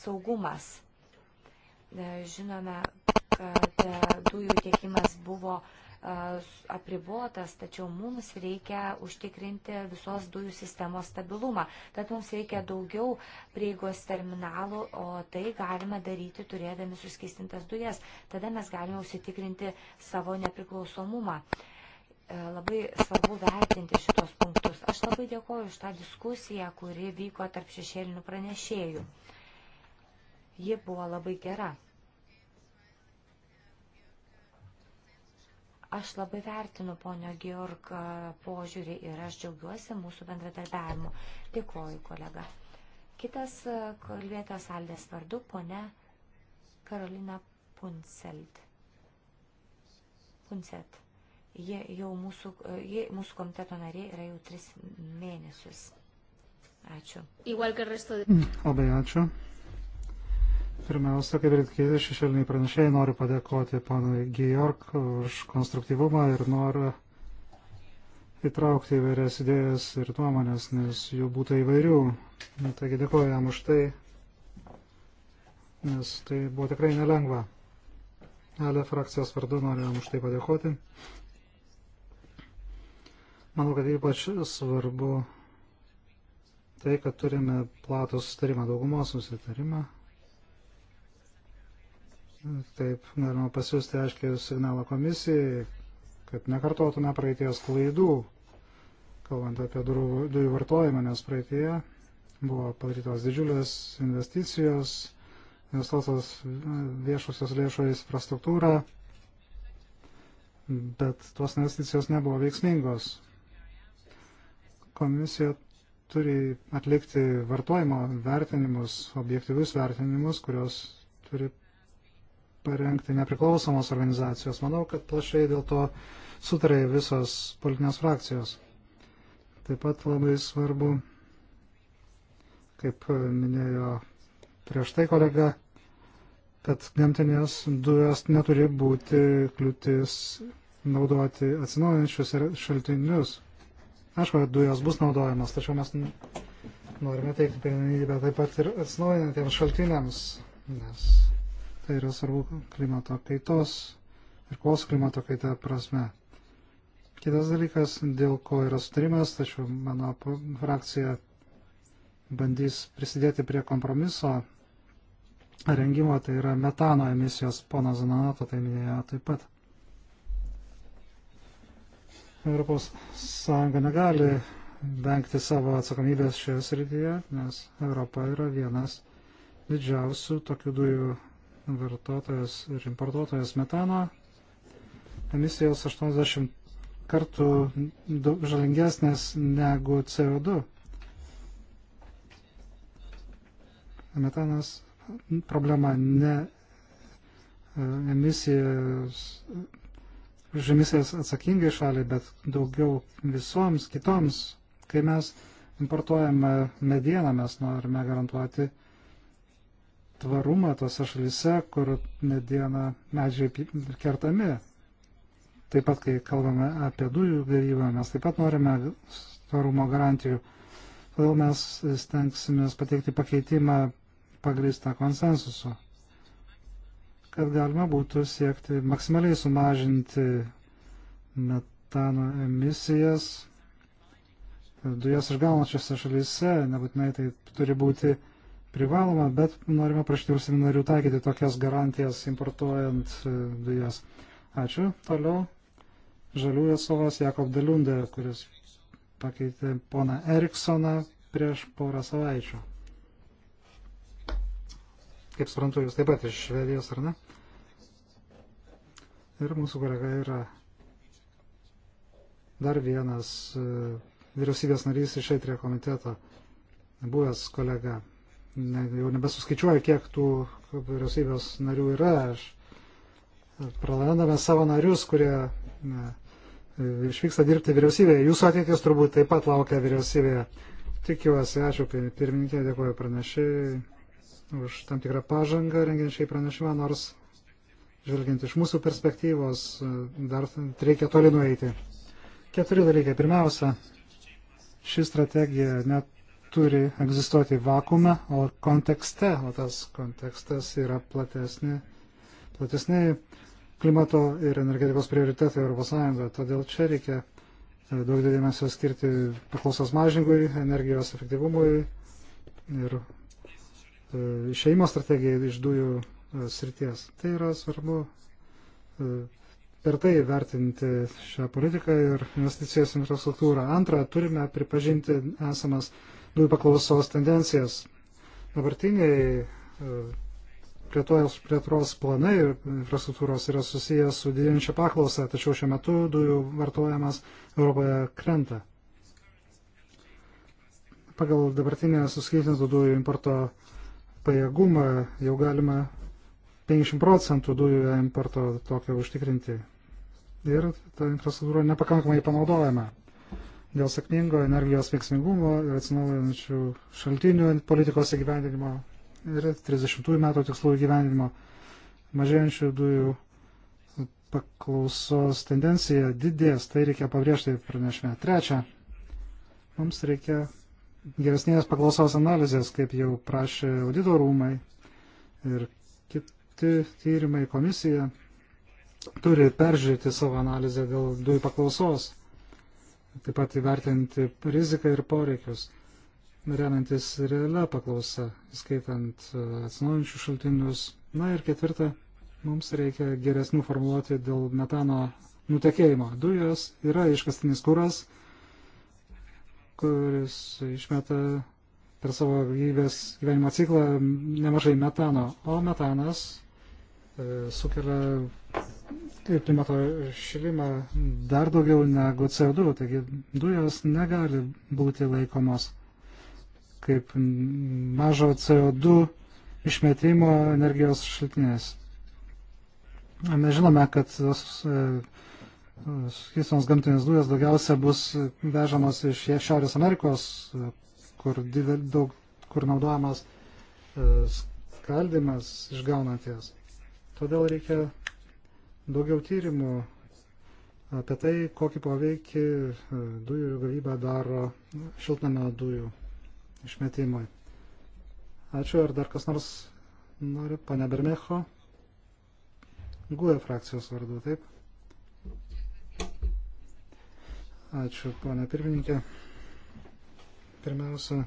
saugumas. Žinome, kad dujų tiekimas buvo uh, apribotas, tačiau mums reikia užtikrinti visos dujų sistemos stabilumą. Tad mums reikia daugiau prieigos terminalų, o tai galime daryti turėdami suskistintas dujas. Tada mes galime užsitikrinti savo nepriklausomumą e, labai svarbu vertinti šitos punktus. Aš labai dėkoju už tą diskusiją, kuri vyko tarp šešėlinių pranešėjų. Ji buvo labai gera. Aš labai vertinu ponio Georg požiūrį ir aš džiaugiuosi mūsų bendradarbiavimu. Dėkoju, kolega. Kitas kalbėtas Aldės vardu, ponia Karolina Punselt. Punset. Jie jau mūsų, jie, mūsų komiteto narė yra jau tris mėnesius. Ačiū. Labai mm, ačiū. Pirmiausia, kaip ir kiti šešėliniai pranešėjai, noriu padėkoti panui Gijork už konstruktyvumą ir norą įtraukti įvairias idėjas ir nuomonės, nes jų būtų įvairių. Taigi dėkoju jam už tai, nes tai buvo tikrai nelengva. Ale frakcijos vardu noriu jam už tai padėkoti. Manau, kad ypač svarbu tai, kad turime platų susitarimą, daugumos susitarimą Taip, norime pasiūsti aiškiai signalą komisijai, kad nekartotume praeities klaidų, kalbant apie dujų vartojimą, nes praeitie buvo padarytos didžiulės investicijos, investuotos viešusios lėšų į infrastruktūrą, bet tuos investicijos nebuvo veiksmingos. Komisija turi atlikti vartojimo vertinimus, objektyvius vertinimus, kurios turi parengti nepriklausomos organizacijos. Manau, kad plašiai dėl to sutarė visos politinės frakcijos. Taip pat labai svarbu, kaip minėjo prieš tai kolega, kad gamtinės dujos neturi būti kliūtis naudoti atsinaujančius šaltinius. Aišku, dujos bus naudojamas, tačiau mes norime teikti pirmenybę taip pat ir atsinaujinantiems šaltiniams, nes tai yra svarbu klimato kaitos ir kovos klimato kaita prasme. Kitas dalykas, dėl ko yra sutarimas, tačiau mano frakcija bandys prisidėti prie kompromiso rengimo, tai yra metano emisijos, pona Zanonato tai minėjo taip pat. Europos Sąjunga negali vengti savo atsakomybės šioje srityje, nes Europa yra vienas didžiausių tokių dujų vartotojas ir importuotojas metano emisijos 80 kartų žalingesnės negu CO2. Metanas problema ne e, emisijas, už emisijas atsakingai šaliai, bet daugiau visoms kitoms. Kai mes importuojame medieną, mes norime garantuoti tvarumą tose šalise, kur mediena medžiai kertami. Taip pat, kai kalbame apie dujų gavybą, mes taip pat norime tvarumo garantijų. Todėl mes stengsimės pateikti pakeitimą pagrįstą konsensusu, kad galima būtų siekti maksimaliai sumažinti metano emisijas dujas išgaunančiose šalyse, nebūtinai tai turi būti uh, privaloma, bet norime prašyti valstybių narių taikyti tokias garantijas importuojant e, dujas. Ačiū. Toliau žaliųjų atstovas Jakob Daliundė, kuris pakeitė poną Eriksoną prieš porą savaičių. Kaip suprantu, jūs taip pat iš Švedijos, ar ne? Ir mūsų kolega yra dar vienas e, vyriausybės narys iš Eitrio komiteto, buvęs kolega ne, jau nebesuskaičiuoju, kiek tų vyriausybės narių yra. Aš prarandame savo narius, kurie ne, išvyksta dirbti vyriausybėje. Jūsų ateitis turbūt taip pat laukia vyriausybėje. Tikiuosi, ačiū pirmininkė, dėkuoju pranešiai už tam tikrą pažangą rengiant šį pranešimą, nors žvelgiant iš mūsų perspektyvos dar reikia toli nueiti. Keturi dalykai. Pirmiausia, ši strategija net turi egzistuoti vakume, o kontekste, o tas kontekstas yra platesni, platesni klimato ir energetikos prioritetai Europos Sąjungoje. Todėl čia reikia e, daug dėmesio skirti paklausos mažingui, energijos efektyvumui ir e, išeimo strategijai iš dujų e, srities. Tai yra svarbu per tai vertinti šią politiką ir investicijas infrastruktūrą. Antra, turime pripažinti esamas dujų paklausos tendencijas. Dabartiniai e, plėtojos plėtros planai ir infrastruktūros yra susijęs su didėjančia paklausa, tačiau šiuo metu dujų vartojamas Europoje krenta. Pagal dabartinę suskaitintų dujų importo pajėgumą jau galima 50 procentų dujų importo tokio užtikrinti. Ir ta infrastruktūra nepakankamai panaudojama dėl sėkmingo energijos veiksmingumo ir atsinaujančių šaltinių politikos įgyvendinimo ir 30 metų tikslų įgyvendinimo mažėjančių dujų paklausos tendencija didės, tai reikia pabrėžti pranešime. Trečia, mums reikia geresnės paklausos analizės, kaip jau prašė audito rūmai ir kiti tyrimai komisija turi peržiūrėti savo analizę dėl dujų paklausos taip pat įvertinti riziką ir poreikius, remiantis realią paklausą, skaitant e, atsinaujančių šaltinius. Na ir ketvirta, mums reikia geresnių formuluoti dėl metano nutekėjimo. Dujos yra iškastinis kuras, kuris išmeta per savo gyvybės gyvenimo ciklą nemažai metano, o metanas e, sukelia ir klimato tai šilimą dar daugiau negu CO2, taigi dujos negali būti laikomos kaip mažo CO2 išmetimo energijos šaltinės. Mes žinome, kad e, skystoms gamtinės dujos daugiausia bus vežamos iš Šiaurės Amerikos, kur, didel, daug, kur naudojamas e, skaldimas išgaunant jas. Todėl reikia daugiau tyrimų apie tai, kokį poveikį e, dujų gavyba daro šiltnamio dujų išmetimui. Ačiū, ar dar kas nors nori, pane Bermecho? GUE frakcijos vardu, taip? Ačiū, pane pirmininkė. Pirmiausia,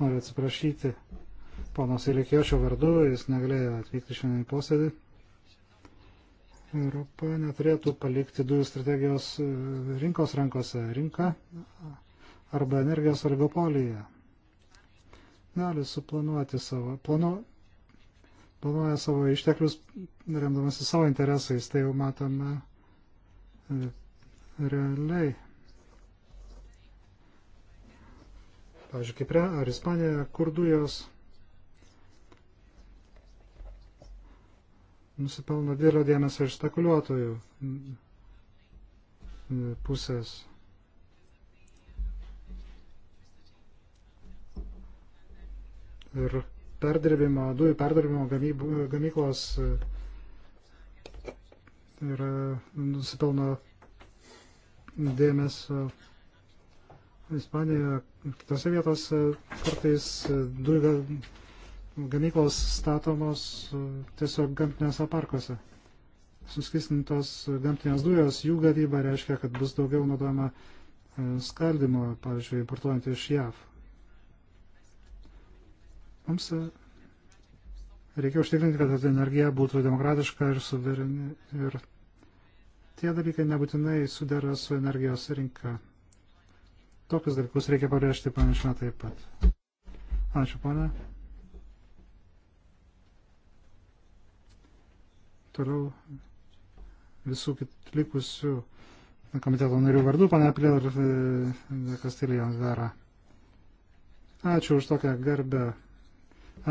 noriu atsiprašyti ponos Ilikiočio vardu, jis negalėjo atvykti šiandien į posėdį. Europa neturėtų palikti dujų strategijos e, rinkos rankose. Rinka arba energijos oligopolija gali suplanuoti savo, planu, planuoja savo išteklius, remdamasi savo interesais, tai jau matome e, realiai. Pavyzdžiui, Kipre ar Ispanijoje, kur dujos nusipelno didelio dėmesio iš spekuliuotojų pusės. Ir perdirbimo, dujų perdirbimo gamyklos ir e, nusipelno dėmesio Ispanijoje, kitose vietose kartais e, dujų gamyklos statomos e, tiesiog gamtinėse parkuose. Suskistintos gamtinės dujos, jų gavyba reiškia, kad bus daugiau naudojama e, skaldimo, pavyzdžiui, importuojant iš JAV. Mums e, reikia užtikrinti, kad ta energija būtų demokratiška ir suvereni. Ir tie dalykai nebūtinai sudera su energijos rinka. Tokius dalykus reikia pabrėžti pranešime taip pat. Ačiū, ponė. Toliau visų kit, likusių komiteto narių vardų, pana Plėr Kastilijans e, Vera. Ačiū už tokią garbę.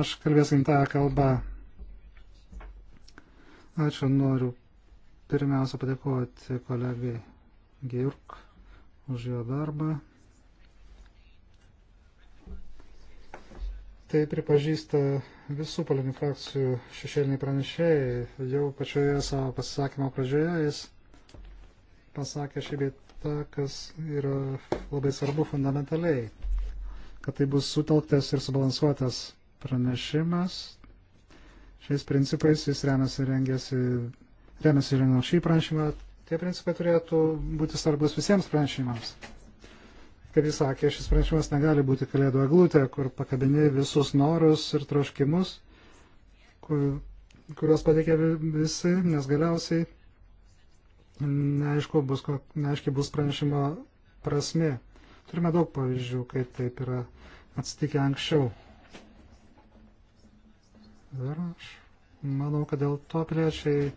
Aš kalbėsim tą kalbą. Ačiū, noriu pirmiausia padėkoti kolegai Girk už jo darbą. Tai pripažįsta visų politinių frakcijų šešėliniai pranešėjai. Jau pačioje savo pasisakymo pradžioje jis pasakė šį beitą, kas yra labai svarbu fundamentaliai, kad tai bus sutelktas ir subalansuotas pranešimas. Šiais principais jis remiasi rengėsi, remiasi rengiant šį pranešimą. Tie principai turėtų būti svarbus visiems pranešimams kaip jis sakė, šis pranešimas negali būti kalėdų eglutė, kur pakabini visus norus ir troškimus, kur, kuriuos pateikė visi, nes galiausiai neaišku bus, neaiškiai bus pranešimo prasme. Turime daug pavyzdžių, kai taip yra atsitikę anksčiau. Ir aš manau, kad dėl to piliečiai,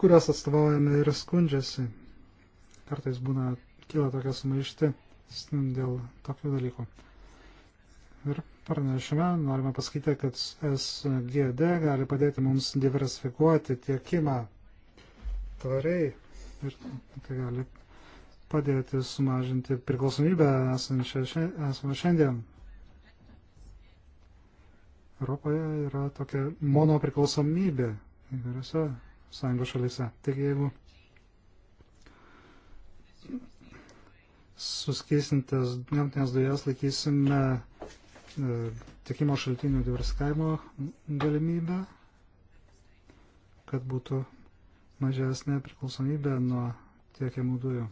kurias atstovaujame ir skundžiasi, kartais būna kyla tokia sumaišti dėl tokių dalykų. Ir pranešime norime pasakyti, kad SGD gali padėti mums diversifikuoti tiekimą tvariai ir tai gali padėti sumažinti priklausomybę esančią šiandien. Europoje yra tokia monopriklausomybė įvairiose sąjungos šalyse. Taigi jeigu suskaisintas gamtinės dujas laikysime e, tikimo šaltinių diversifikavimo galimybę, kad būtų mažesnė priklausomybė nuo tiekiamų dujų.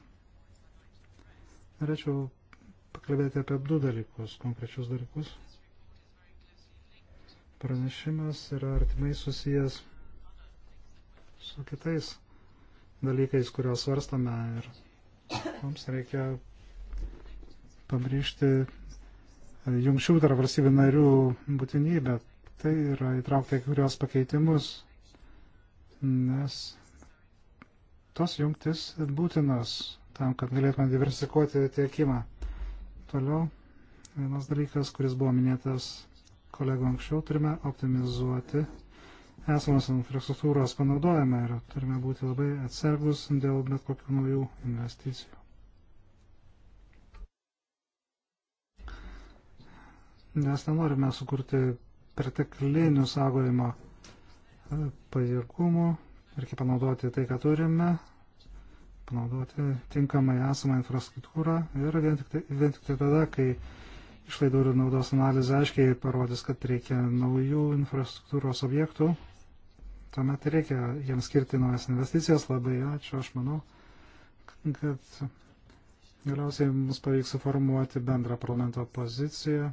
Norėčiau pakalbėti apie du dalykus, konkrečius dalykus. Pranešimas yra artimai susijęs su kitais dalykais, kuriuos svarstame ir mums reikia pabrėžti e, jungčių tarp valstybių narių būtinybę. Tai yra įtraukti kurios pakeitimus, nes tos jungtis būtinos tam, kad galėtume diversifikuoti tiekimą. Toliau vienas dalykas, kuris buvo minėtas kolegų anksčiau, turime optimizuoti esamos infrastruktūros panaudojimą ir turime būti labai atsargus dėl bet kokių naujų investicijų. nes nenorime sukurti perteklinių saugojimo e, pajėgumų. Reikia panaudoti tai, ką turime, panaudoti tinkamai esamą infrastruktūrą ir vien tik, tai, vien tik tai tada, kai išlaidų ir naudos analizė aiškiai parodys, kad reikia naujų infrastruktūros objektų, tuomet reikia jiems skirti naujas investicijas. Labai ačiū, aš manau, kad galiausiai mums pavyks suformuoti bendrą parlamento poziciją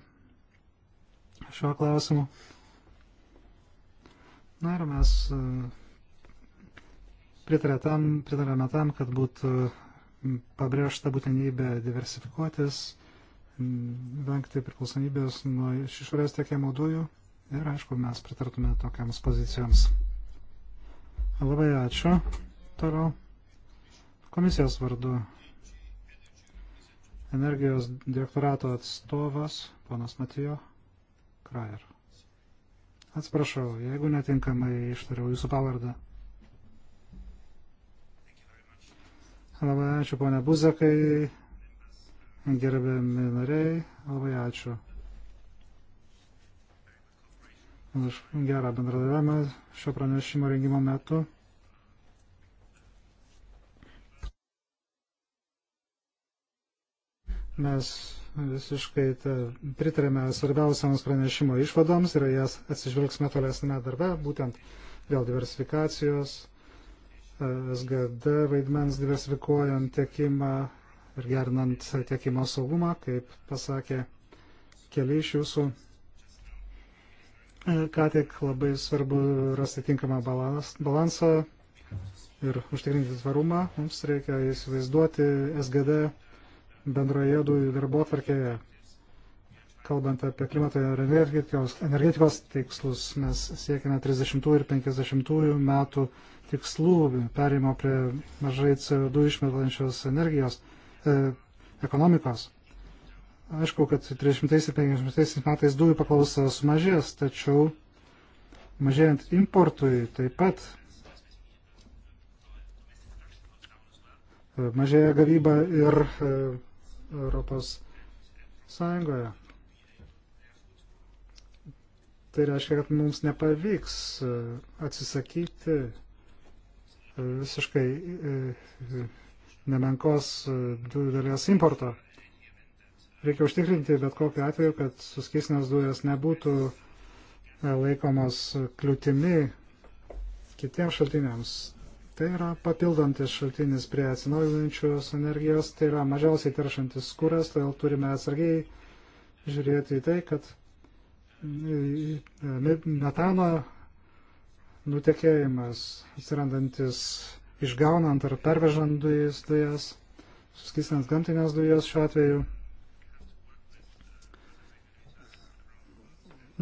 šiuo klausimu. Na ir mes e, pritarė tam, pritarėme tam, kad būtų pabrėžta būtinybė diversifikuotis, vengti priklausomybės nuo iš išorės tiekiamų dujų ir, aišku, mes pritartume tokiams pozicijoms. Labai ačiū. Toliau. Komisijos vardu. Energijos direktorato atstovas, ponas Matijo. Krajer. Atsiprašau, jeigu netinkamai ištariau jūsų pavardą. Labai ačiū, ponia Buzakai, gerbiami nariai, labai ačiū už gerą bendradavimą šio pranešimo rengimo metu. Mes visiškai ta, pritarėme svarbiausiams pranešimo išvadoms ir jas atsižvelgsime tolesnėme darbe, būtent dėl diversifikacijos, e, SGD vaidmens diversifikuojant tiekimą ir gernant tiekimo saugumą, kaip pasakė keli iš jūsų. E, ką tik labai svarbu rasti tinkamą balansą ir užtikrinti tvarumą. Mums reikia įsivaizduoti SGD bendroje dujų darbo atvarkėje. Kalbant apie klimato ir energetikos, energetikos tikslus, mes siekime 30 ir 50 metų tikslų perimo prie mažai CO2 išmetančios energijos e, ekonomikos. Aišku, kad 30 ir 50 metais dujų paklausa sumažės, tačiau mažėjant importui taip pat e, mažėja gavyba ir e, Europos Sąjungoje. Tai reiškia, kad mums nepavyks e, atsisakyti e, visiškai e, nemenkos dujų dalies importo. Reikia užtikrinti bet kokiu atveju, kad suskisnės dujas nebūtų laikomos kliūtimi kitiems šaltiniams. Tai yra papildantis šaltinis prie atsinaujinančios energijos, tai yra mažiausiai teršantis kuras, todėl turime atsargiai žiūrėti į tai, kad metano nutekėjimas atsirandantis išgaunant ar pervežant dujas, dujas suskistinant gamtinės dujas šiuo atveju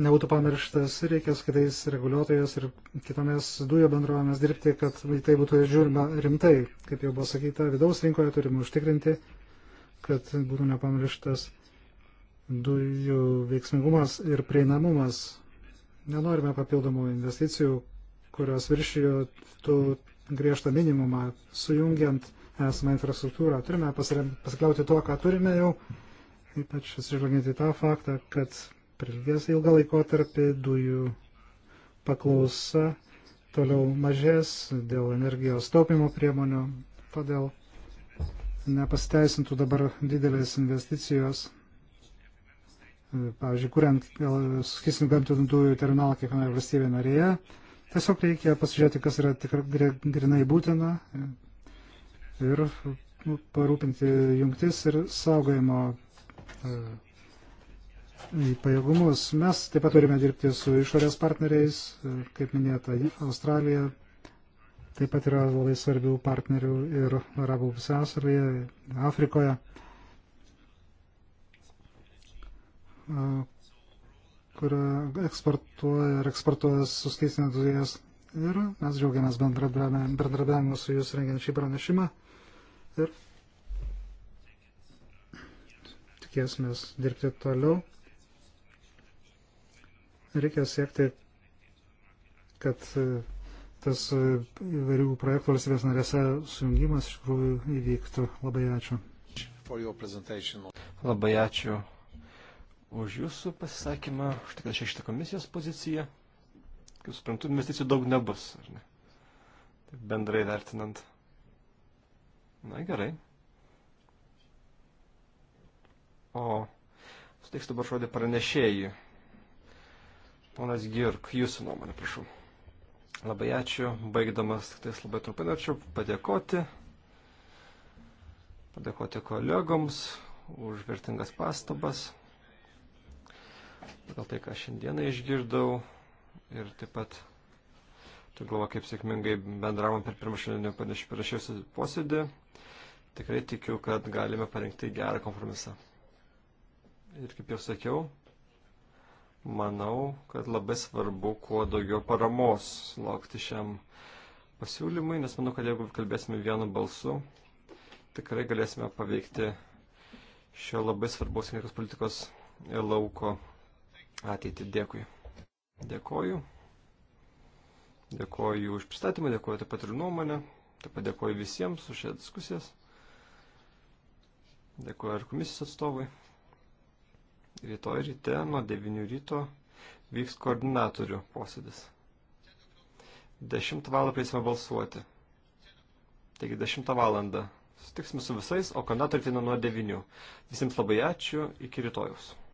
nebūtų pamirštas, reikia su kitais reguliuotojas ir kitomis dujų bendrovėmis dirbti, kad tai būtų žiūrima rimtai. Kaip jau buvo sakyta, vidaus rinkoje turime užtikrinti, kad būtų nepamirštas dujų veiksmingumas ir prieinamumas. Nenorime papildomų investicijų, kurios viršijo tų griežtą minimumą, sujungiant esamą infrastruktūrą. Turime pasikliauti tuo, ką turime jau, ypač atsižvelgiant į tą faktą, kad Per ilgas ilgą laikotarpį dujų paklausa toliau mažės dėl energijos taupimo priemonių, todėl nepasteisintų dabar didelės investicijos, pavyzdžiui, kuriant suskisnių gamtinių dujų terminalą kiekvienoje valstybėje narėje. Tiesiog reikia pasižiūrėti, kas yra tikrai grinai būtina ir nu, parūpinti jungtis ir saugojimo e, į pajėgumus. Mes taip pat turime dirbti su išorės partneriais, kaip minėta, Australija taip pat yra labai svarbių partnerių ir Arabų pusiasalyje, Afrikoje. kurio eksportuoja ir eksportuoja suskaitinę dujas. Ir mes džiaugiamės bendradarbiavimu su jūs rengiant šį pranešimą. Ir tikėsimės dirbti toliau. Reikia siekti, kad e, tas e, įvairių projektų valstybės narėse sujungimas iš tikrųjų įvyktų. Labai ačiū. Labai ačiū už jūsų pasisakymą, už tikrą šeštą komisijos poziciją. Kaip suprantu, investicijų daug nebus, ar ne? Taip bendrai vertinant. Na gerai. O, suteiksiu dabar žodį pranešėjai. Ponas Girk, jūsų nuomonė, prašau. Labai ačiū. Baigdamas, tik tais labai trumpai norėčiau padėkoti. Padėkoti kolegoms už vertingas pastabas. Gal tai, ką šiandieną išgirdau ir taip pat tu galvo, kaip sėkmingai bendravom per pirmą šiandienį panašiausią posėdį. Tikrai tikiu, kad galime parinkti gerą kompromisą. Ir kaip jau sakiau, manau, kad labai svarbu kuo daugiau paramos laukti šiam pasiūlymui, nes manau, kad jeigu kalbėsime vienu balsu, tikrai galėsime paveikti šio labai svarbaus energetikos politikos lauko ateitį. Dėkui. Dėkoju. Dėkoju už pristatymą, dėkoju taip pat ir nuomonę, taip pat dėkoju visiems už šią diskusijas. Dėkoju ir komisijos atstovui. Rytoj ryte nuo 9 ryto vyks koordinatorių posėdis. 10 val. prieisime balsuoti. Taigi 10 val. Sutiksime su visais, o koordinatoriai ateina nuo 9. Visiems labai ačiū, iki rytojaus.